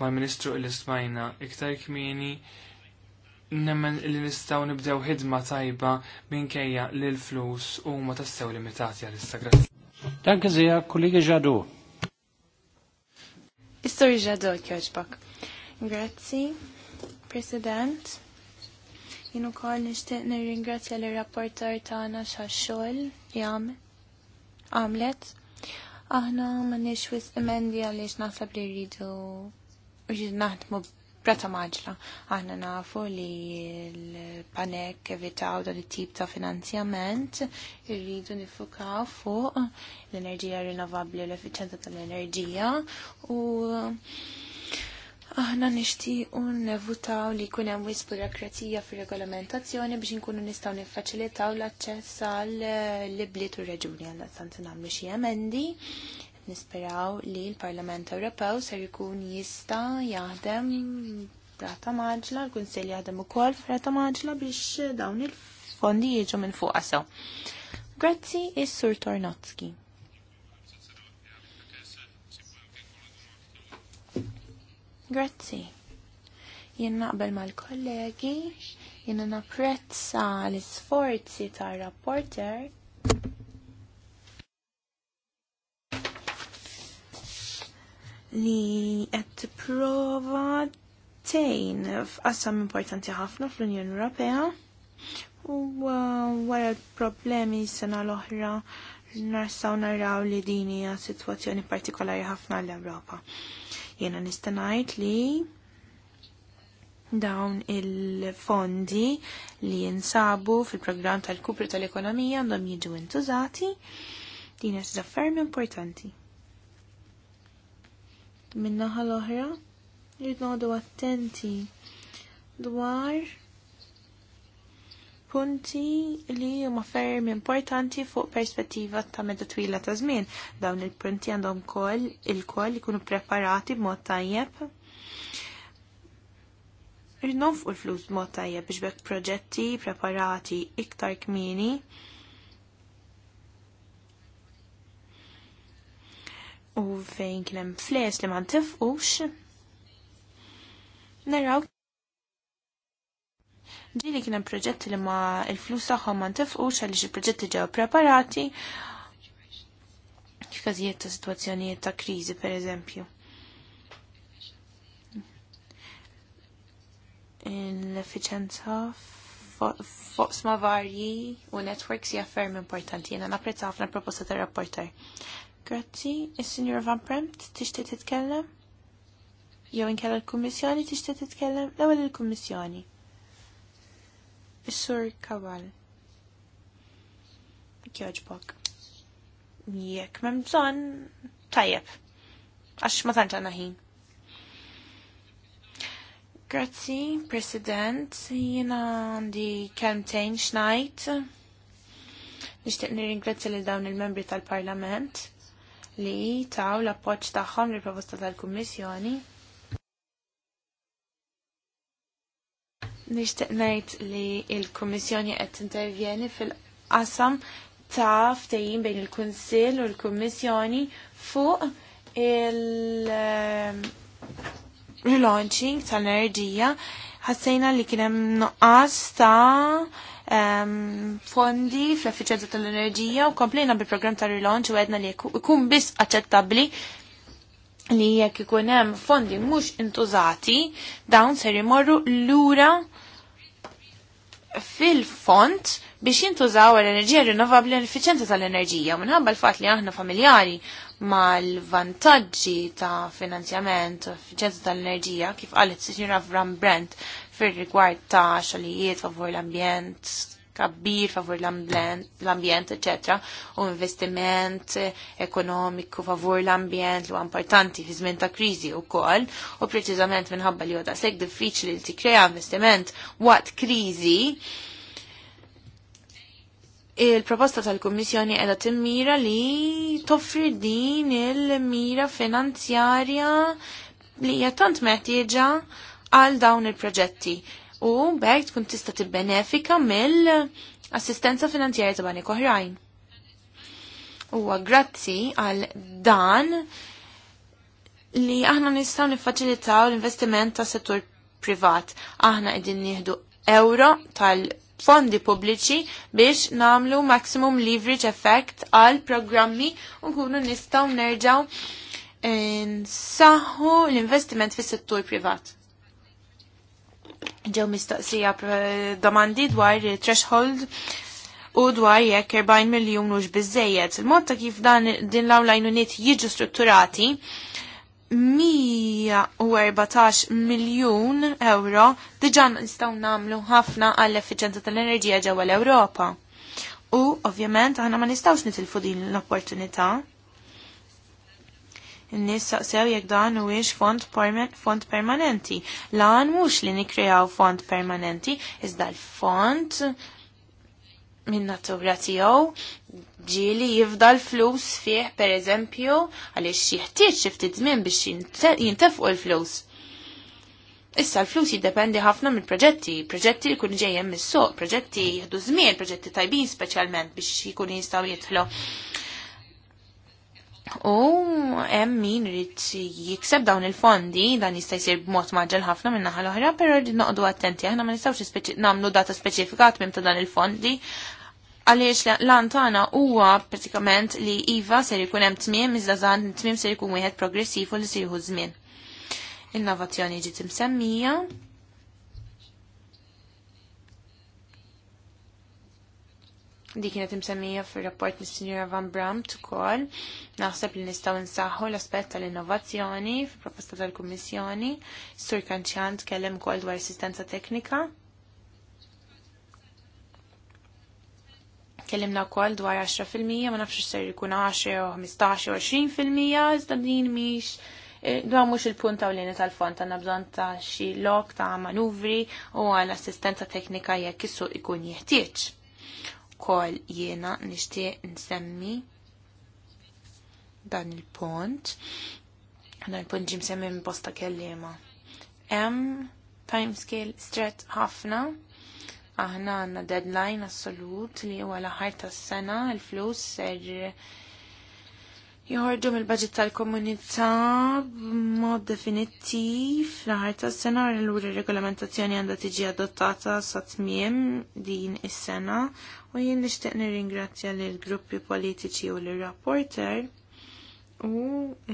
mal-Ministru li smajna iktar kmieni nemmen illi nistgħu nibdew ħidma tajba minkejja li l-flus huma tassew limitati għal-istagra. Danke sehr, kollegi ġadu. Is-sori ġadol kjoġbok. Grazzi, President. Jien ukoll nixtieq nirringrazzja l rapporter Tana xax-xogħol li għamlet. Aħna m'għandniex wisq emendi għaliex naħseb li rridu rridu naħdmu brata maġla. Aħna nafu li l-panek evitaw dan it-tip ta' finanzjament irridu nifukaw fuq l-enerġija rinnovabli u l-efficienza tal-enerġija u aħna nixtiequ nevutaw li jkun hemm wisq fi fir-regolamentazzjoni biex inkunu nistgħu niffaċilitaw l-aċċess għal libliet u reġuni għal nagħmlu xi emendi nisperaw li l-Parlament Ewropew ser ikun jista' jaħdem rata maġla, l-Kunsell jaħdem ukoll f'rata maġla biex dawn il-fondi jiġu minn fuq sew. Grazzi is-Sur Tornotski. Grazzi. Jien naqbel mal-kollegi, jien napprezza l-isforzi tar-rapporter li qed prova tejn f'qasam importanti ħafna fl-Unjoni Ewropea u uh, wara l-problemi sena l-oħra narsaw naraw li din hija sitwazzjoni partikolari ħafna l-Ewropa. Jiena nista' ngħid li dawn il-fondi li jinsabu fil-programm tal-kupru tal-ekonomija għandhom jiġu intużati din hija ferm importanti. Min-naħa l-oħra, jitnodu attenti dwar punti li huma ferm importanti fuq perspettiva ta' meta twila ta' żmien. Dawn il-punti għandhom koll il-koll ikunu preparati b'mod tajjeb. fuq l-flus b'mod tajjeb biex bekk proġetti preparati iktar kmini u fejn kien hemm fles li ma ntifqux. Naraw ġili kien hemm proġetti li ma il-flus tagħhom ma ntifqux għaliex il-proġetti ġew preparati f'każijiet ta' sitwazzjonijiet ta' kriżi pereżempju. L-effiċenza sma varji u networks hija ferm importanti. Jiena napprezza ħafna proposta tar rapporter. Grazzi, il-Sinjur Van Premt, tixti titkellem? Jew inkella l-Kummissjoni tixti titkellem? L-ewwel il-Kummissjoni. Is-Sur Kawal. Jogħġbok. Jekk m'hemm bżonn tajjeb. Għax ma tanċa naħin. ħin. Grazzi, President, jiena għandi kelmtejn xnajt. Nixtieq nirringrazzja lil dawn il-membri tal-Parlament li taw l-appoġġ tagħhom lill proposta tal-Kummissjoni. Nixtieq ngħid li l-Kummissjoni qed intervjeni fil-qasam ta' ftehim bejn il-Kunsill u l-Kummissjoni fuq il-relaunching tal-enerġija ħassejna li kien hemm nuqqas ta' fondi fl-effiċenza tal-enerġija u komplejna bil-programm ta' rilanċ u għedna li jkun biss aċċettabbli li jekk ikun hemm fondi mhux intużati dawn ser imorru lura fil-font biex jintużaw l-enerġija rinnovabli l-efficienza tal-enerġija. Minħabba l-fat li aħna familjari mal-vantaġġi ta' finanzjament u efficienza tal-enerġija, kif qalet Sinjura Vram Brent fir-rigward ta' xalijiet favur l-ambjent, kabbir favur l-ambjent, etc. u investiment ekonomiku favur l-ambjent li importanti fi żmien ta' kriżi wkoll u preċiżament minħabba li għoda sekk diffiċli li tikkrea investiment waqt kriżi. Il-proposta tal-Kummissjoni qiegħda timmira li toffri din il-mira finanzjarja li hija tant meħtieġa għal dawn il-proġetti u bekk tkun tista' tibbenefika mill-assistenza finanzjarja ta' banik oħrajn. Huwa grazzi għal dan li aħna nistgħu niffaċilitaw l-investiment ta' settur privat. Aħna qegħdin nieħdu euro tal- fondi pubbliċi biex namlu maximum leverage effect għal programmi u nkunu nistaw nerġaw eh, nsaħu l-investiment fis settur privat ġew mistaqsija domandi dwar threshold u dwar jekk 40 miljun mhux biżejjed. Il-mod ta' kif dan din l-awlajn unit jiġu strutturati 114 miljun euro diġan nistgħu nagħmlu ħafna għall effiċenza tal-enerġija ġewwa l-Ewropa. U ovvjament aħna ma nistgħux nitilfu din l-opportunità n-nis saqsew jekk dan huwiex fond, fond permanenti. Lan mhux li nikkreaw fond permanenti, iżda l-fond minn natura tiegħu ġieli jifdal flus fih pereżempju għaliex jeħtieġ xi ftit żmien biex jintefqu l-flus. Issa l-flus jiddependi ħafna mill proġetti proġetti li kun ġejjem mis-soq, proġetti jieħdu żmien, proġetti tajbin speċjalment biex jkun jistgħu jidħlu U hemm min irid jikseb dawn il-fondi, dan jista' jsir b'mod maġġel ħafna minn naħa l-oħra, però rrid noqogħdu attenti, aħna ma nistgħux nagħmlu data speċifika minn ta' dan il-fondi. Għaliex lan tagħna huwa pratikament li iva ser jkun hemm tmiem iżda żgħan tmiem ser ikun wieħed progressiv u li se jieħu żmien. Innovazzjoni ġiet imsemmija Di kienet imsemmija fil-rapport mis-Sinjura Van Bramt ukoll. Naħseb li nistgħu nsaħħu l-aspett tal-innovazzjoni fil-proposta tal-Kummissjoni. Sur Kanċjant kellem ukoll dwar assistenza teknika. Kellimna wkoll dwar 10% ma nafx ser jkun 10 u 15 u 20% iżda din mhix eh, Dwa mux il-punt lini tal fond għanna bżon ta' xi lok ta' manuvri u għal assistenza teknika jekk issu ikun jeħtieġ. Koll jiena nixtieq nsemmi dan il-punt. Dan il-punt ġim semmi bosta kellima. M timescale stret ħafna. Aħna għandna deadline assolut li huwa l s sena l-flus ser Jħorġu mill-budget tal-komunità b'mod definittiv fl-ħar tas-sena l-lura regolamentazzjoni għandha tiġi adottata sa tmiem din is-sena u jien nixtieq nirringrazzja lil gruppi politiċi u lir rapporter u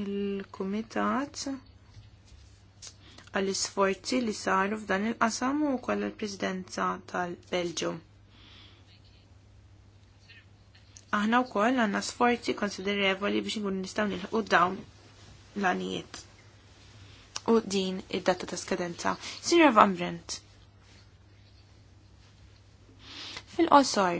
l-kumitat għall-isforzi li saru f'dan il-qasam u koll l-Presidenza tal belġum Aħna wkoll għandna sforzi konsiderevoli biex nkunu nistgħu nilħu dawn l-għanijiet. U din id-data ta' skadenza. Sinjor Van Brent. Fil-qosor,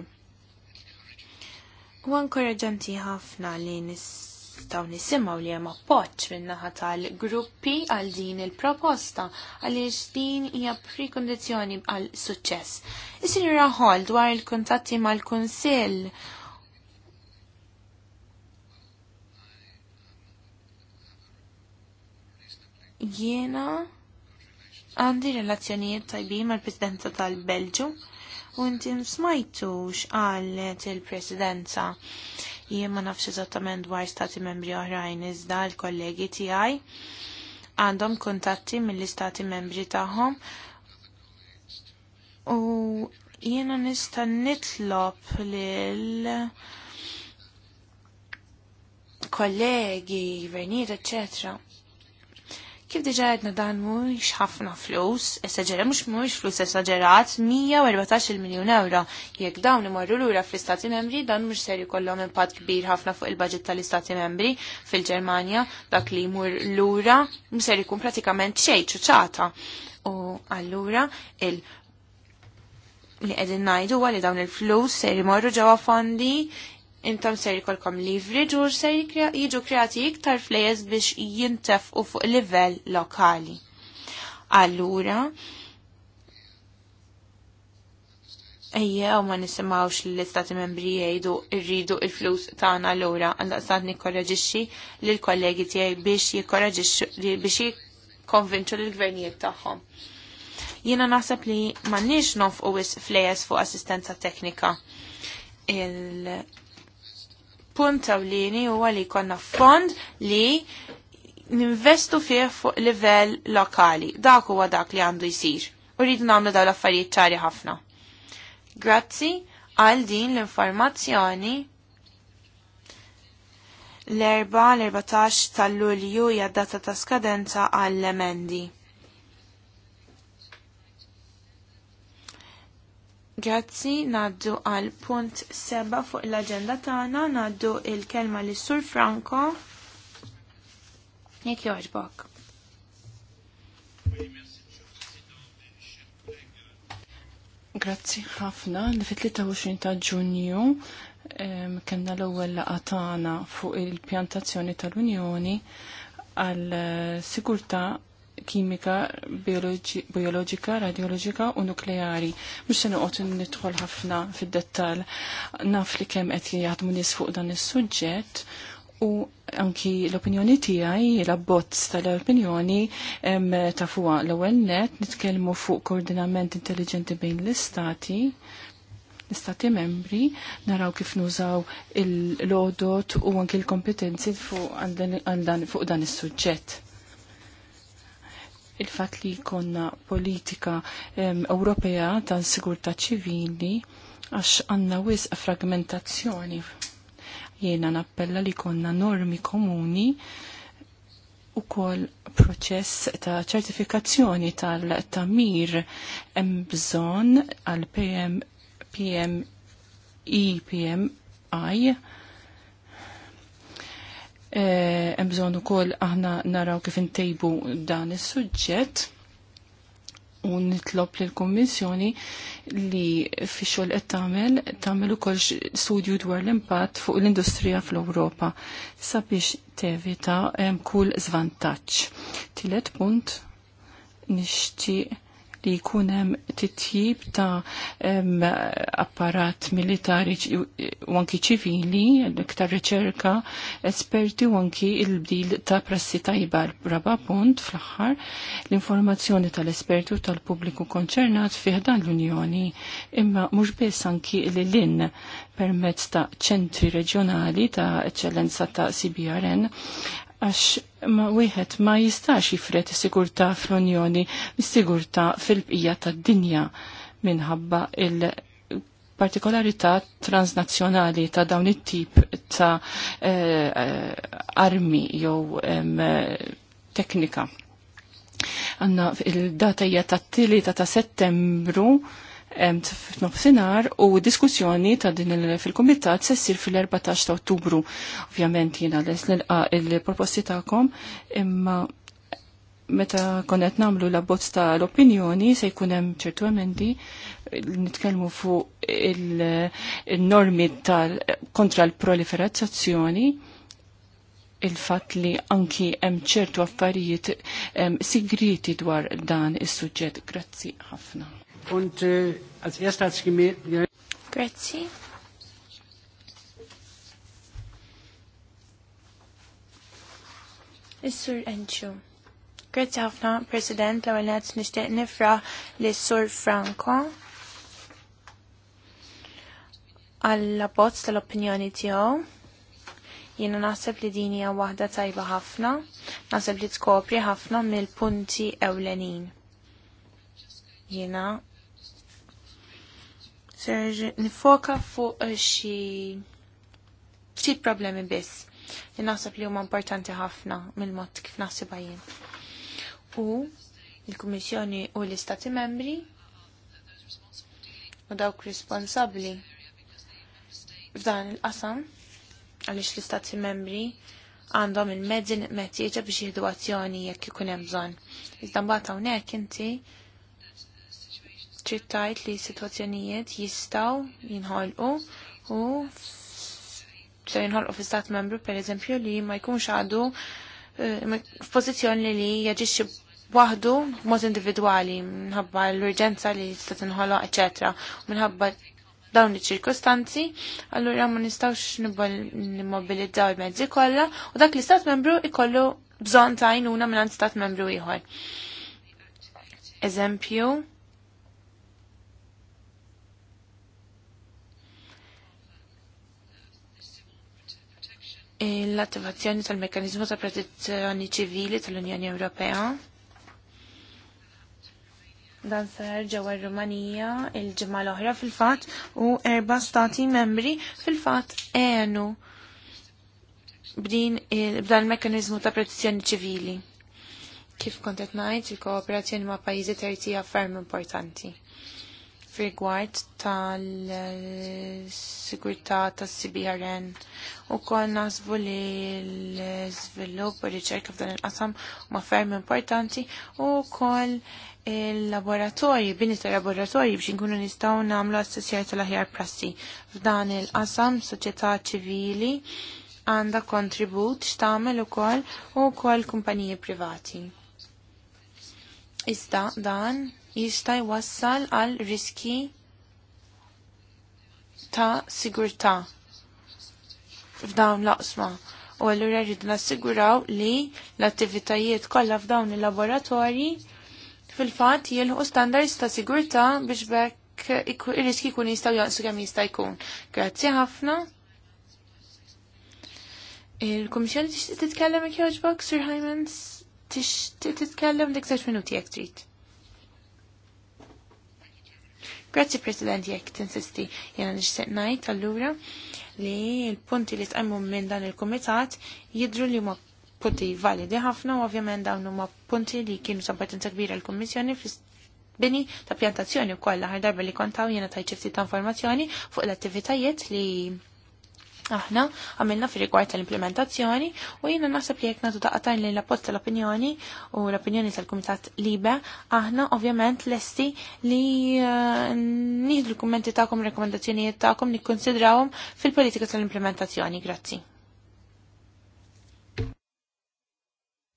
u għankorraġanti ħafna li nistgħu nisimgħu li hemm poċ min-naħa tal-gruppi għal din il-proposta għaliex din hija prekondizjoni għal suċċess. Is-sinjura Hall dwar il-kuntatti mal-Kunsill Jiena għandi relazzjonijiet tajbin mal-Presidenza tal-Belġu u inti smajtux għalet il-Presidenza. Jien ma nafx eżattament dwar stati membri oħrajn iżda l-kollegi tiegħi għandhom kontatti mill-istati membri tagħhom u jiena nista' nitlob lil kollegi, verniet, eccetera Kif diġa għedna dan mux ħafna flus, esagġera mux mux flus esagġerat 114 miljon euro. Jekk dawn imorru lura fl-Istati Membri, dan mux ser jkollhom impatt kbir ħafna fuq il-budget tal-Istati Membri fil-Ġermanja, dak li jmur lura mux ser jkun pratikament xejn ċuċata. U allura il- li qegħdin najdu li dawn il-flus ser jmorru ġewwa fondi intom ser jkollkom livri ġur ser jiġu kreati iktar flejes biex jintefqu fuq livell lokali. Allura, Ejja, u ma nisimawx li l-istati membri jgħidu rridu il-flus tagħna l-ura, għanda daqstat nikorraġixxi l-kollegi tiegħi biex jikorraġixxu biex jikkonvinċu l-gvernijiet tagħhom. Jiena naħseb li m'għandniex nofqu wis flejes fuq assistenza teknika punt tawlini huwa li konna fond li ninvestu fih fuq livell lokali. Dak huwa dak li għandu jsir. U rridu nagħmlu dawn l-affarijiet ċari ħafna. Grazzi għal din l-informazzjoni l erba l-14 tal-Lulju hija data ta' skadenza għall-emendi. Grazzi, naddu għal punt seba' fuq l-agenda tagħna, naddu il-kelma li sur Franco. Jek joġbok. Grazzi ħafna, li fit-23 ta' Ġunju kellna l-ewwel laqgħa tagħna fuq il-pjantazzjoni tal-Unjoni għal eh, sigurtà kimika, bioloġika, radioloġika u nukleari. Mux se nuqot nidħol ħafna fid-dettall naf li kemm qed jaħdmu nies fuq dan is-suġġett u anki l-opinjoni tiegħi l-abbozz tal-opinjoni ta' fuq l-ewwel net nitkellmu fuq koordinament intelligenti bejn l-istati l-istati membri naraw kif nużaw il-lodot u anki l-kompetenzi fuq dan is-suġġett il-fat li konna politika Ewropea ta' sigurta ċivili għax għanna wisq fragmentazzjoni. Jena nappella li konna normi komuni u kol proċess ta' ċertifikazzjoni tal-tamir hemm bżonn għal PM, PM, e I, Eh, hemm bżonn ukoll aħna naraw kif intejbu dan is-suġġett u nitlob lill kummissjoni li fi xogħol qed tagħmel tagħmel ukoll studju dwar l-impatt fuq l-industrija fl-Ewropa sabiex tevita hemm eh, kull żvantaġġ. Tielet punt nixtieq li jkun hemm titjib ta' apparat militari u anki ċivili, iktar riċerka, esperti u anki il-bdil ta' prassi tajba raba punt fl-aħħar l-informazzjoni tal-espertu tal-pubbliku konċernat fiħdan l-Unjoni imma mhux biss anki l-lin permezz ta' ċentri reġjonali ta' eċċellenza ta' CBRN għax ma wieħed ma jistax jifret is-sigurtà fl-Unjoni mis-sigurtà fil-bqija tad-dinja minħabba il- partikolarità transnazzjonali ta' dawn it-tip ta' eh, eh armi jew teknika. Għanna il-data hija tat tili ta' settembru f'nofsinhar u diskussjoni ta' din fil-kumitat se ssir fil-14 ta' Ottubru. Ovvjament jiena l il-proposti tagħkom imma meta konet namlu la bozz ta' l-opinjoni se jkun hemm ċertu emendi nitkellmu fuq il-normi kontra l-proliferazzazzjoni il-fatt li anki hemm ċertu affarijiet sigriti dwar dan is-suġġett. Grazzi ħafna. Und äh, als erster hat Ja. Grazie. Is-Sur Enchu. Grazie ħafna, President, l għanet nishtiq nifra li sur Franco għall-abbozz tal-opinjoni tiegħu. Jiena naħseb li din hija waħda tajba ħafna, naħseb li tkopri ħafna mill-punti ewlenin. Jiena ser nifoka fuq eh, xi ftit problemi biss li naħseb li huma importanti ħafna mill-mod kif naħsibha jien. U il-Kummissjoni u l-Istati Membri u dawk responsabbli f'dan il-qasam għaliex l-Istati Membri għandhom il-mezzi meħtieġa biex jihdu azzjoni jekk ikun hemm bżonn. Iżda mbagħad hawnhekk inti trid li situazzjonijiet jistgħu jinħolqu u se jinħolqu fi stat membru pereżempju li ma jkunx għadu eh, f'pożizzjoni li jaġixxi waħdu mod individwali minħabba l-urġenza li tista' tinħoloq eċetera. Minħabba dawn iċ-ċirkostanzi, allura ma nistgħux nimmobilizzaw il-mezzi kollha u dak l-istat membru ikollu bżonn ta' għajnuna minn stat membru ieħor. Eżempju, l-attivazzjoni tal-mekkanizmu ta' protezzjoni ċivili tal-Unjoni Ewropea. Dan sar ġewwa r-Rumanija il-ġimgħa l-oħra fil-fatt u erba' stati membri fil-fatt għenu b'din b'dan il-mekkanizmu ta' protezzjoni ċivili. Kif kont qed ngħid, il-kooperazzjoni ma' pajjiżi terzi ferm importanti rigward tal-sigurtà tas-CBRN u koll nasbu li l-svilupp u riċerka f'dan il-qasam ma ferm importanti u koll il-laboratorji, bini ta' laboratorji biex nkunu nistaw namlu assessjar tal-aħjar prassi. F'dan il-qasam, soċjetà ċivili għanda kontribut u ukoll u wkoll kumpaniji privati. Ista dan jista' jwassal għal riski ta' sigurtà f'dawn laqsma. U allura rridu nassiguraw li l-attivitajiet kollha f'dawn il-laboratorji fil-fatt jilħu standards ta' sigurtà biex bekk ir-riski jkun jistgħu jaqsu kemm jista' jkun. Grazzi ħafna. Il-Kummissjoni tixtieq titkellem jekk jogħġbok, Sir Hymans? Tixtieq titkellem dik minuti jekk trid. Grazzi President jekk tinsisti jena nixtieq ngħid allura li l-punti li tqemmu minn dan il-kumitat jidru li huma punti validi ħafna u ovvjament dawn huma punti li kienu sabbatenza kbira l-Kummissjoni bini ta' pjantazzjoni u koll darba li kontaw jena tajċifti ta' informazzjoni fuq l-attivitajiet li aħna għamilna fi rigward tal-implementazzjoni u jiena naħseb li jekk nagħtu daqatajn lejn l-appost tal-opinjoni u l-opinjoni tal-Kumitat Libe, aħna ovvjament lesti li eh, nieħdu l-kummenti tagħkom, rekomendazzjonijiet tagħkom nikkonsidrawhom fil-politika tal-implementazzjoni. Grazzi.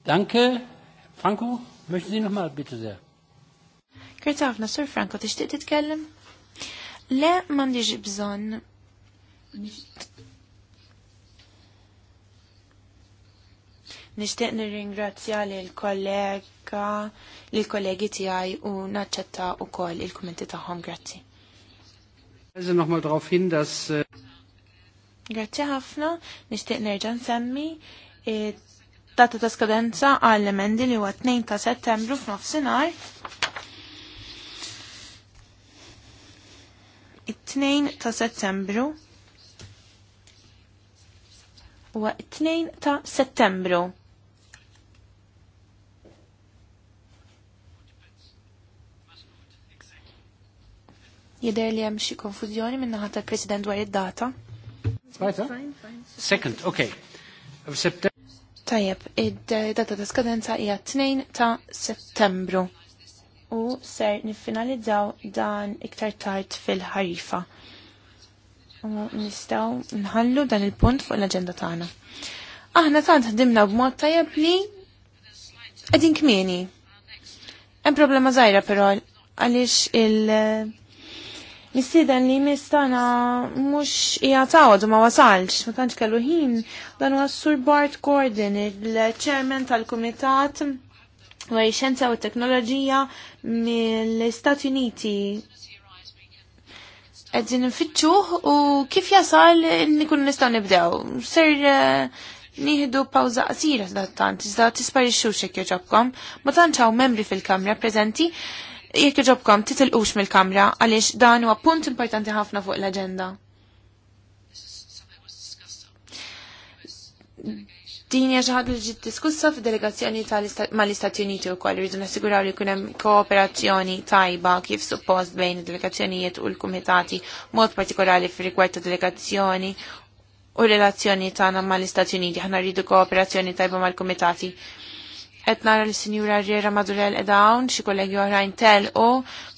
Danke, Franco, möchten Sie nochmal bitte sehr. Kirtafna, Sir Franco, tixtieq titkellem? Le, m'għandix bżonn Nishtiq nirringrazzja l kollega l kollegi tiegħi u naċċetta wkoll il-kummenti tagħhom grazzi. hin, dass äh, Grazzi ħafna, nixtieq nerġa' nsemmi data ta' skadenza għall emendi li huwa 2 ta' Settembru f'nofsinhar. It-2 ta' Settembru huwa 2 ta' Settembru. Jider li hemm xi konfużjoni minn naħa tal-President dwar id-data. Second, okay. Tajjeb, id-data ta' skadenza hija 2 ta' Settembru u ser niffinalizzaw dan iktar tard fil-ħarifa. U nistaw nħallu dan il-punt fuq l-agenda tagħna. Aħna tant ħdimna b'mod tajjeb li qegħdin kmieni. Hemm problema żgħira però għaliex il- Nistiden li mistana mux jgħatawad ma wasalx, ma tantx kellu ħin, dan huwa Sur Bart Gordon, il-chairman tal-Kumitat għaj xenza xjenza u t-teknoloġija mill-Istati Uniti. Qegħdin nfittxu u kif jasal nikun nistgħu nibdew. Ser eh, nieħdu pawża qasira s tant, iżda tisparixxu xekk joġobkom, ma tantx membri fil-Kamra preżenti jekk iġobkom titilqux mill-kamra għaliex dan huwa punt importanti ħafna fuq l-aġenda. Din hija xi ħadd li ġiet diskussa f'delegazzjoni mal-Istati Uniti wkoll rridu nassiguraw li jkun hemm kooperazzjoni tajba kif suppost bejn id-delegazzjonijiet u l-kumitati mod partikolari f'rigward ta' delegazzjoni u relazzjoni tagħna mal-Istati Uniti. Aħna rridu kooperazzjoni tajba mal-kumitati qed nara li sinjura Riera Madurell qed hawn, xi kollegi oħrajn tel u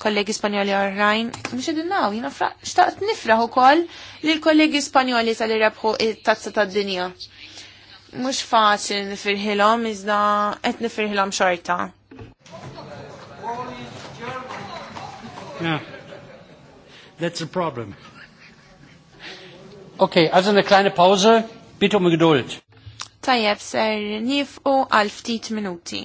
kollegi Spanjoli oħrajn, mhux qegħdin naw, jiena xtaqt nifraħ ukoll li l-kollegi Spanjoli tal rebħu it-tazza tad-dinja. Mhux faċli nifirħilhom iżda qed nifirħilhom xorta. Yeah. That's a problem. Okay, also eine kleine Pause. Bitte um Geduld. Tajjeb ser nifqu għal ftit minuti.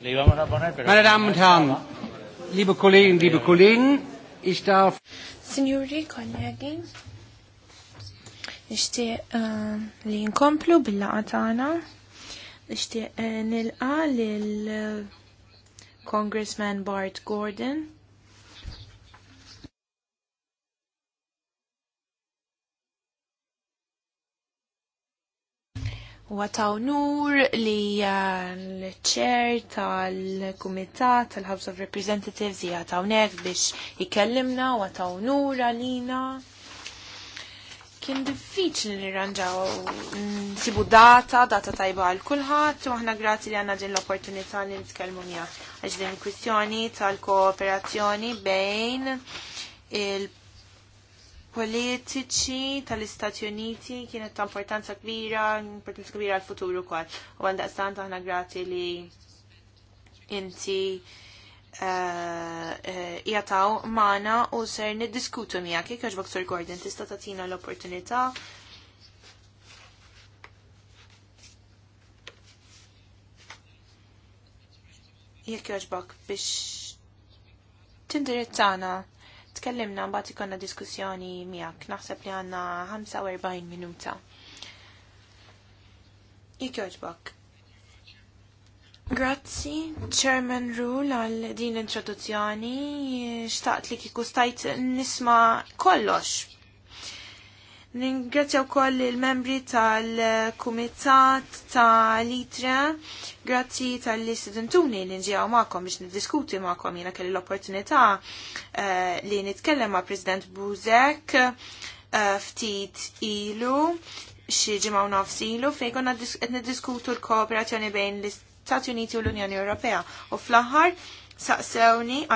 Meine Damen und Herren, liebe Kollegen, liebe Kollegen, ich darf... Signori, kollegi, nishti eh, li nkomplu bil-laqatana, nishti uh, eh, lil-Congressman eh, Bart Gordon, huwa ta' nur li Chair tal-Kumitat tal-House of Representatives hija hawnhekk biex jkellimna u għataw nura lina. Kien diffiċli nirranġaw nsibu data, data tajba għal kulħadd u aħna grazzi li għandna din l-opportunità li nitkellmu miegħek għax din kwistjoni tal-kooperazzjoni bejn il politiċi tal-Istati Uniti kienet ta' importanza kbira, importanza kbira għal futuru kol. U għanda daqstant aħna grati li inti eh, eh, jataw Mana maħna u ser niddiskutu miegħek jekk għax Gordon tista' tagħtina l-opportunità jekk jogħġbok biex tindirizzana tkellimna mbagħad ikonna diskussjoni miegħek. Naħseb li għandna 45 minuta. Jekk jogħġbok. Grazzi, Chairman Rule, għal din introduzzjoni. Xtaqt li kiku stajt nisma kollox Ningrazzja wkoll il-membri tal-Kumitat tal-Itra, grazzi tal istudentuni li nġiegħu magħkom biex niddiskuti magħkom jiena kelli l-opportunità eh, li nitkellem ma' President Buzek eh, ftit ilu xi ġimgħu nofs ilu fejn konna qed niddiskutu l-kooperazzjoni bejn l-Istati Uniti u l-Unjoni Ewropea u fl-aħħar saqsewni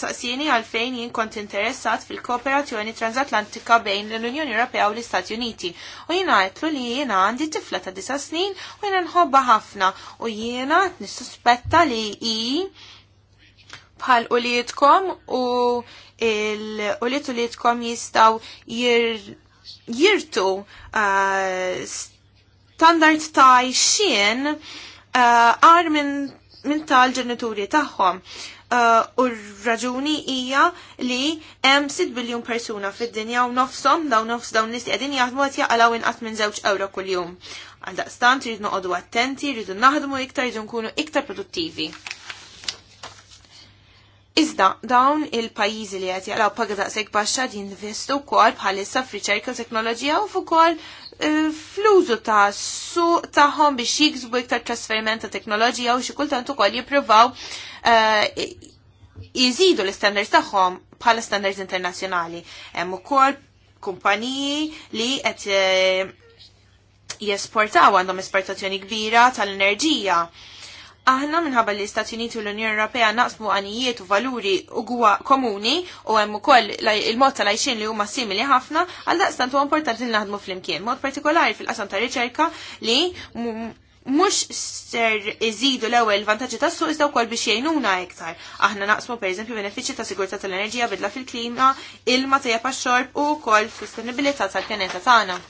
saqsini għalfejn jien kont interessat fil-kooperazzjoni transatlantika bejn l-Unjoni Ewropea u l-Istati Uniti. U jiena għetlu li jiena għandi tifla ta' disa snin u jiena nħobba ħafna u jiena nissuspetta li i bħal ulietkom u l uliet ulietkom jistaw jir jirtu uh, standard ta' xien uh, għar uh, minn minn tal-ġenituri tagħhom. Uh, u r-raġuni hija li hemm 6 biljun persuna fid-dinja u nofshom dawn nofs dawn nies qegħdin jaħdmu qed jaqalgħu inqas minn żewġ ewro kuljum. Għaldaqstant rridu noqogħdu attenti, rridu naħdmu iktar, rridu nkunu iktar produttivi. Iżda, dawn il pajjiżi li qed jaqgħu paga daqseg baxxa din investu wkoll bħalissa f'riċerka u teknoloġija u fuq Eh, fl-użu ta' suq tagħhom biex jiksbu iktar trasferiment ta' teknoloġija u xi kultant ukoll jippruvaw jżidu eh, l-standards tagħhom bħala standards internazzjonali. Hemm ukoll kumpaniji li qed eh, jesportaw għandhom esportazzjoni kbira tal-enerġija Aħna minħabba li Stati Uniti u l-Unjoni Ewropea naqsmu għanijiet u valuri ugwa komuni u hemm ukoll il-mod tal-għajxin li huma simili ħafna, għal daqstant huwa importanti li naħdmu flimkien. Mod partikolari fil-qasam ta' riċerka li mhux ser iżidu l-ewwel vantaġġi tas-suq iżda wkoll biex jgħinuna iktar. Aħna naqsmu pereżempju benefiċċji ta' sigurtà tal-enerġija bidla fil-klima, ilma tajja pax-xorb u wkoll sostenibilità tal-pjaneta tagħna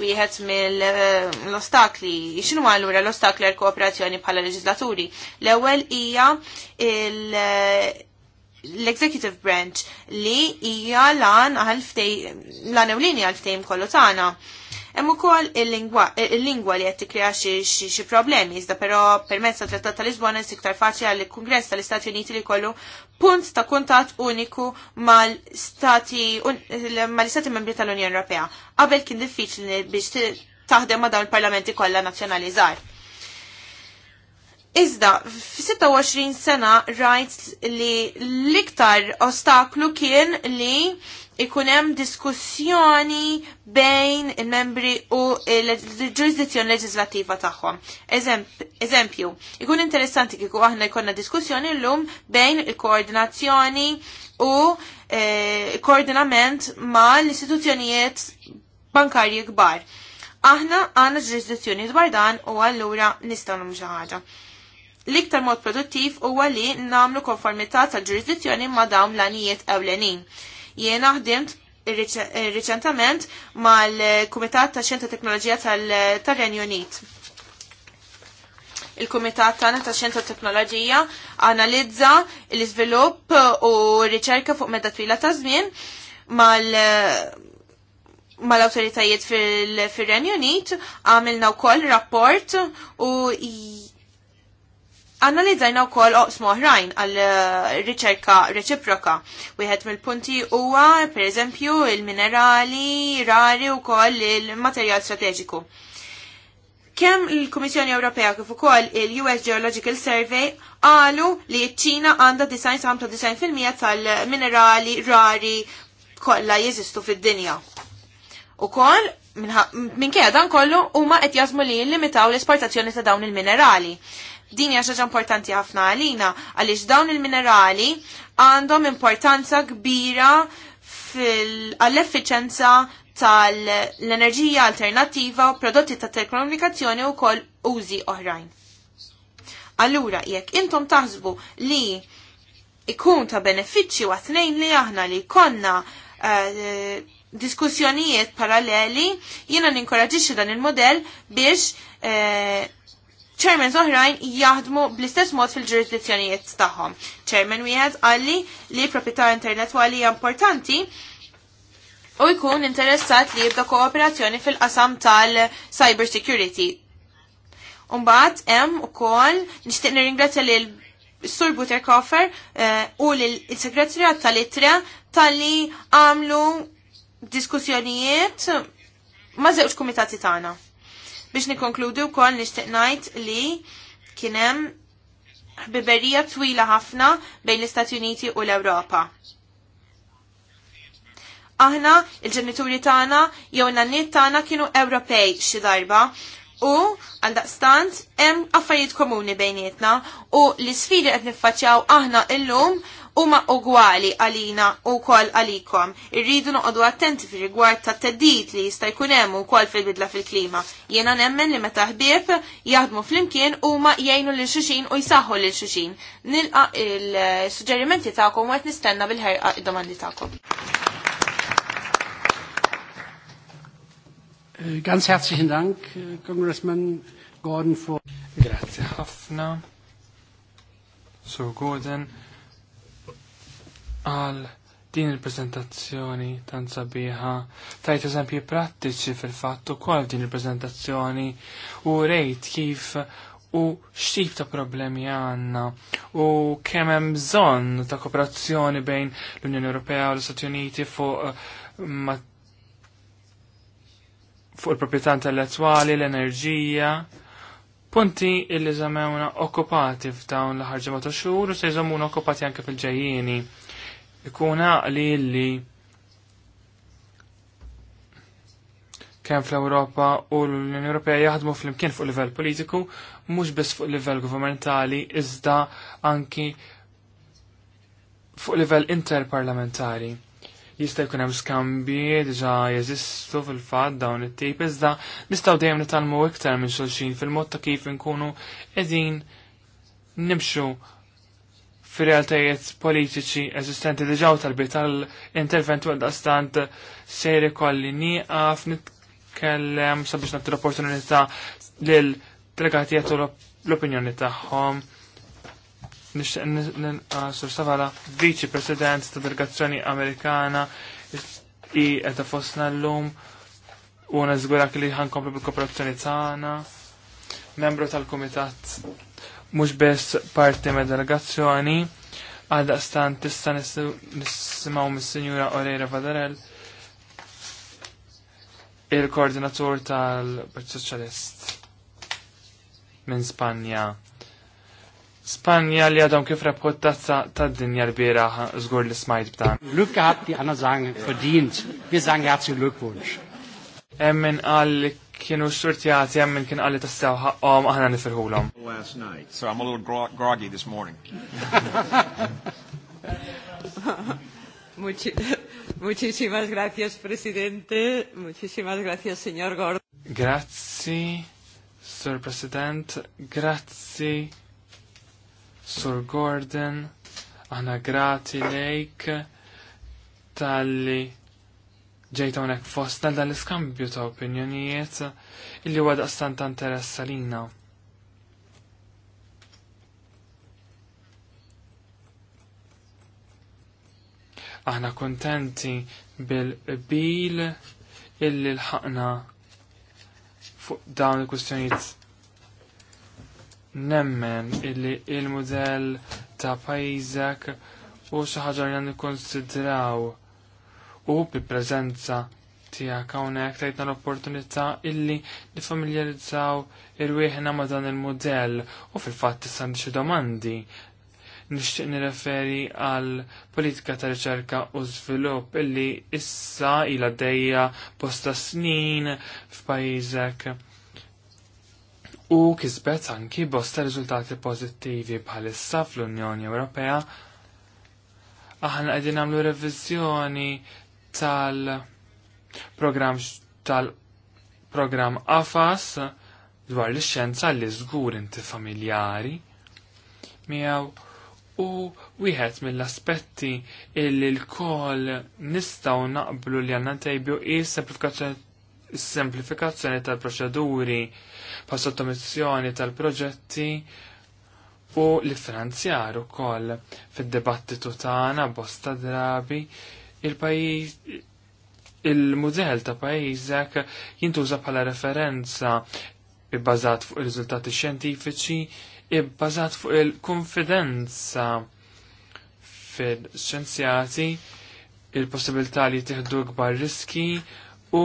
wieħed mill-ostakli. X'inhu allura l-ostakli għal kooperazzjoni bħala leġislaturi? L-ewwel hija l-executive branch li hija lan għal lan ewlieni għal ftehim kollu tagħna Hemm ukoll il-lingwa li qed tikkrea xi problemi, iżda però permezz tat-Trattat ta' Lisbona iktar faċli għall kungress tal-Istati Uniti li kollu punt ta' kuntatt uniku mal-Stati mal-Istati Membri tal-Unjoni Ewropea. Qabel kien diffiċli biex taħdem ma' dawn il-parlamenti kollha nazzjonali żgħar. Iżda, f-26 sena rajt li l-iktar ostaklu kien li ikun hemm diskussjoni bejn il-membri u l-ġurisdizzjoni leġislattiva tagħhom. Eżempju, ikun interessanti kieku aħna jkollna diskussjoni llum bejn il-koordinazzjoni u e, koordinament ma l-istituzzjonijiet bankarji kbar. Aħna għandna ġurisdizzjoni dwar dan u allura nistgħu nagħmlu xi ħaġa l-iktar mod produttiv huwa li namlu konformità tal-ġurisdizzjoni ma' dawn l-anijiet ewlenin. Jiena ħdimt eh, riċentament mal-Kumitat ta' Xenta Teknoloġija tal-Renju Unit. Il-Kumitat tagħna ta' Xjenta Teknoloġija analizza l-iżvilupp u r-riċerka fuq medda twila ta' żmien mal- mal-autoritajiet fil-Renju Unit għamilna wkoll rapport u Analizzajna wkoll oqsmu oħrajn għal eh, riċerka reċiproka. Wieħed mill-punti huwa pereżempju il-minerali rari wkoll il-materjal strateġiku. Kemm il-Kummissjoni Ewropea kif ukoll il-US Geological Survey qalu li ċ-Ċina għandha 95% tal-minerali rari kollha jeżistu fid-dinja. Ukoll minn dan kollu huma qed jażmu li jillimitaw l-esportazzjoni ta' dawn il-minerali. Din hija ħaġa importanti ħafna għalina għaliex dawn il-minerali għandhom importanza kbira għall-effiċenza tal-enerġija alternattiva u prodotti ta' telekomunikazzjoni u kol użi oħrajn. Allura, jekk intom taħsbu li ikun ta' wa' għatnejn li aħna li konna uh, diskussjonijiet paralleli, jiena ninkoraġixxi dan il-modell biex uh, Chairman oħrajn jaħdmu bl-istess mod fil-ġurisdizzjonijiet tagħhom. Chairman wieħed għalli li proprjetà intellettwali hija importanti u jkun interessat li jibda kooperazzjoni fil-qasam tal-cyber security. Umbat, em eh, u kol, nirringrazzja li l-Sur Butterkoffer u l-Segretarjat tal ittra tal-li għamlu diskussjonijiet ma' zewġ komitati tagħna. Biex nikonkludu wkoll nixtieq ngħid li kien hemm ħbiberija twila ħafna bejn l-Istati Uniti u l-Ewropa. Aħna, il-ġenituri tagħna jew nannit tagħna kienu Ewropej xi darba u daqstant hemm affarijiet komuni bejnietna u l-isfidi qed niffaċċjaw aħna illum huma ugwali għalina u kol għalikom. Irridu noqogħdu attenti fi rigward ta' teddit li jista' jkun hemm ukoll fil-bidla fil-klima. Jiena nemmen li meta ħbieb jaħdmu flimkien huma jgħinu lil xuxin u jsaħħu lil xuxin. Nilqa' il-suġġerimenti tagħkom u qed nistenna bil-ħerqa id-domandi tagħkom. Eh, ganz herzlichen Dank, eh, Congressman Gordon, for... Grazie, Hafna. So, Gordon, għal din il-prezentazzjoni tan sabiħa. Tajt eżempji prattiċi fil-fatt ukoll din il-prezentazzjoni u rejt kif u xtip ta' problemi għanna u kemm hemm bżonn ta' kooperazzjoni bejn l-Unjoni Ewropea u l-Istati Uniti fuq eh, fuq il-proprjetà intellettwali, l-enerġija, punti illi zamewna okkupati f'dawn l ma' ta' xhur u se jżammuna okkupati anke fil-ġejjieni ikun għaqli li kem fl-Ewropa u l-Unjoni Ewropea jaħdmu fl-imkien fuq livell politiku, mhux biss fuq livell governmentali, iżda anki fuq livell interparlamentari. Jista' jkun hemm skambji diġà jeżistu fil-fatt dawn it-tip iżda nistgħu dejjem nitalmu iktar minn xulxin fil-mod ta' kif inkunu qegħdin nimxu fir-realtajiet politiċi eżistenti diġà talbi tal-intervent għal dastant sejri kolli nieqaf nitkellem sabiex nagħti l-opportunità l delegatijiet u l-opinjoni tagħhom. Nixtieq Sur Savala, Viċi President ta' Delegazzjoni Amerikana i fosna fostna llum u nażgurak li ħankomplu bil-kooperazzjoni tagħna. Membru tal-Kumitat mux bess parti me delegazzjoni għada stan tista' nissimaw mis-Sinjura Oreira Vadarel il-koordinatur tal-Partit minn Spanja. Spanja li għadhom kif rebħot ta' dinja l bira zgur li smajt b'dan. Luk gehabt, għana zang fordint, verdient. Wir sagen herzlichen Glückwunsch. Emmen għallik kienu xurtjati għam minn kien għalli tassew ħaqqom aħna nifirħulom. Last night, so I'm a little gro groggy this morning. Muchísimas gracias, presidente. Muchísimas gracias, señor Gordo. Grazzi, Sir President. Grazzi, Sir Gordon. Għana grati lejk tal-li ġejta unek fost dan l-iskambju ta' opinjonijiet illi huwa daqstant ta' interess għalina. Aħna kontenti bil-bil illi l-ħakna fuq dawn il-kustjonijiet nemmen illi il-modell ta' pajizek u xaħġa li nikkonsidraw u bi prezenza tijak għonek tajtna l-opportunità illi nifamiljarizzaw irwieħna ma dan il-modell u fil-fat tissan xi domandi nixtieq nirreferi għal politika ta' riċerka u żvilupp illi issa ilha dejja bosta snin f'pajjiżek u kisbet anki bosta riżultati pożittivi bħalissa fl-Unjoni Ewropea aħna qegħdin nagħmlu revizjoni tal program tal-programm AFAS dwar l-xjenza li żgur inti familjari miegħu u wieħed mill-aspetti illi l koll nistgħu naqblu li għandna tejbju hi semplifikazzjoni tal-proċeduri pa' sottomissjoni tal-proġetti u l-finanzjar ukoll fid-dibattitu tagħna bosta drabi il pajiz il-mudell ta' pajjiżek jintuża bħala referenza bbażat fuq ir-riżultati xjentifiċi, ibbażat fuq il-konfidenza fil-xjenzjati, il-possibilità li tieħdu kbar riski u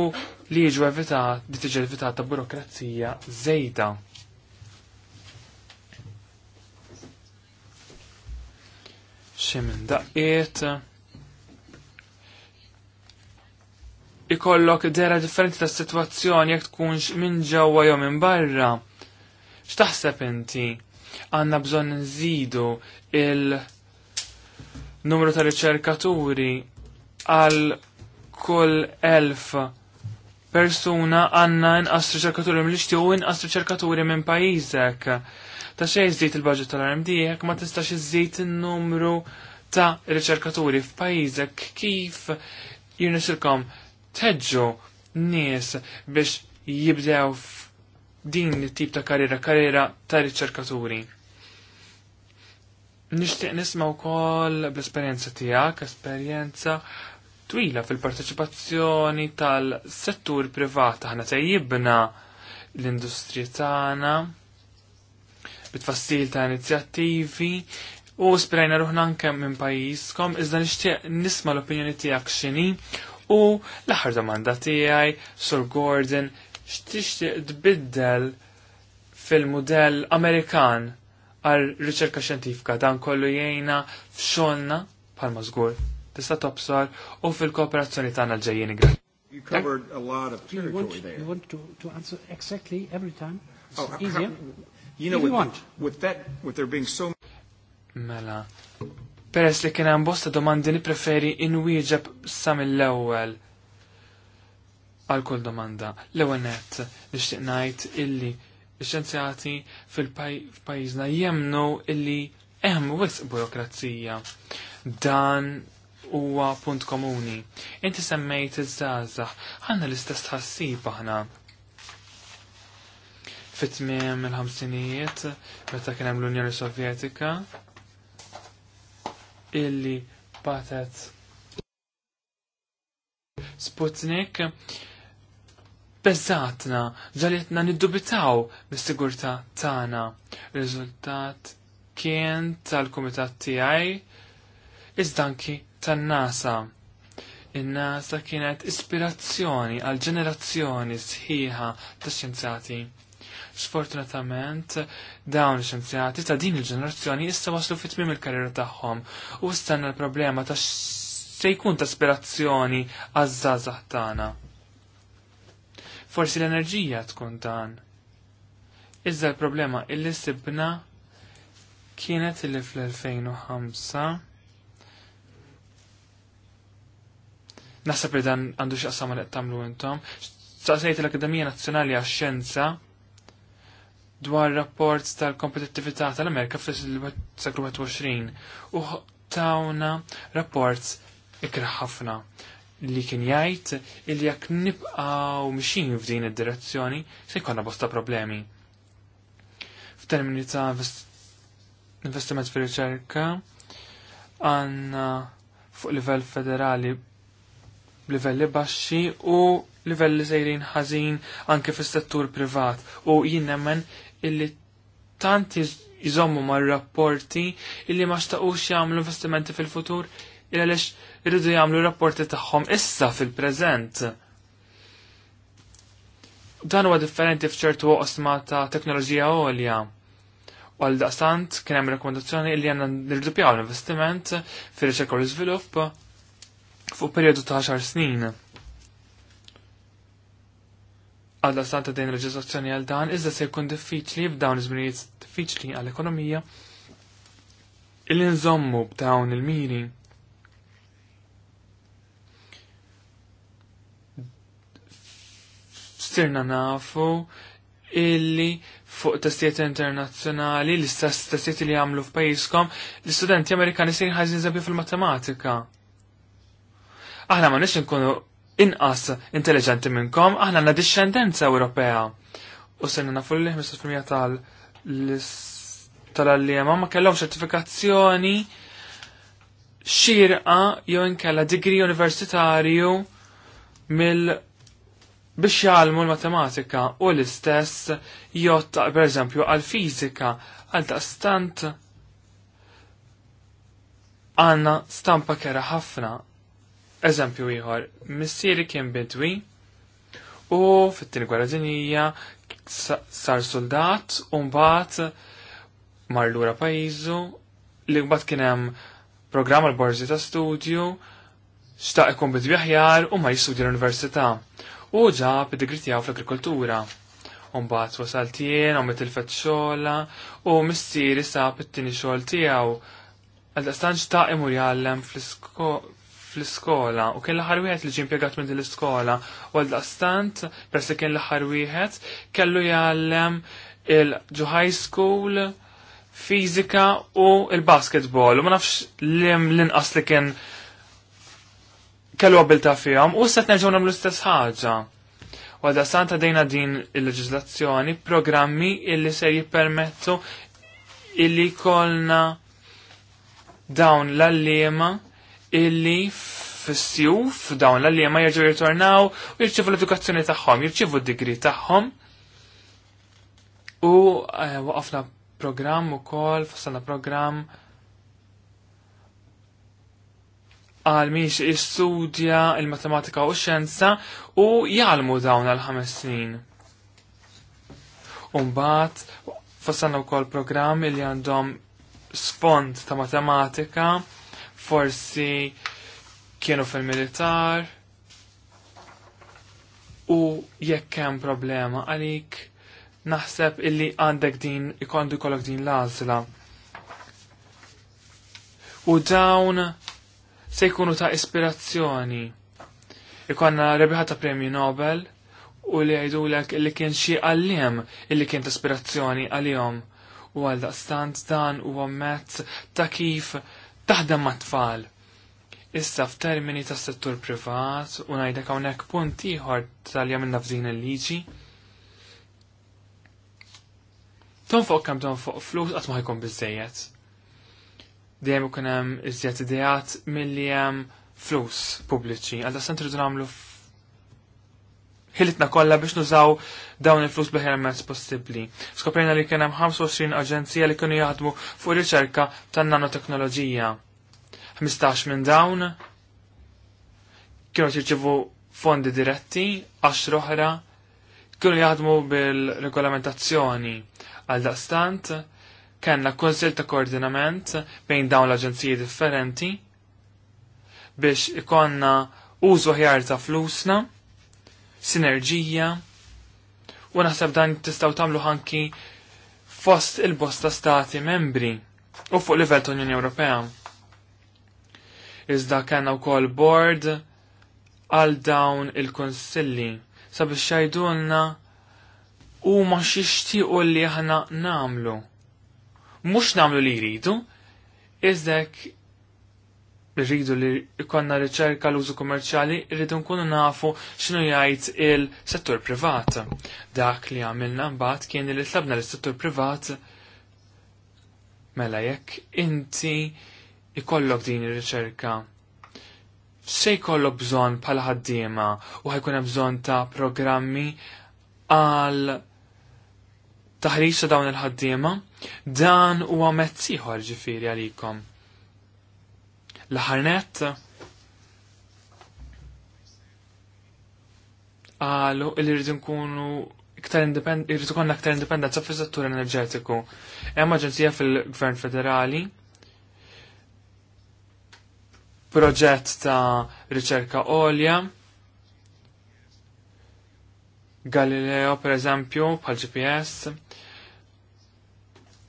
li jiġu evitat li tiġi evitata burokrazija żejda. Xi minn daqqiet ikollok dera differenti ta' situazzjoni jekk tkunx minn ġewwa jew minn barra. X'taħseb inti? Għandna bżonn nżidu il-numru ta' riċerkaturi għal kull elf persuna għanna inqas riċerkaturi mill u inqas riċerkaturi minn pajjiżek. Ta' xej żdid il-budget tal-RMD jekk ma tistax iżżid in-numru ta' riċerkaturi f'pajjiżek kif jirnisilkom teġġu nies biex jibdew din it-tip ta' karriera, karriera ta' riċerkaturi. Nishtiq nisma wkoll bl-esperjenza tiegħek, esperjenza twila fil-parteċipazzjoni tal-settur privata. aħna tejjibna l-industrija tagħna bit-fassil ta' inizjattivi u sprejna ruħna anke minn pajjiżkom iżda nixtieq nisma' l-opinjoni tiegħek x'inhi U l ħar domanda tiegħi, Sir Gordon, x'tixtieq tbiddel fil-mudell Amerikan għal riċerka xjentifika dan kollu jgħina f'xogħolna bħalma żgur tista' tobsor u fil-kooperazzjoni tagħna l ġejjieni gra. You covered a lot of territory you want, there. You want to, to answer exactly every time? It's oh, easier. You know, with, you want. with that, with there being so Mela, Peress li kien hemm bosta domandi nippreferi inwieġeb sa mill-ewwel għal kull domanda. L-ewwel nett nixtieq ngħid illi x-xjenzjati fil-pajjiżna jemnu illi hemm wisq burokrazija. Dan huwa punt komuni. Inti semmejt iż-żgħażagħ, ħanna l-istess tħassib aħna fit-tmiem il-ħamsinijiet meta kien hemm l-Unjoni Sovjetika illi batet Sputnik bezzatna ġalitna niddubitaw mis-sigurta tagħna. Riżultat kien tal-kumitat tiegħi izdanki tan-NASA. In-NASA kienet ispirazzjoni għal ġenerazzjoni sħiħa ta' xjenzati Sfortunatament, dawn l-xenzjati ta' din il-ġenerazzjoni issa waslu fit il-karriera tagħhom u stanna l-problema ta' se jkun ta' spirazzjoni għaż-żgħażagħ tagħna. Forsi l-enerġija tkun dan. Iżda l-problema illi sibna kienet illi fl-2005 Nasab li dan għandu ma għal għattamlu intom. Saqsajt l-Akademija Nazzjonali għax-Xjenza dwar rapport tal-kompetittività tal-Amerika fis-seklu 20 u tawna rapport ikra ħafna li kien jgħid il jekk nibqgħu mixin f'din id-direzzjoni se jkollna bosta problemi. F'termini ta' investiment fir-riċerka għandna fuq livell federali livelli baxxi u livelli sejrin ħażin anke fis-settur privat u jien nemmen illi tant jizommu mar rapporti illi ma xtaqux jagħmlu investimenti fil-futur illa lex irridu jagħmlu rapporti tagħhom issa fil-preżent. Dan huwa differenti f'ċertu osma ta' teknoloġija għolja. U għal daqstant kien hemm rekomendazzjoni li għandna nirdupjaw l-investiment fir-riċerka u l-iżvilupp fuq perjodu ta' 10 snin għadda santa din leġislazzjoni għal dan, iżda se jkun diffiċli f'dawn iż-żminijiet diffiċli għall-ekonomija illi nżommu b'dawn il-miri. Sirna nafu illi fuq testijiet internazzjonali, l-istess testijiet li għamlu f'pajjiżkom, l-istudenti Amerikani sejn ħażin fil-matematika. Aħna ma nix nkunu inqas intelligenti minnkom, aħna għandna discendenza Ewropea. U se nafu li 15% tal tal-allima ma kellhom ċertifikazzjoni xirqa jew inkella digri universitarju mill biex jgħalmu l-matematika u l-istess jotta per eżempju għal-fizika għal daqstant għanna stampa kera ħafna Eżempju ieħor, missieri kien bidwi u fit-tieni gwerra dinjija sar soldat u mbagħad mar lura pajjiżu li mbagħad kien hemm programm għal borzi ta' studju xtaq ikun bidwi aħjar u ma jistudja l-università u ġab id-digri tiegħu fl-agrikoltura. Umbat wasal tien, u mitilfet xola, u missieri sab it xol tijaw. Għal-dastan xta' imur jallem fl-isko fl-iskola u kien l ħar wieħed li ġie impjegat minn din l-iskola u għal daqstant persi kien l ħar wieħed kellu jgħallem il-ġu high school fizika u il-basketball u ma nafx lim l-inqas li kien kellu għabilta fihom u set nerġgħu nagħmlu l-istess ħaġa. U għal daqstant għadejna din il-leġiżlazzjoni programmi illi se jippermettu illi kolna dawn l-allima illi fissjuf dawn l-għalli ma jirġu jirtornaw u jirċivu l-edukazzjoni tagħhom, jirċivu d degri tagħhom. U eh, waqafna program u kol, fassalna program għal miex istudja il-matematika u xenza u jgħalmu dawn għal ħames snin. Umbat, fassalna u kol program li għandhom sfond ta' matematika forsi kienu fil-militar u jekk hemm problema għalik naħseb illi għandek din ikondu kollok din l-għażla. U dawn se jkunu ta' ispirazzjoni. Ikonna rebiħa ta' premju Nobel u li għajdu l-ek illi kien xie għallim illi kien ta' ispirazzjoni għallim. u għal daqstant dan u għammet ta' kif taħdem ma' tfal. Issa f'termini ta' settur privat u ngħidlek hawnhekk punt ieħor tal jagħmilna f'din il-liġi. Tonfoq kemm tonfoq flus qatt ma ħajkun biżejjed. Dejjem ikun hemm iżjed ideat milli hemm flus pubbliċi, għal da santridu nagħmlu ħilitna kollha biex nużaw dawn il-flus biħer mezz possibbli. Skoprejna li kien hemm 25 aġenzija li kienu jaħdmu fuq riċerka tan-nanoteknoloġija. 15 minn dawn kienu tirċivu fondi diretti, 10 oħra kienu jaħdmu bil-regolamentazzjoni għal daqstant kellna konsil ta' koordinament bejn dawn l-aġenziji differenti biex ikonna użu ħjar ta' flusna sinerġija u naħseb dan tistgħu tagħmlu ħanki fost il-bosta stati membri u fuq livell ta' Unjoni Ewropea. Iżda kellna wkoll board għal dawn il-konsilli sabiex xajdulna u ma u li aħna namlu. Mux namlu li jridu, iżdek rridu li ikonna riċerka l-użu kummerċjali, rridu nkunu nafu x'inhu jgħid il-settur privat. Dak li għamilna mbagħad kien li tlabna l-settur privat mela jekk inti ikollok din ir-riċerka se jkollok bżonn bħala ħaddiema u ħajkun hemm bżonn ta' programmi għal taħriġ ta' dawn il-ħaddiema, dan huwa mezz ieħor ġifieri għalikom. L-ħarnet għalu li rridu nkunu iktar irridu konna iktar indipendenza fis settur enerġetiku. Hemm aġenzija fil-Gvern Federali proġett ta' riċerka olja Galileo per eżempju bħal GPS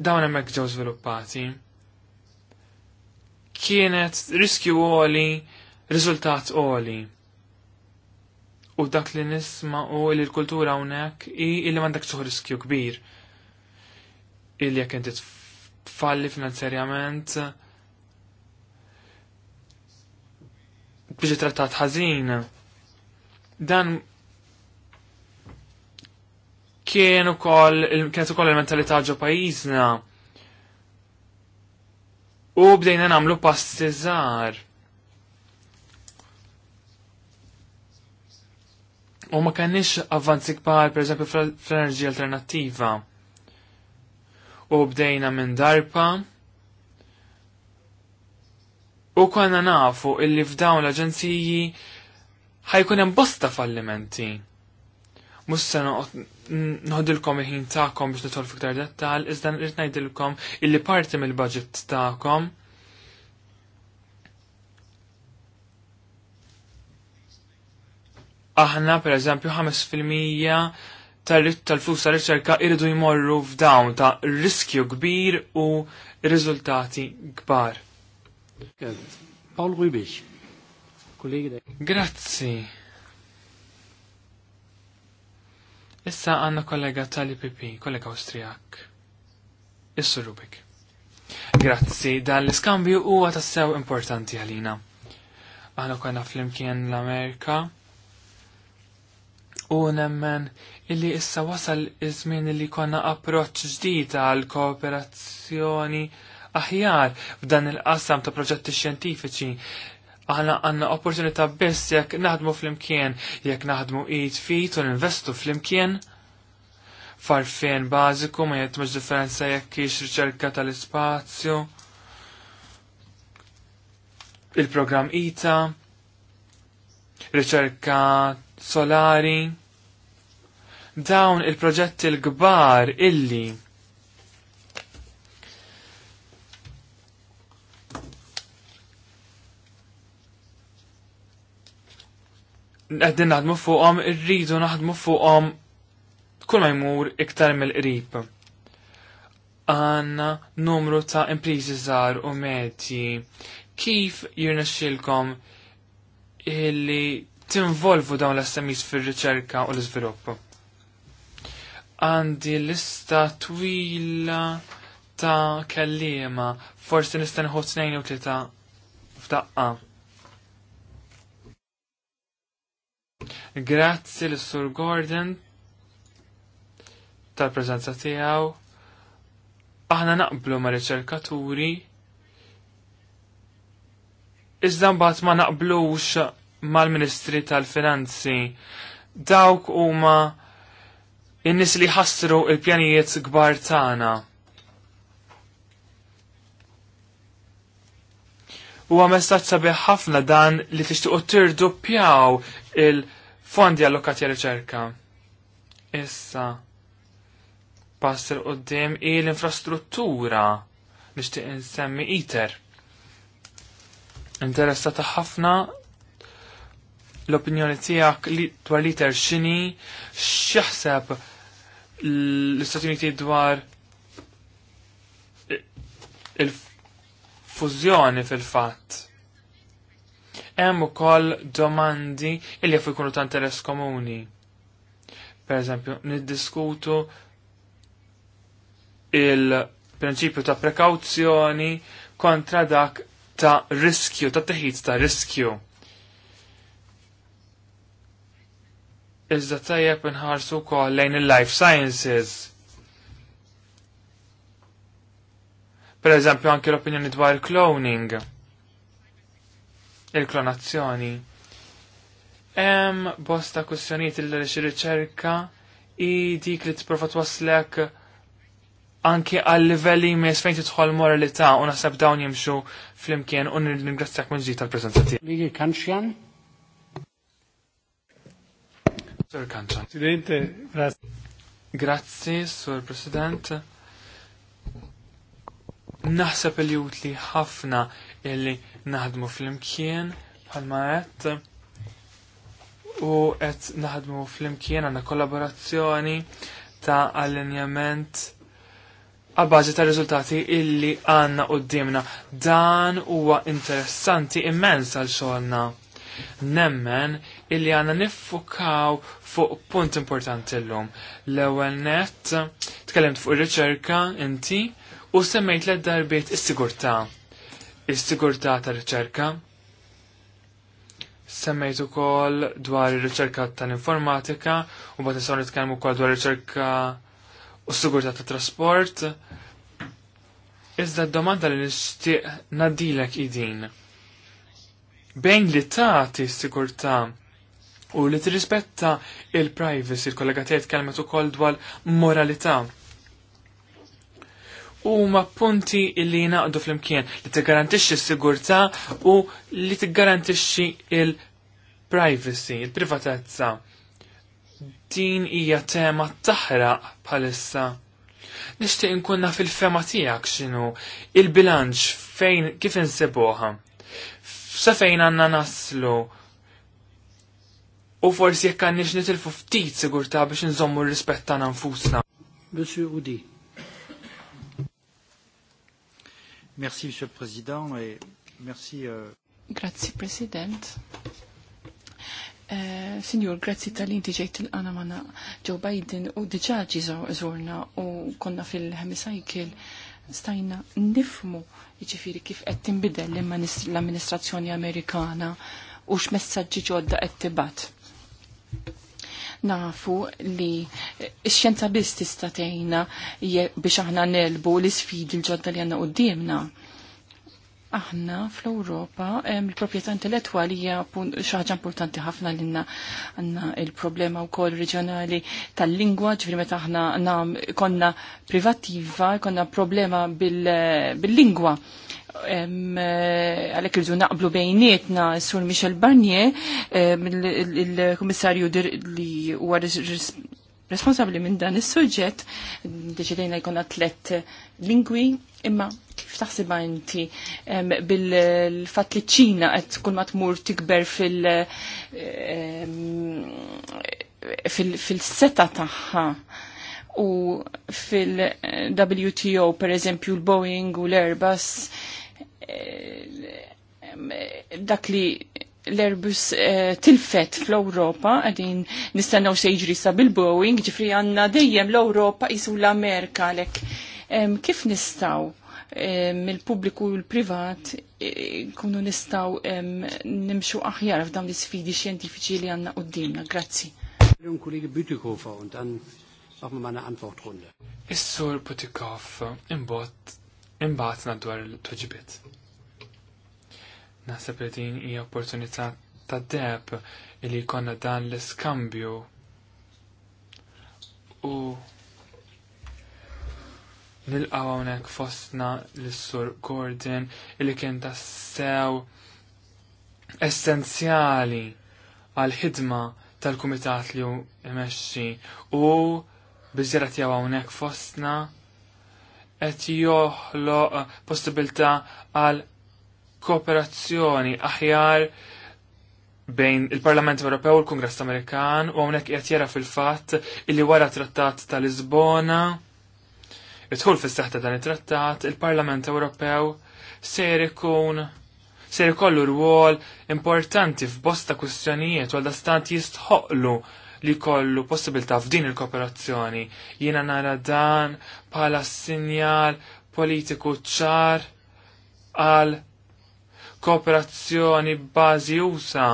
dawn hemmhekk ġew żviluppati kienet riskju għoli, rizultat għoli. U dak li nisma u li l-kultura unek i illi mandak suħ riskju kbir. Illi jek inti tfalli finanzjarjament biex trattat ħażin. Dan kien ukoll ukoll il-mentalità ġo pajjiżna u bdejna namlu pasti żgħar. U ma kenniex avvanzi kbar pereżempju fl-enerġija alternattiva. U bdejna minn darba u konna nafu illi f'dawn l-aġenziji ħajkun hemm bosta fallimenti. Mus se nħodilkom il-ħin ta'kom biex nitħol fiktar dettal, iżda rrit ngħidilkom illi parti mill-budget ta'kom aħna per eżempju 5% tal-flus tal-riċerka irridu jmorru f'dawn ta' riskju kbir u riżultati kbar. Paul Rubix. Grazzi. Issa għanna kollega tal-IPP, kollega Austriak. Issu Rubik. Grazzi, dan l-iskambju huwa tassew importanti għalina. Għanna konna flimkien l-Amerika u nemmen illi issa wasal iż-żmien illi konna approċċ ġdida għal kooperazzjoni aħjar f'dan il-qasam ta' proġetti xjentifiċi Aħna għanna opportunità biss jekk naħdmu fl-imkien, jekk naħdmu id fit u investu fl-imkien. Farfien bażiku ma jett differenza jekk kiex riċerka tal-ispazju. Il-programm ITA, riċerka solari. Dawn il-proġetti l-gbar illi għeddin naħdmu fuqom, irridu naħdmu fuqom kull ma jmur iktar mill-qrib. Għanna numru ta' imprizi żgħar u medji. Kif jirnaxxilkom illi tinvolvu dawn l-SMEs fir-riċerka u l-iżvilupp? Għandi lista twila ta' kellima, forsi nista' nħu u tlieta f'daqqa Grazzi l sur Gordon tal-prezenza tiegħu. Aħna naqblu ma' riċerkaturi. Iżda mbagħad ma naqblux mal-Ministri tal-Finanzi. Dawk huma in-nies li ħassru l pjanijiet kbar tagħna. huwa messaġġ sabiħ ħafna dan li tixtiequ pjaw il- fondi allokati għal riċerka. Issa, passer il qoddim i l-infrastruttura nixtieq insemmi ITER. Interessata ħafna l-opinjoni tiegħek li dwar l-ITER xini x'jaħseb l-Istati Uniti dwar il-fużjoni fil-fatt hemm ukoll domandi illi jafu jkunu ta' interess komuni. Per eżempju, niddiskutu il-prinċipju ta' prekawzjoni kontra dak ta' riskju, ta' teħid ta' riskju. Iżda tajjeb nħarsu wkoll lejn il-life sciences. Per eżempju anke l-opinjoni dwar cloning il-klonazzjoni. Hemm bosta kwistjonijiet li xi riċerka i dik li tipprova twaslek anke għal livelli mes fejn tidħol moralità u naħseb dawn jimxu flimkien u nirringrazzjak minn ġdid tal-preżenza tiegħek. Ligi Kanxjan. Sur Kanxjan. Presidente, grazie. Grazzi, Sur President. Naħseb li ħafna illi naħdmu fl-imkien bħalma qed u qed naħdmu fl-imkien għandna kollaborazzjoni ta' għal għabbażi ta' riżultati illi għanna d-dimna. Dan huwa interessanti immens għal xogħolna. Nemmen illi għanna niffukaw fuq punt importanti l-lum. L-ewel net, tkellimt fuq ir-riċerka inti u semmejt l darbiet is-sigurtà is-sigurtà tar-riċerka. Semmejt ukoll dwar ir-riċerka tal-informatika u bagħad nistgħu nitkellmu wkoll dwar riċerka u s-sigurtà tat-trasport. Iżda d-domanda li nixtieq nadilek idin. Bejn li tagħti s-sigurtà u li tirrispetta il-privacy, il-kollega tiegħi tkellmet ukoll dwar moralità huma punti illi jnaqdu fl-imkien li tiggarantixxi s-sigurtà u li tiggarantixxi il-privacy, il-privatezza. Din hija tema taħraq bħalissa. Nixtieq inkunna fil-fema tiegħek x'inhu il-bilanċ fejn kif insibuha. Sa fejn għandna naslu u forsi jekk għandniex nitilfu ftit sigurtà biex nżommu r-rispett tagħna nfusna. Biex u di. Merci, Monsieur le Président, et merci. Euh... Grazie, President. Uh, Signor, grazzi tal-inti ġejt il-qana manna Joe Biden u diġaġi zorna u konna fil-hemisajkil stajna nifmu iġifiri kif qed tinbidel l-amministrazzjoni Amerikana u x-messagġi ġodda qed tibat nafu li x-xjenza biss tista' tgħinna biex aħna nelbu l-isfidi l-ġodda li għandna qudiemna. Aħna fl-Europa il-proprjetà intellettwali hija ħaġa importanti ħafna lilna għandna il-problema wkoll reġjonali tal-lingwa, ġifieri meta aħna konna privattiva, konna problema bil-lingwa. Għalhekk irridu naqblu bejnietna sur Michel Barnier, il-Kummissarju li huwa responsabbli minn dan is-suġġett deċidejna jkun atlet lingwi imma kif taħsiba inti bil-fatt li ċina qed kull ma tmur tikber fil- fil-seta tagħha u fil-WTO per eżempju l-Boeing u l-Airbus dak li l-Airbus eh, tilfet fl-Europa, għadin nistennaw xejġri sa bil-Boeing, ġifri għanna dejjem l-Europa jisu l-Amerika għalek. Kif nistaw mill-pubbliku u l-privat e, kunu nistaw nimxu aħjar f'dawn l-sfidi xjentifiċi li għanna u Grazzi. Kollegi Grazzi. Is-sur Putikov imbagħad imbagħad dwar il-toġibiet. Naħseb li din hija opportunità ta' deb li jkollna dan l-iskambju u nilqaw hawnhekk fostna l-Sur Gordon li kien tassew essenzjali għal-ħidma tal-kumitat li jmexxi u biżjara tiegħu hawnhekk fostna qed joħloq possibilità għal kooperazzjoni aħjar bejn il-Parlament Ewropew u l-Kongress Amerikan u hawnhekk qed jara fil-fatt illi wara trattat ta' Lisbona idħul fis seħħ ta' dan it-trattat il-Parlament Ewropew ser ikun ser ikollu rwol importanti f'bosta kwistjonijiet għal dastant jistħoqlu li kollu possibilità f'din il-kooperazzjoni. Jiena nara dan bħala sinjal politiku ċar għal kooperazzjoni bażi usa,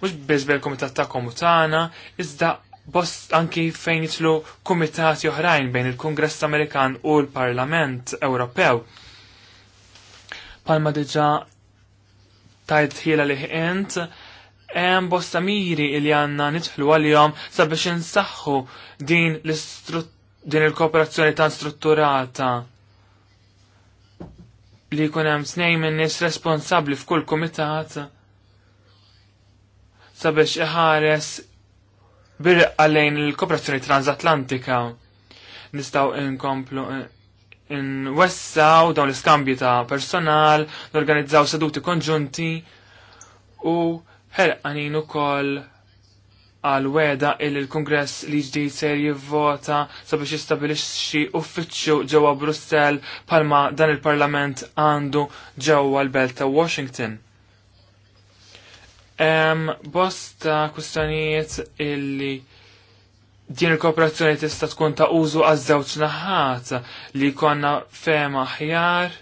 mhux biss bel kumitat ta' komutana, iżda bost anki fejn jitlu kumitati oħrajn bejn il-Kongress Amerikan u l-Parlament Ewropew. Palma deġa tajt hila li ħint, hemm bosta miri li għanna nitħlu għal-jom sabiex insaħħu din l din il-kooperazzjoni tan strutturata li jkun hemm snej minn nies responsabbli f'kull kumitat sabiex iħares birqqa lejn il-kooperazzjoni transatlantika. Nistgħu inkomplu inwessaw dawn l-iskambji ta' personal, norganizzaw seduti konġunti u ħerqanin ukoll għal weda il l-Kongress li ġdijt ser jivvota sabiex jistabilixxi uffiċċju ġewwa Brussell palma dan il-Parlament għandu ġewwa l-Belt ta' Washington. Em, bosta kustanijiet illi din il-kooperazzjoni tista' tkun ta' użu għaż-żewġ naħat li konna fema ħjar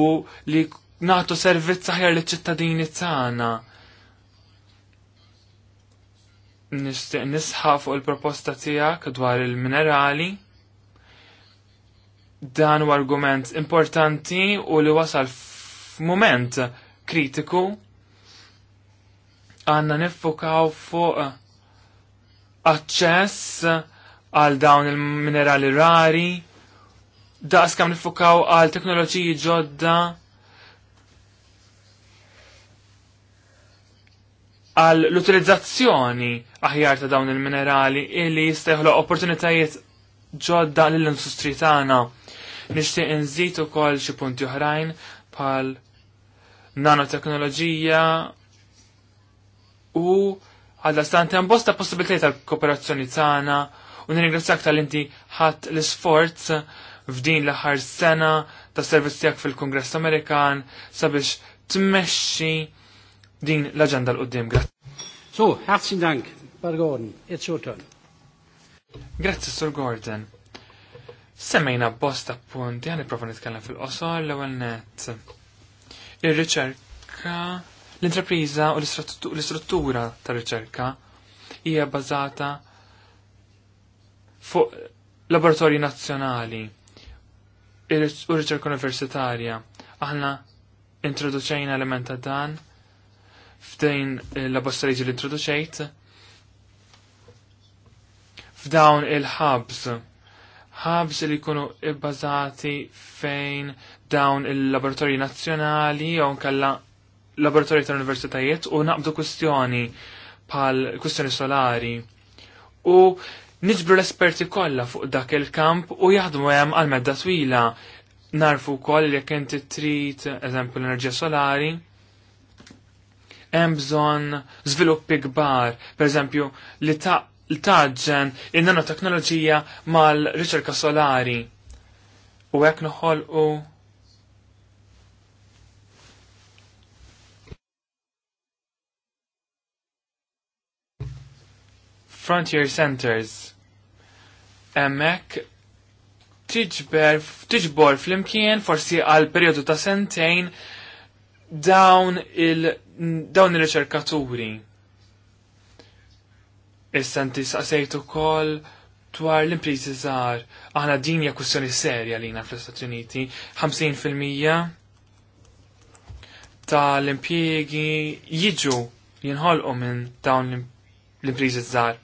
u li nagħtu servizz aħjar liċ-ċittadini tagħna nishtiq nisħa fuq il-proposta tijak dwar il-minerali. Dan u argument importanti u li wasal f-moment kritiku għanna nifukaw fuq aċċess għal dawn il-minerali rari, daqs kam nifukaw għal teknoloġiji ġodda għal l-utilizzazzjoni aħjar ta' dawn il-minerali illi jistħlu opportunitajiet ġodda l-industri tagħna. Nixtieq inżid ukoll xi punti oħrajn bħal nanoteknoloġija u għadda stanti hemm bosta possibilitajiet tal-kooperazzjoni tagħna u nirringrazzjak tal-inti ħadd l-isforz f'din l-aħħar sena ta' servizz tiegħek fil-Kongress Amerikan sabiex tmexxi din l-aġenda l qudiem So, herzlichen Dank. Sir Gordon, it's your turn. Grazzi, Sir Gordon. Semmejna bosta appunti, għan iprofa nitkellem fil-qosor l-ewwel net. Ir-riċerka, l-intrapriża u l-istruttura tar-riċerka hija bbażata fuq laboratorji nazzjonali u riċerka universitarja. Aħna introduċejna element dan f'dejn l li introduċejt f'dawn il-hubs. Ħabs li jkunu ibbażati fejn dawn il-laboratorji nazzjonali jew nkella laboratorji tal-universitajiet u naqbdu kwistjoni bħal kwistjoni solari. U niġbru l-esperti kollha fuq dak il-kamp u jaħdmu hemm għal medda twila. Narfu wkoll jekk inti trid eżempju l-enerġija solari, hemm bżonn żviluppi kbar, pereżempju li ta' l-taġġen il-nanoteknoloġija mal-riċerka solari. U hekk noħolqu Frontier Centers. Emmek tiġbor fl-imkien forsi għal periodu ta' sentejn dawn il-riċerkaturi. Il Issa inti saqsejt ukoll dwar l-imprizi zaħar. Aħna din hija kwistjoni serja lina fl-Istati Uniti. 50% tal-impjiegi jiġu jinħolqu minn dawn l-imprizi żgħar.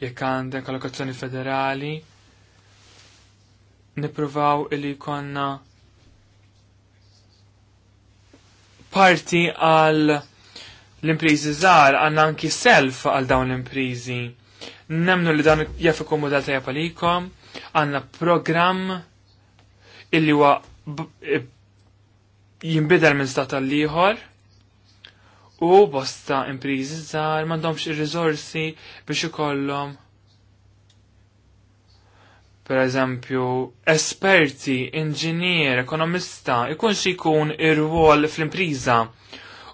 jekk għandek allokazzjoni federali, nipruvaw illi konna parti għal l-imprizi żgħar għandna anki self għal dawn l-imprizi. Nemnu li dan jaf ikun ta' tajjeb għanna għandna programm illi huwa e- jinbidel minn stat tal ieħor u bosta imprizi żgħar m'għandhomx ir rizorsi biex ikollhom per eżempju, esperti, inġinier, ekonomista, ikun xi jkun ir-rwol fl-impriża.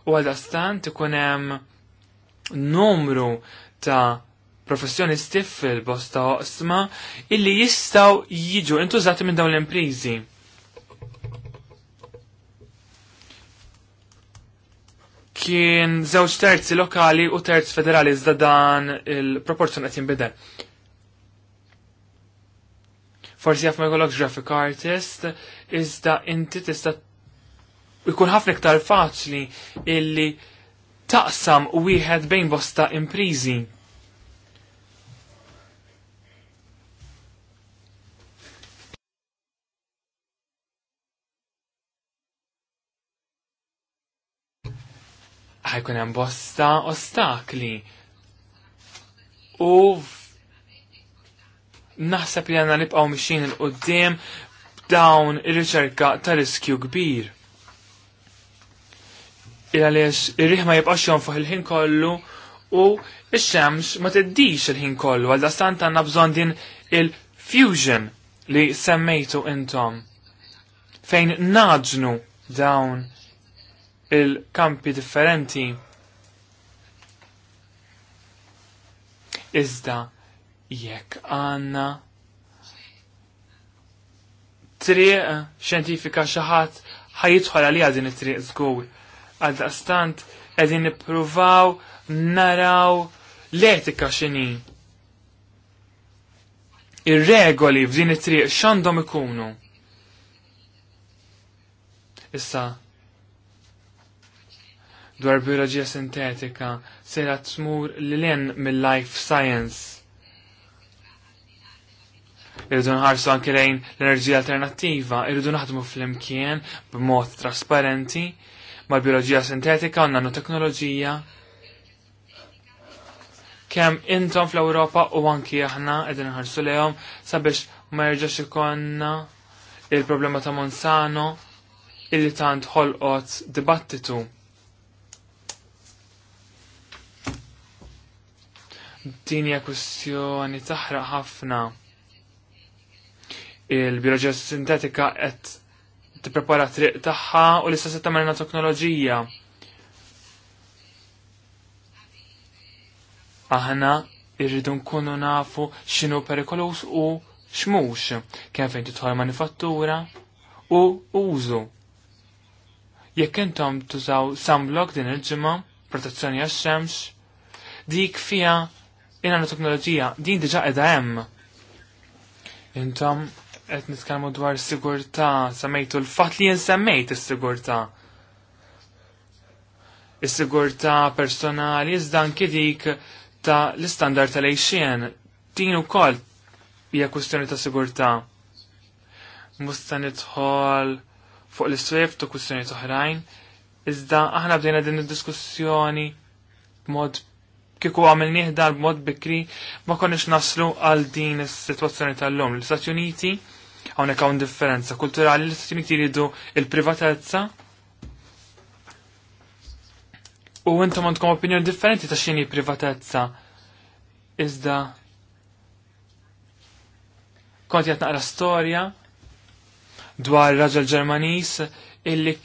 U għal-dastant ikun hemm numru ta' professjonisti fil-bosta oqsma illi jistaw jiġu intużati minn dawn l-imprizi. Kien żewġ terzi lokali u terz federali iżda dan il-proporzjon qed jinbidel forsi jaf ma jkollokx graphic artist, iżda inti tista' jkun ħafna iktar faċli illi taqsam wieħed bejn bosta imprizi. ħajkun hemm bosta ostakli. U naħseb li għanna nibqaw mixin il-qoddim dawn il-riċerka ta' riskju kbir. Ila għaliex ir riħma jibqax jom jonfaħ il-ħin kollu u il-xemx ma teddix il-ħin kollu għal dastant għanna bżon din il-fusion li semmejtu intom fejn naġnu dawn il-kampi differenti iżda jekk għanna triq xjentifika xaħat ħajidħol għalija din it-triq żgur. Għal daqstant qegħdin nippruvaw naraw l-etika x'inhi. Ir-regoli f'din it-triq x'għandhom ikunu. Issa dwar biologija sintetika sejra tmur l-len mill-life science irridu nħarsu anke lejn l-enerġija alternattiva, irridu naħdmu fl-imkien b'mod trasparenti mal-bioloġija sintetika u nanoteknoloġija. Kemm intom fl-Ewropa u anki aħna qegħdin nħarsu lejhom sabiex ma jerġax ikonna il-problema ta' Monsano illi tant ħolqot dibattitu. Din hija kwestjoni taħraq ħafna il biologija sintetika qed tipprepara triq tagħha u l-istess qed tagħmel teknoloġija. Aħna irridu nkunu nafu x'inhu perikolus u x'mhux kemm fejn tidħol manifattura u użu. Jekk intom tużaw sunblock din il-ġimgħa, protezzjoni għax-xemx, dik fija in teknoloġija din diġà qiegħda hemm. Intom qed nitkellmu dwar sigurtà, semmejtu l-fatt li jinsemmejt is-sigurtà. Is-sigurtà personali iżda anki dik ta' l standard tal-għejxien. Din ukoll hija kwistjoni ta' sigurtà. Musta nidħol fuq l swift u kustjoni oħrajn, iżda aħna bdejna din id-diskussjoni b'mod kieku għamil nieħdar b'mod bikri ma konniex naslu għal din is-sitwazzjoni tal-lum. L-Istati Uniti Hawnhekk hawn differenza kulturali li Stati Uniti jridu il-privatezza u intom għandkom opinjoni differenti ta' xini privatezza. Iżda konti għatna naqra storja dwar raġel Ġermanis illi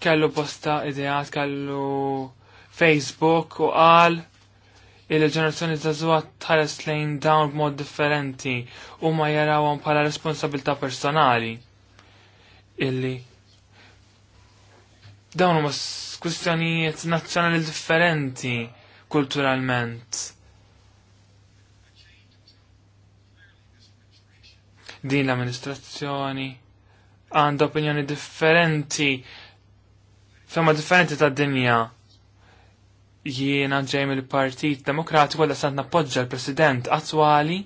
kellu posta ideat, kellu Facebook u qal il-ġenerazzjoni ta' żwat tħares lejn dawn b'mod differenti u ma jarawhom bħala responsabilità personali. Illi dawn huma kwistjonijiet nazzjonali differenti kulturalment. Din l-amministrazzjoni għandha opinjoni differenti fema differenti tad dinja jiena ġejm il partit Demokratiku għalla sant nappoġġa l-President attwali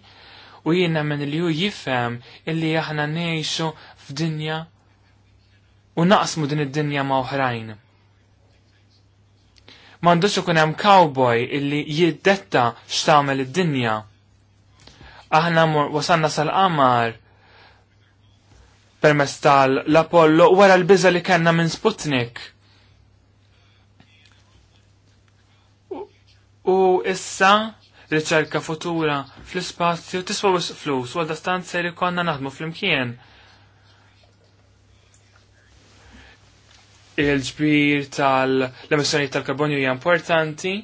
u jiena minn li ju jifhem illi aħna ngħixu f'dinja u naqsmu din id-dinja ma' oħrajn. M'għandux ikun hemm cowboy illi jiddetta x'tagħmel id-dinja. Aħna wasanna sal-qamar permess tal-Apollo wara l-biża li kellna minn Sputnik U issa riċerka futura fl-ispazju tiswa flus u għadastan seri konna naħdmu fl-imkien. Il-ġbir tal-emissjoni tal-karbonju hija importanti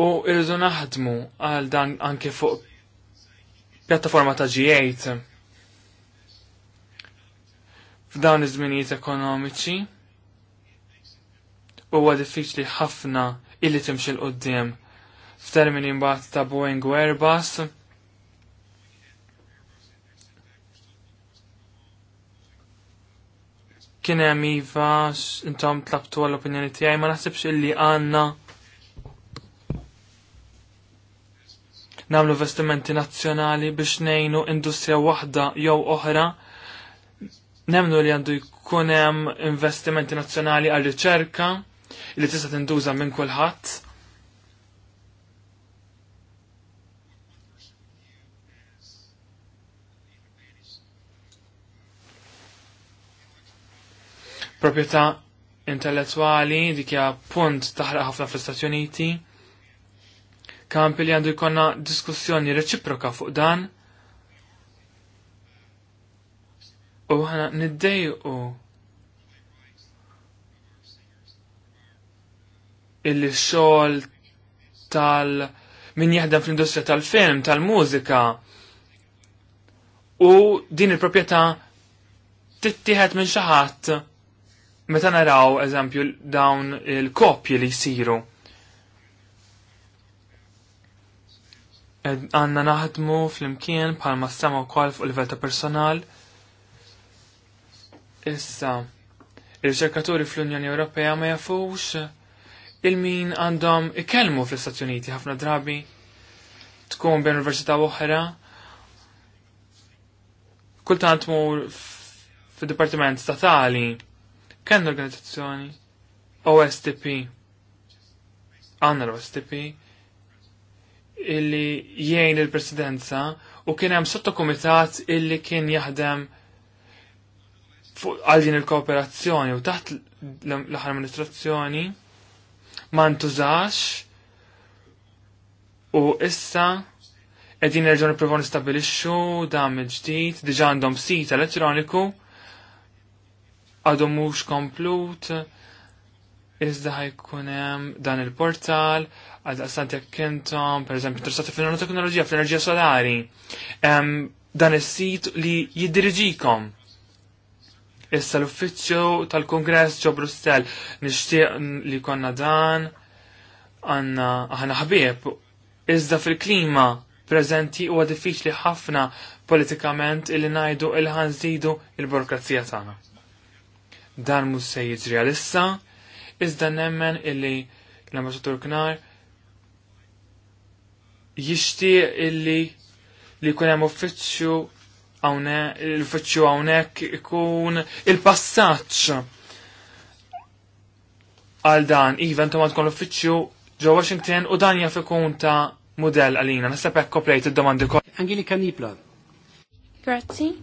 u irridu naħdmu għal dan anke fuq pjattaforma ta' G8 f'dawn iż-żminijiet ekonomiċi huwa diffiċli ħafna illi timxil qoddim. F'termini mbagħad ta' Boeing u Airbus, kien hemm iva intom tlabtu għall-opinjoni tiegħi ma naħsibx illi għandna nagħmlu investimenti nazzjonali biex ngħinu industrija waħda jew oħra nemnu li għandu jkun hemm investimenti nazzjonali għal riċerka li tista' tinduża minn kulħadd. Proprjetà intellettwali dik hija punt taħraq ħafna fl-Istati Uniti. Kampi li għandu jkollna diskussjoni reċiproka fuq dan. U ħana niddejqu il-xogħol tal- min jaħdem fl-industrija tal-film, tal-mużika. U din il-proprjetà tittieħed minn xi ħadd meta naraw eżempju dawn il-koppji li jsiru. Għanna naħdmu fl-imkien bħalma s-sama u kol fuq livell ta' personal. Issa, il-riċerkaturi fl-Unjoni Ewropea ma jafux il-min għandhom ikellmu fl-Istati Uniti ħafna drabi tkun bejn università oħra. Kultant mur fil-Dipartiment Statali kien organizzazzjoni OSTP għandna l-OSTP illi jgħin il-presidenza u kien hemm sottokumitat illi kien jaħdem għal din il-kooperazzjoni u taħt l-amministrazzjoni. l amministrazzjoni ma ntużax u issa qegħdin nerġgħu nippruvaw nistabilixxu dam il-ġdid, diġà għandhom sit elettroniku għadhom mhux komplut iżda ħajkun hemm dan il-portal għal daqstant jekk intom pereżempju interessati fil-teknoloġija fl-enerġija solari. Dan is-sit li jiddiriġikom Issa l-uffiċċju tal-Kongress ġo Brussell nixtieq li konna dan għanna aħna ħbieb. Iżda fil-klima preżenti huwa diffiċli ħafna politikament illi ngħidu il ħanżidu il-burokrazija tagħna. Dan mhux se jiġri għalissa, iżda nemmen illi l ambasatur Knar jixtieq illi li jkun hemm uffiċċju il-feċċju hawnhekk ikun il-passaġġ għal dan even intom għadkom l-uffiċċju ġo Washington u dan jaf ikun ta' model għalina. Nasab hekk koplejt id-domandi kol. Angelika Nibla. Grazzi.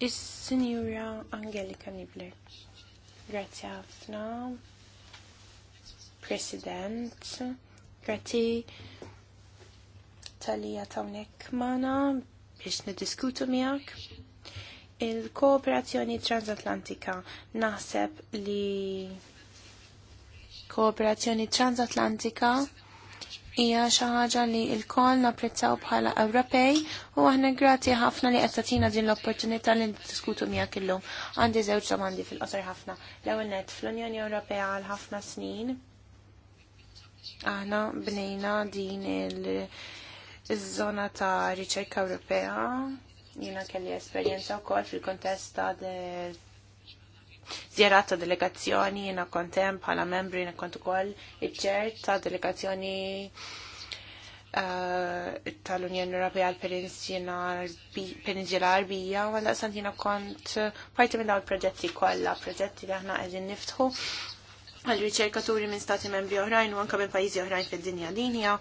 Is-Sinjura Angelika Nibla. Grazzi ħafna. President. Grazzi talija tawnek mana biex nidiskutu miegħek. Il-kooperazzjoni transatlantika naħseb li kooperazzjoni transatlantika hija xi ħaġa li l-kol napprezzaw bħala Ewropej u aħna grati ħafna li qed tagħtina din l-opportunità li niddiskutu miegħek illum. Għandi żewġ domandi fil-qosor ħafna. L-ewwel nett fl-Unjoni Ewropea għal ħafna snin aħna bnejna din il- Iż-żona ta' riċerka Ewropea jiena kelli esperjenza wkoll fil-kontest ta' zjarat ta' delegazzjoni jiena kontem bħala membri jiena kont ukoll iċ-ċert ta' delegazzjoni Uh, tal-Unjoni Ewropea l-Peninsula Arbija, u għalla santina kont parti minn daw il-proġetti kollha, proġetti li aħna qegħdin niftħu għal riċerkaturi minn stati membri oħrajn u anka minn pajjiżi oħrajn fid-dinja dinja.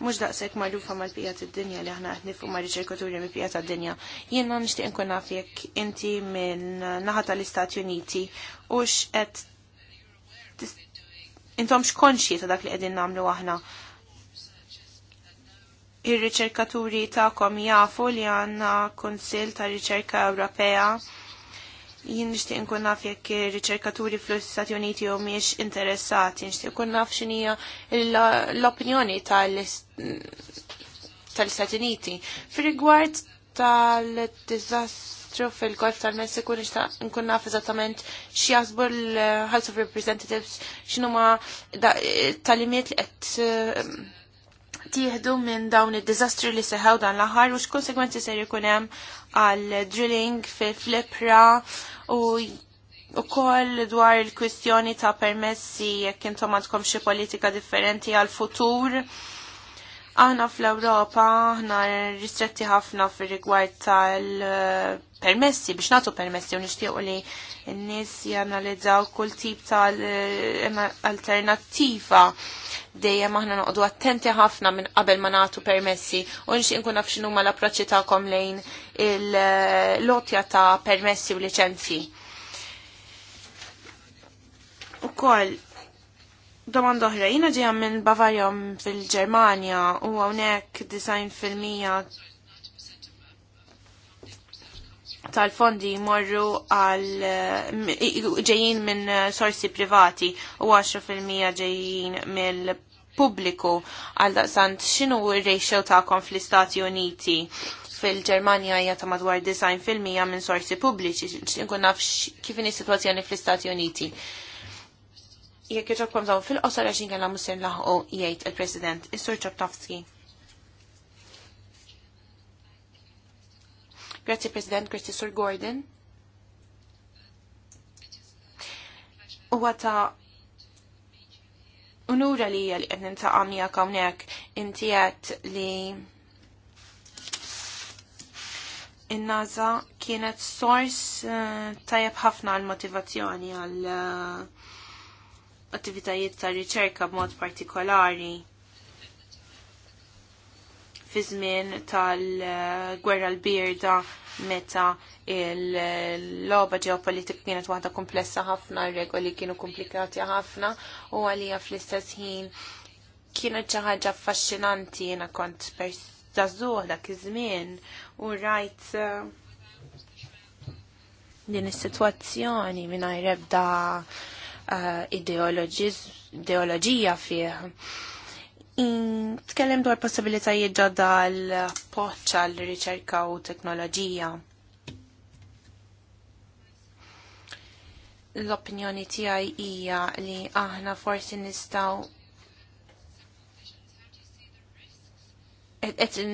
Mhux daqshekk magħrufa mal-pija tad-dinja li aħna qed nifhu ma' riċerkaturi minn pija tad-dinja. Jien ma nixtieq inkun naf jekk inti minn naħa tal-Istati Uniti u x'qed intom x'konxji ta' dak li qegħdin nagħmlu aħna. Ir-riċerkaturi ta'kom jafu li għandna Kunsill ta' Riċerka Ewropea jien nixtieq nkun naf jekk ir-riċerkaturi fl-Istati Uniti jew mhijiex interessati, nixtieq nkun naf x'inhija l-opinjoni tal-Istati Uniti. Fir-rigward tal-diżastru fil-Golf tal-Messiku nixtaq nkun naf eżattament x'jaħsbu l-House of Representatives x'inhuma tal-imiet li qed tieħdu minn dawn id-diżastri li seħaw dan l-aħħar u x'konsegwenzi ser jkun hemm għal drilling fil-flipra u u koll dwar il-kwistjoni ta' permessi jekk intom għandkom xi politika differenti għal futur. Aħna fl-Ewropa aħna ristretti ħafna fir-rigward tal-permessi biex nagħtu permessi u nixtiequ li n-nies janalizzaw kull tip tal-alternattiva. Eh, dejjem aħna noqogħdu attenti ħafna minn qabel ma nagħtu permessi u nixtieq nkun naf x'inhuma l-approċċi tagħkom lejn il-lotja ta' permessi u liċenzji. Ukoll domanda oħra, jiena ġejja minn Bavarja fil-Ġermanja u hawnhekk design fil-mija tal-fondi jmorru għal eh, ġejjin minn eh, sorsi privati u 10% ġejjin mill pubbliku għal daqsant xinu r-ratio ta' fl-Istati Uniti fil-Ġermanja hija ta' madwar 90% minn sorsi pubbliċi, xinkun naf kif inhi situazzjoni fl-Istati Uniti. Jekk iġobkom daw, fil qosar għaxin kena musser laħqu jgħid il-President, is-Sur Ġobtowski. Grazzi President, grazie Sur Gordon. U għata unura li li għed nintaqa mija kawnek inti għed li in-naza kienet sors eh, tajab ħafna għal motivazzjoni għal eh, attivitajiet ta' riċerka b'mod partikolari fi żmien tal-gwerra l-birda meta il-loba ġeopolitika kienet waħda komplessa ħafna, regoli kienu komplikati ħafna u għalija fl-istess ħin kienet xi ħaġa affaxxinanti jiena kont dażuh dak iż-żmien u rajt eh, din is-sitwazzjoni mingħajr ebda eh, ideoloġija fih. Mm, tkellem dwar possibilitajiet ġodda għal poċċa l riċerka u teknoloġija. L-opinjoni tiegħi hija li aħna forsi nistgħu qed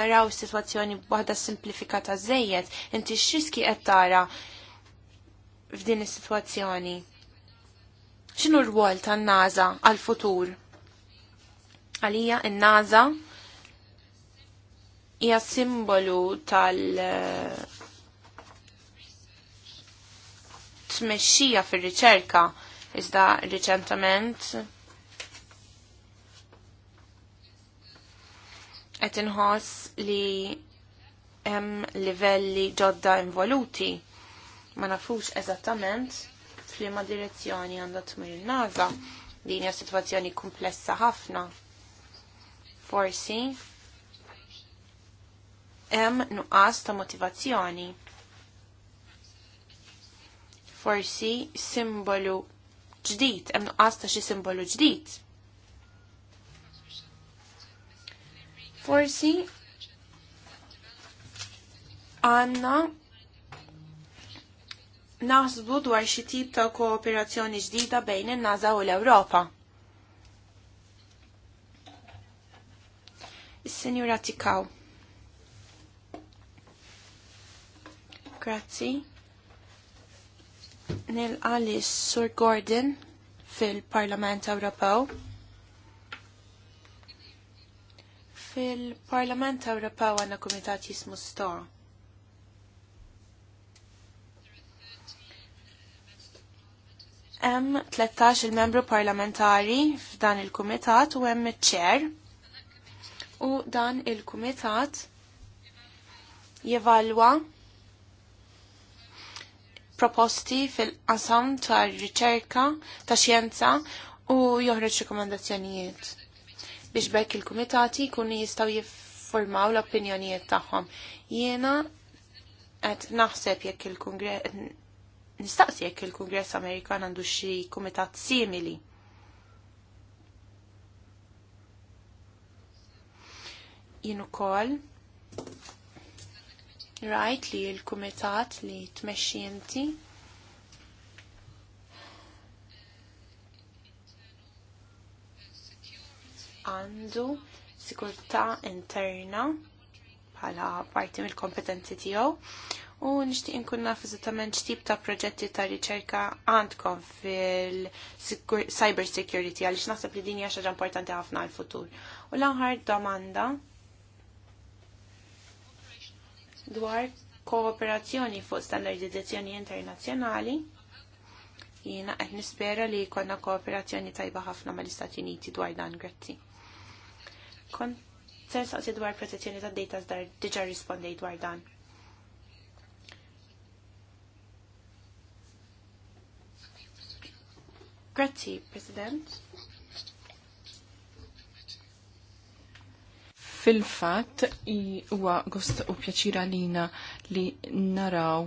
naraw sitwazzjoni waħda simplifikata żejjed, inti x'riski qed tara f'din is-sitwazzjoni? X'inhu r-rwol tan-NASA għal-futur? Għalija n-NASA hija simbolu tal- eh, tmexxija fir-riċerka iżda riċentament qed inħoss li hemm livelli ġodda involuti ma nafux eżattament f'liema direzzjoni għandha tmur il-naża. Din hija sitwazzjoni komplessa ħafna. Forsi hemm nuqqas ta' motivazzjoni. Forsi simbolu ġdid, hemm nuqqas ta' xi simbolu ġdid. Forsi għanna naħsbu dwar xi tip ta' kooperazzjoni ġdida bejn in-NASA u l-Ewropa. Is-Sinjura Tikaw. Grazzi. Nil-Alis Sur Gordon fil-Parlament Ewropew. Fil-Parlament Ewropew għandna kumitat jismu Stor Hemm 13 il-membru parlamentari f'dan il-kumitat u hemm iċ-ċer. U dan il-kumitat jevalwa proposti fil-qasam ta' riċerka ta' xjenza u joħroġ rekomendazzjonijiet biex bekk il-kumitati jkunu jistgħu jiffurmaw l-opinjonijiet tagħhom. Jiena qed naħseb jekk il kungre Nistaqsi jekk il-Kongress Amerikan għandu xi kumitat simili. Jien ukoll rajt li l-kumitat li tmexxi inti għandu sikurtà interna bħala parti mill-kompetenzi tiegħu u nixtieq inkun naf eżattament x'tip ta' proġetti ta' riċerka għandkom fil-cyber security għaliex naħseb li din hija xi ħaġa importanti ħafna għal futur. U l-aħħar domanda dwar kooperazzjoni fuq standardizzazzjoni internazzjonali jiena qed nispera li jkollna kooperazzjoni tajba ħafna mal-Istati Uniti dwar dan grazzi. Kont ser dwar protezzjoni tad data dar diġà rispondej dwar dan. Grazzi, President. fil-fat huwa gost u pjaċira lina li naraw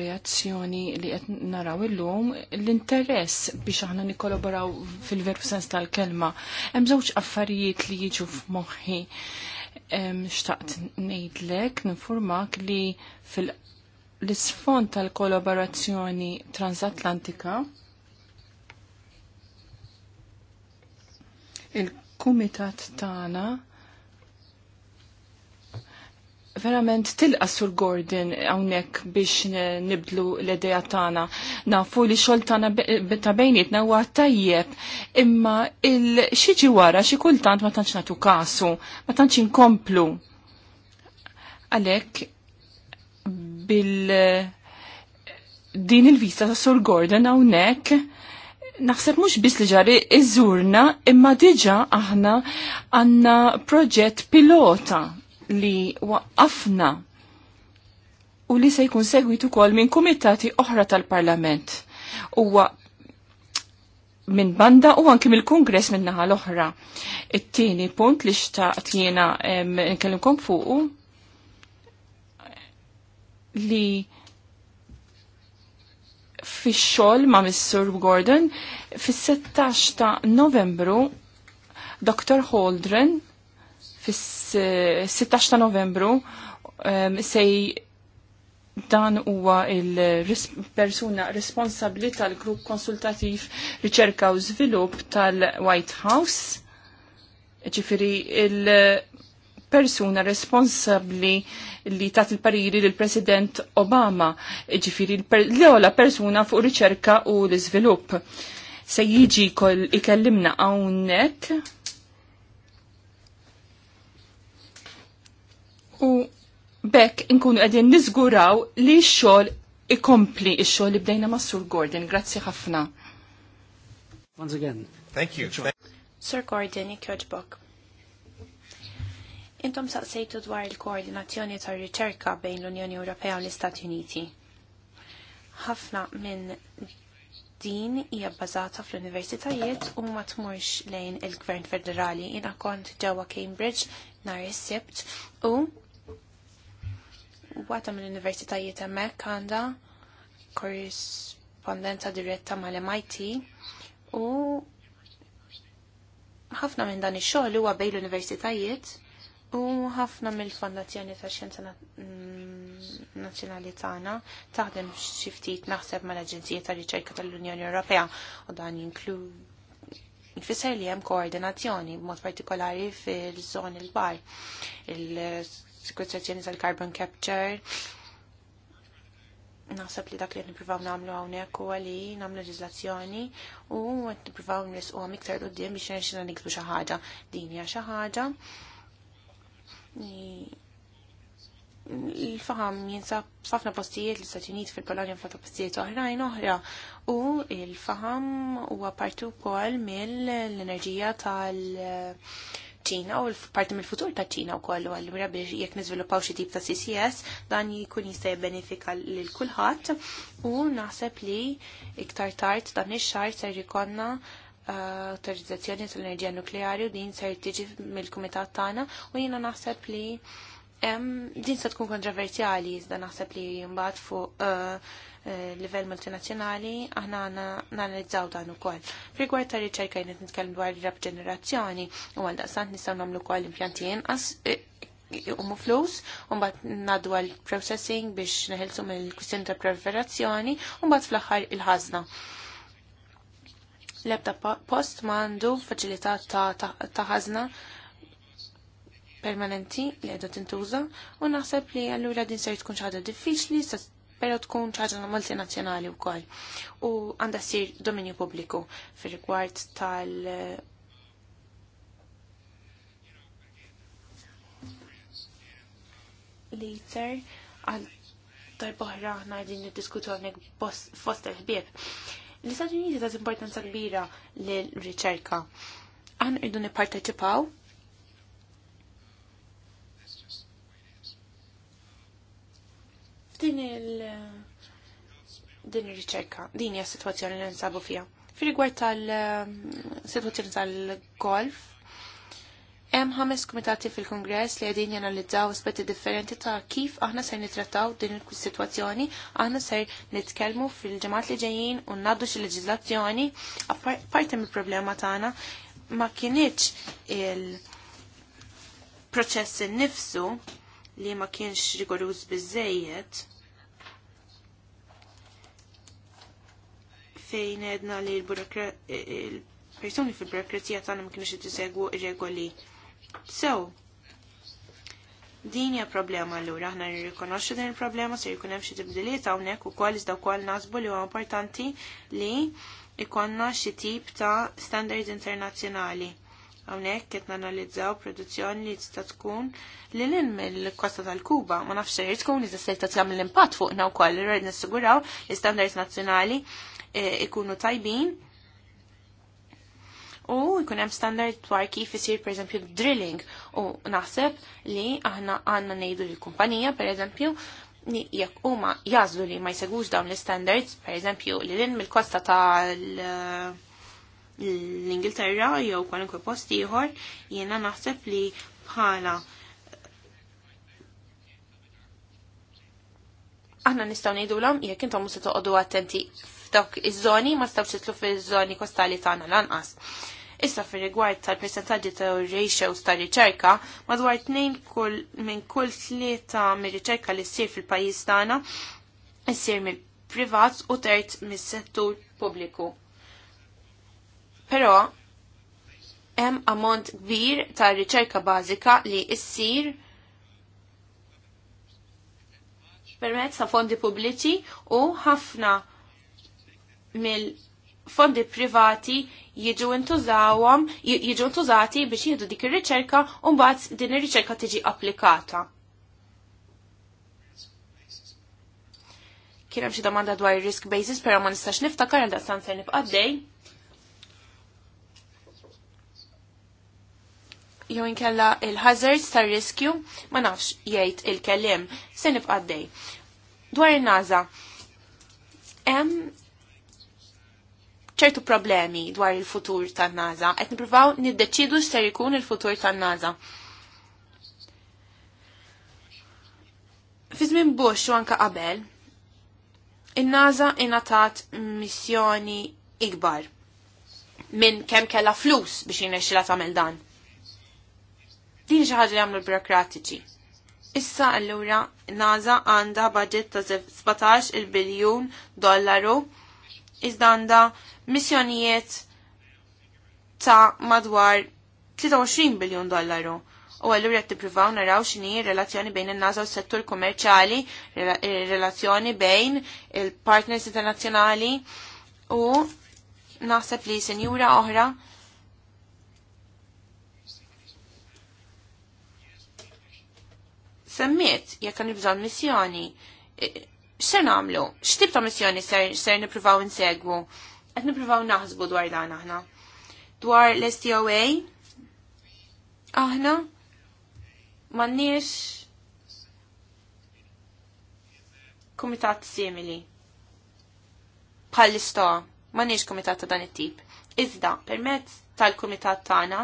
reazzjoni li qed naraw illum l-interess biex aħna nikkolaboraw fil veru sens tal-kelma. Hemm żewġ affarijiet li jiġu f'moħħi xtaqt ngħidlek, nifurmak li fil- l-isfond tal-kollaborazzjoni transatlantika il-kumitat tagħna verament tilqa sur Gordon hawnhekk biex nibdlu l-idea tagħna. Nafu li xogħol tagħna ta' bejnietna huwa tajjeb, imma il xiġi wara xi kultant ma tantx nagħtu kasu, ma tantx inkomplu. Għalhekk bil din il-vista ta' Sur Gordon hawnhekk naħseb mhux biss li ġari iżurna imma diġa aħna għandna proġett pilota li waqqafna u li se jkun segwit ukoll minn kumitati oħra tal-Parlament. Huwa minn banda u anki mill-Kongress minn naħa l-oħra. It-tieni punt li xtaqt jiena nkellimkom fuqu li fix-xogħol ma' Mr. Gordon fis-16 ta' Novembru Dr. Holdren fis-16 ta' Novembru um, sej dan huwa il-persuna responsabli tal-grupp konsultativ riċerka u zvilup tal-White House. Ġifiri, persuna responsabli li tat il-pariri l-President Obama, ġifiri l-ola persuna fuq riċerka u l izvilup Se jiġi kol ikellimna għawnek u bekk nkunu għedin nizguraw li xol ikompli xol li bdejna ma' Sur Gordon. Grazzi ħafna. Once again. Thank you. Sir Gordon, ikjoġbok. Intom saqsejtu dwar il-koordinazzjoni tar riċerka bejn l-Unjoni Ewropea u l-Istati Uniti. Ħafna minn din hija bbażata fl-universitajiet u ma tmurx lejn il-Gvern Federali. Jiena kont ġewwa Cambridge nhar is-Sibt u waħda mill-universitajiet hemmhekk għandha korrispondenza diretta mal-MIT u ħafna minn dan ix-xogħol huwa bejn l-universitajiet U ħafna mill-fondazzjoni ta' xjenza mm, nazzjonali tagħna taħdem xi ftit naħseb mal-Aġenzija ta' Riċerka tal-Unjoni Ewropea u dan jinklu jfisser li hemm koordinazzjoni b'mod partikolari fil-żoni l-bar. Il-sekwestrazzjoni tal-carbon capture naħseb li dak li nippruvaw nagħmlu hawnhekk huwa li nagħmlu leġiżlazzjoni u qed nippruvaw nresquhom iktar qudiem biex nirxina nikbu xi ħaġa. Din hija xi ħaġa il-faham jinsab ħafna postijiet l stati Uniti fil-Polonja f'ħafna postijiet oħrajn oħra u il-faham huwa għapartu wkoll mill-enerġija tal- ċina u parti mill-futur ta' ċina u kollu għallura biex jek nizvilupaw xi tip ta' CCS dan jikun jista' jibbenefika lil kulħadd u naħseb li iktar tard dan ix-xahar ser jkollna autorizzazzjoni tal-enerġija nukleari u din ser tiġi mill-kumitat tagħna u jiena naħseb li din se tkun kontroversjali iżda naħseb li mbagħad fuq eh, eh, livell multinazzjonali aħna nanalizzaw dan ukoll. Rigward ta' riċerka jien qed nitkellem dwar rab ġenerazzjoni u għal daqsant nistgħu nagħmlu wkoll impjanti inqas eh, umu flus, unbat naddu għal processing biex neħilsu mill kwistjoni ta' preparazzjoni, unbat fl-axar il-ħazna. L-ebda post mandu faċilità ta' ħazna permanenti li għedha tintuża u naħseb li allura din ser tkun ħaġa diffiċli però pero tkun ħaġa multinazzjonali wkoll u għandha ssir dominju pubbliku fir-rigward tal liter għal darbohra ħna din niddiskutu għonek fost il-ħbieb L-Istati Uniti ta' importanza kbira l-riċerka. Aħna rridu nipparteċipaw f'din il- din ir-riċerka, din hija s-sitwazzjoni li nsabu fiha. Fi rigward tal-sitwazzjoni eh, tal-golf, Hemm ħames kumitati fil-Kongress li qegħdin janalizzaw aspetti differenti ta' kif aħna ser nitrattaw din il-sitwazzjoni, aħna ser nitkellmu fil-ġemat li ġejjin u ngħaddu xi leġiżlazzjoni parti mill-problema tagħna ma kienitx il-proċess innifsu li ma kienx rigoruż biżejjed fejn edna li l-persuni fil-burokrazija tagħna ma kienx ir regoli So, din hija problema allura aħna nirrikonoxxu din il-problema se jkun hemm xi tibdiliet hawnhekk ukoll iżda wkoll naħsbu li huwa importanti li ikonna xi tip ta' standards internazzjonali. Hawnhekk qed nanalizzaw produzzjoni li tista' tkun li lin mill-kosta tal-Kuba ma nafx se tkun iżda se tagħmel l-impatt fuqna wkoll irrid nissiguraw li standards nazzjonali eh, ikunu tajbin u jkun hemm standard dwar kif isir pereżempju drilling u naħseb li aħna għandna ngħidu lill kumpanija pereżempju li jekk huma jażlu li ma jsegwux dawn l-standards, pereżempju li lin mill-kosta tal eh, l-Ingilterra jew kwalunkwe post ieħor, jiena naħseb li bħala aħna nistgħu ngħidulhom jekk intom se toqgħodu attenti f'dawk iż-żoni ma stawx titlu fiż-żoni kostali tagħna lanqas. Issa fir rigward tal-percentaġġi ta' ratios ta' riċerka, madwar tnejn minn kull tlieta mir riċerka li ssir fil-pajjiż tagħna ssir mill-privat u tert mis-settur pubbliku. Però hemm ammont kbir ta' riċerka bażika li ssir permezz ta' fondi pubbliċi u ħafna mill fondi privati jiġu intużawhom, jiġu intużati biex jieħdu dik ir-riċerka u mbagħad din ir-riċerka tiġi applikata. Kien hemm xi domanda dwar risk basis, però ma nistax niftakar għal daqstan se nibqaddej jew inkella il-hazards tar-riskju ma nafx jgħid il-kellim se nibqa' dej. Dwar in-naża, hemm ċertu problemi dwar il-futur tan-NASA, qed nippruvaw niddeċidu x'ser ikun il-futur tan-NASA. Fi żmien Bush u anka qabel, in-NASA ingħatat missjoni ikbar minn kemm kellha flus biex jinexxilha tagħmel dan. Din xi ħaġa li jagħmlu l-birokratiċi. Issa allura NASA għandha budget ta' 17 il-biljun dollaru iżda għandha missjonijiet ta' madwar 23 biljon dollaru. U għallu t-privaw naraw xini relazzjoni bejn il naza u settur komerċali, eh, relazzjoni bejn il-partners internazzjonali u naħseb li senjura oħra semmiet jekk għan bżonn missjoni. Eh, Xer namlu? X'tib ta' missjoni ser, ser nipruvaw insegwu? Qed nippruvaw naħsbu dwar dan aħna. Dwar l-STOA aħna m'għandniex kumitat simili bħall-istoa m'għandniex kumitat ta' dan it-tip. Iżda permezz tal-kumitat tagħna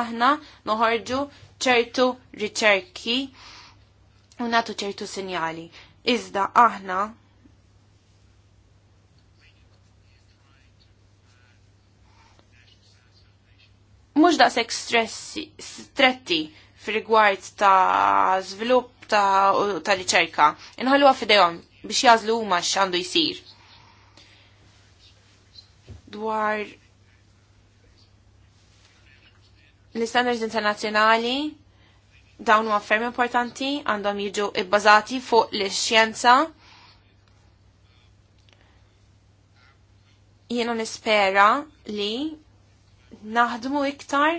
aħna noħorġu ċertu riċerki u natu ċertu sinjali. Iżda aħna mhux daqshekk stretti fir-rigward ta' żvilupp ta', ta riċerka. Inħalluha f'idejhom biex jażlu huma x'għandu jsir. Dwar l-istandards internazzjonali dawn huwa ferm importanti għandhom jiġu ibbażati fuq l-xjenza. Jiena nispera li naħdmu iktar,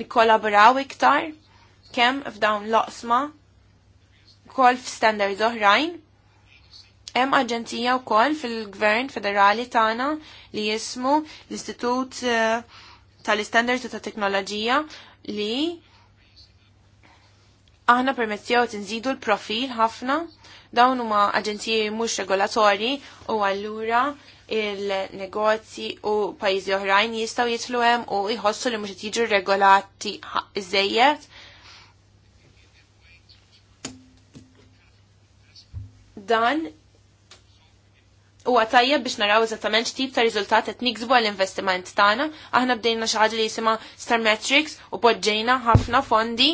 nikkolaboraw iktar, kemm f'dawn loqsma, kol f'standards oħrajn. Hemm aġenzija wkoll fil-Gvern Federali tagħna li jismu l-Istitut eh, tal-Istandards ta' Teknoloġija li aħna permezzjaw tinżidu l-profil ħafna dawn huma aġenziji mhux regolatorji u allura il-negozji u pajjiżi oħrajn jistgħu jitlu hemm u jħossu li mhux qed jiġu regolati iżejjed. Dan huwa tajjeb biex naraw eżattament x'tip ta' riżultat qed niksbu għall-investiment tagħna. Aħna bdejna xi ħaġa li jisimha Star Metrics u poġġejna ħafna fondi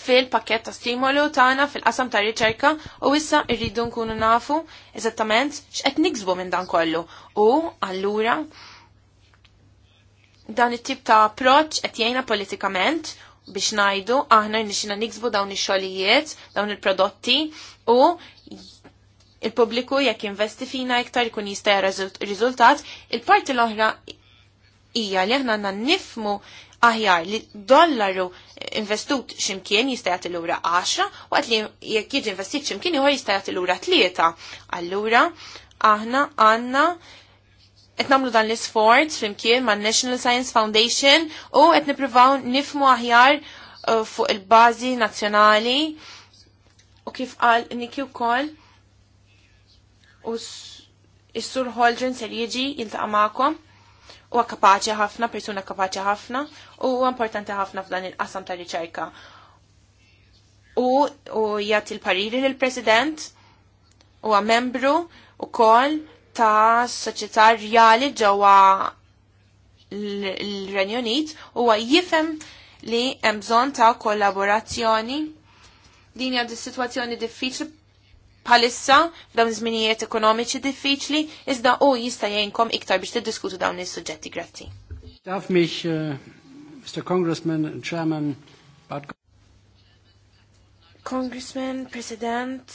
fil-pakket ta' stimolu tagħna fil-qasam ta' riċerka u issa rridu nkunu nafu eżattament x'qed niksbu minn dan kollu. U allura dan it-tip ta' approċċ qed jgħinna politikament biex ngħidu aħna nixina niksbu dawn ix-xogħlijiet, dawn il-prodotti u il-pubbliku jekk investi fina iktar ikun jista' riżultat, il-parti l-oħra hija li aħna nifmu aħjar li dollaru investut ximkien jista' jagħti lura 10 waqt li jekk jiġi investit ximkien ieħor jista' jagħti lura 3. Allura aħna għandna qed nagħmlu dan l-isforz flimkien man National Science Foundation u qed nippruvaw nifmu aħjar uh, fuq il-bażi nazzjonali u kif qal Niki wkoll u s-sur Holgren ser jiġi jiltaqa' magħkom huwa kapaċi ħafna, persuna kapaċi ħafna u huwa importanti ħafna f'dan il-qasam ta' riċerka. U u jagħti pariri l president huwa membru kol ta' soċjetà rjali ġewwa l-Renju Unit huwa jifhem li hemm bżonn ta' kollaborazzjoni din hija situazzjoni diffiċli palissa f'dawn żminijiet ekonomiċi diffiċli, iżda u jista' jgħinkom iktar biex tiddiskutu dawn is-suġġetti. Grazzi. Darf mich, uh, Mr. Congressman, and Chairman, but... Congressman, President,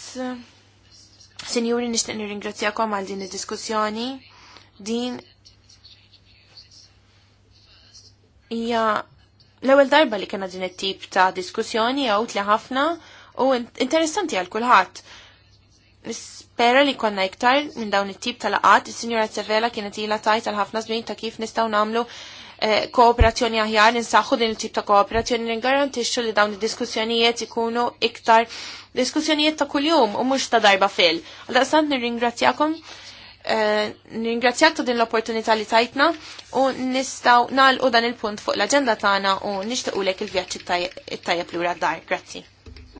Sinjuri nishtiq nirringrazzjakom għal din id-diskussjoni. Din hija l-ewwel darba li kena din it-tip ta' diskussjoni għawt li ħafna u interessanti għal kulħadd nispera li konna iktar minn dawn it-tip tal-qat, il-Sinjora Cevela kienet ila tajt għal ħafna żmien ta' kif nistgħu nagħmlu eh, kooperazzjoni aħjar, ninsaħħu din il-tip ta' kooperazzjoni ningarantixxu li dawn id-diskussjonijiet ikunu iktar diskussjonijiet ta' kuljum u mhux ta' darba fil. Għaldaqstant nirringrazzjakom eh, nirringrazzjak ta' din l-opportunità li tajtna u nistaw nagħlqu dan il-punt fuq l-agenda tagħna u nixtiequlek il-vjaġġ it-tajjeb lura d-dar. Grazzi.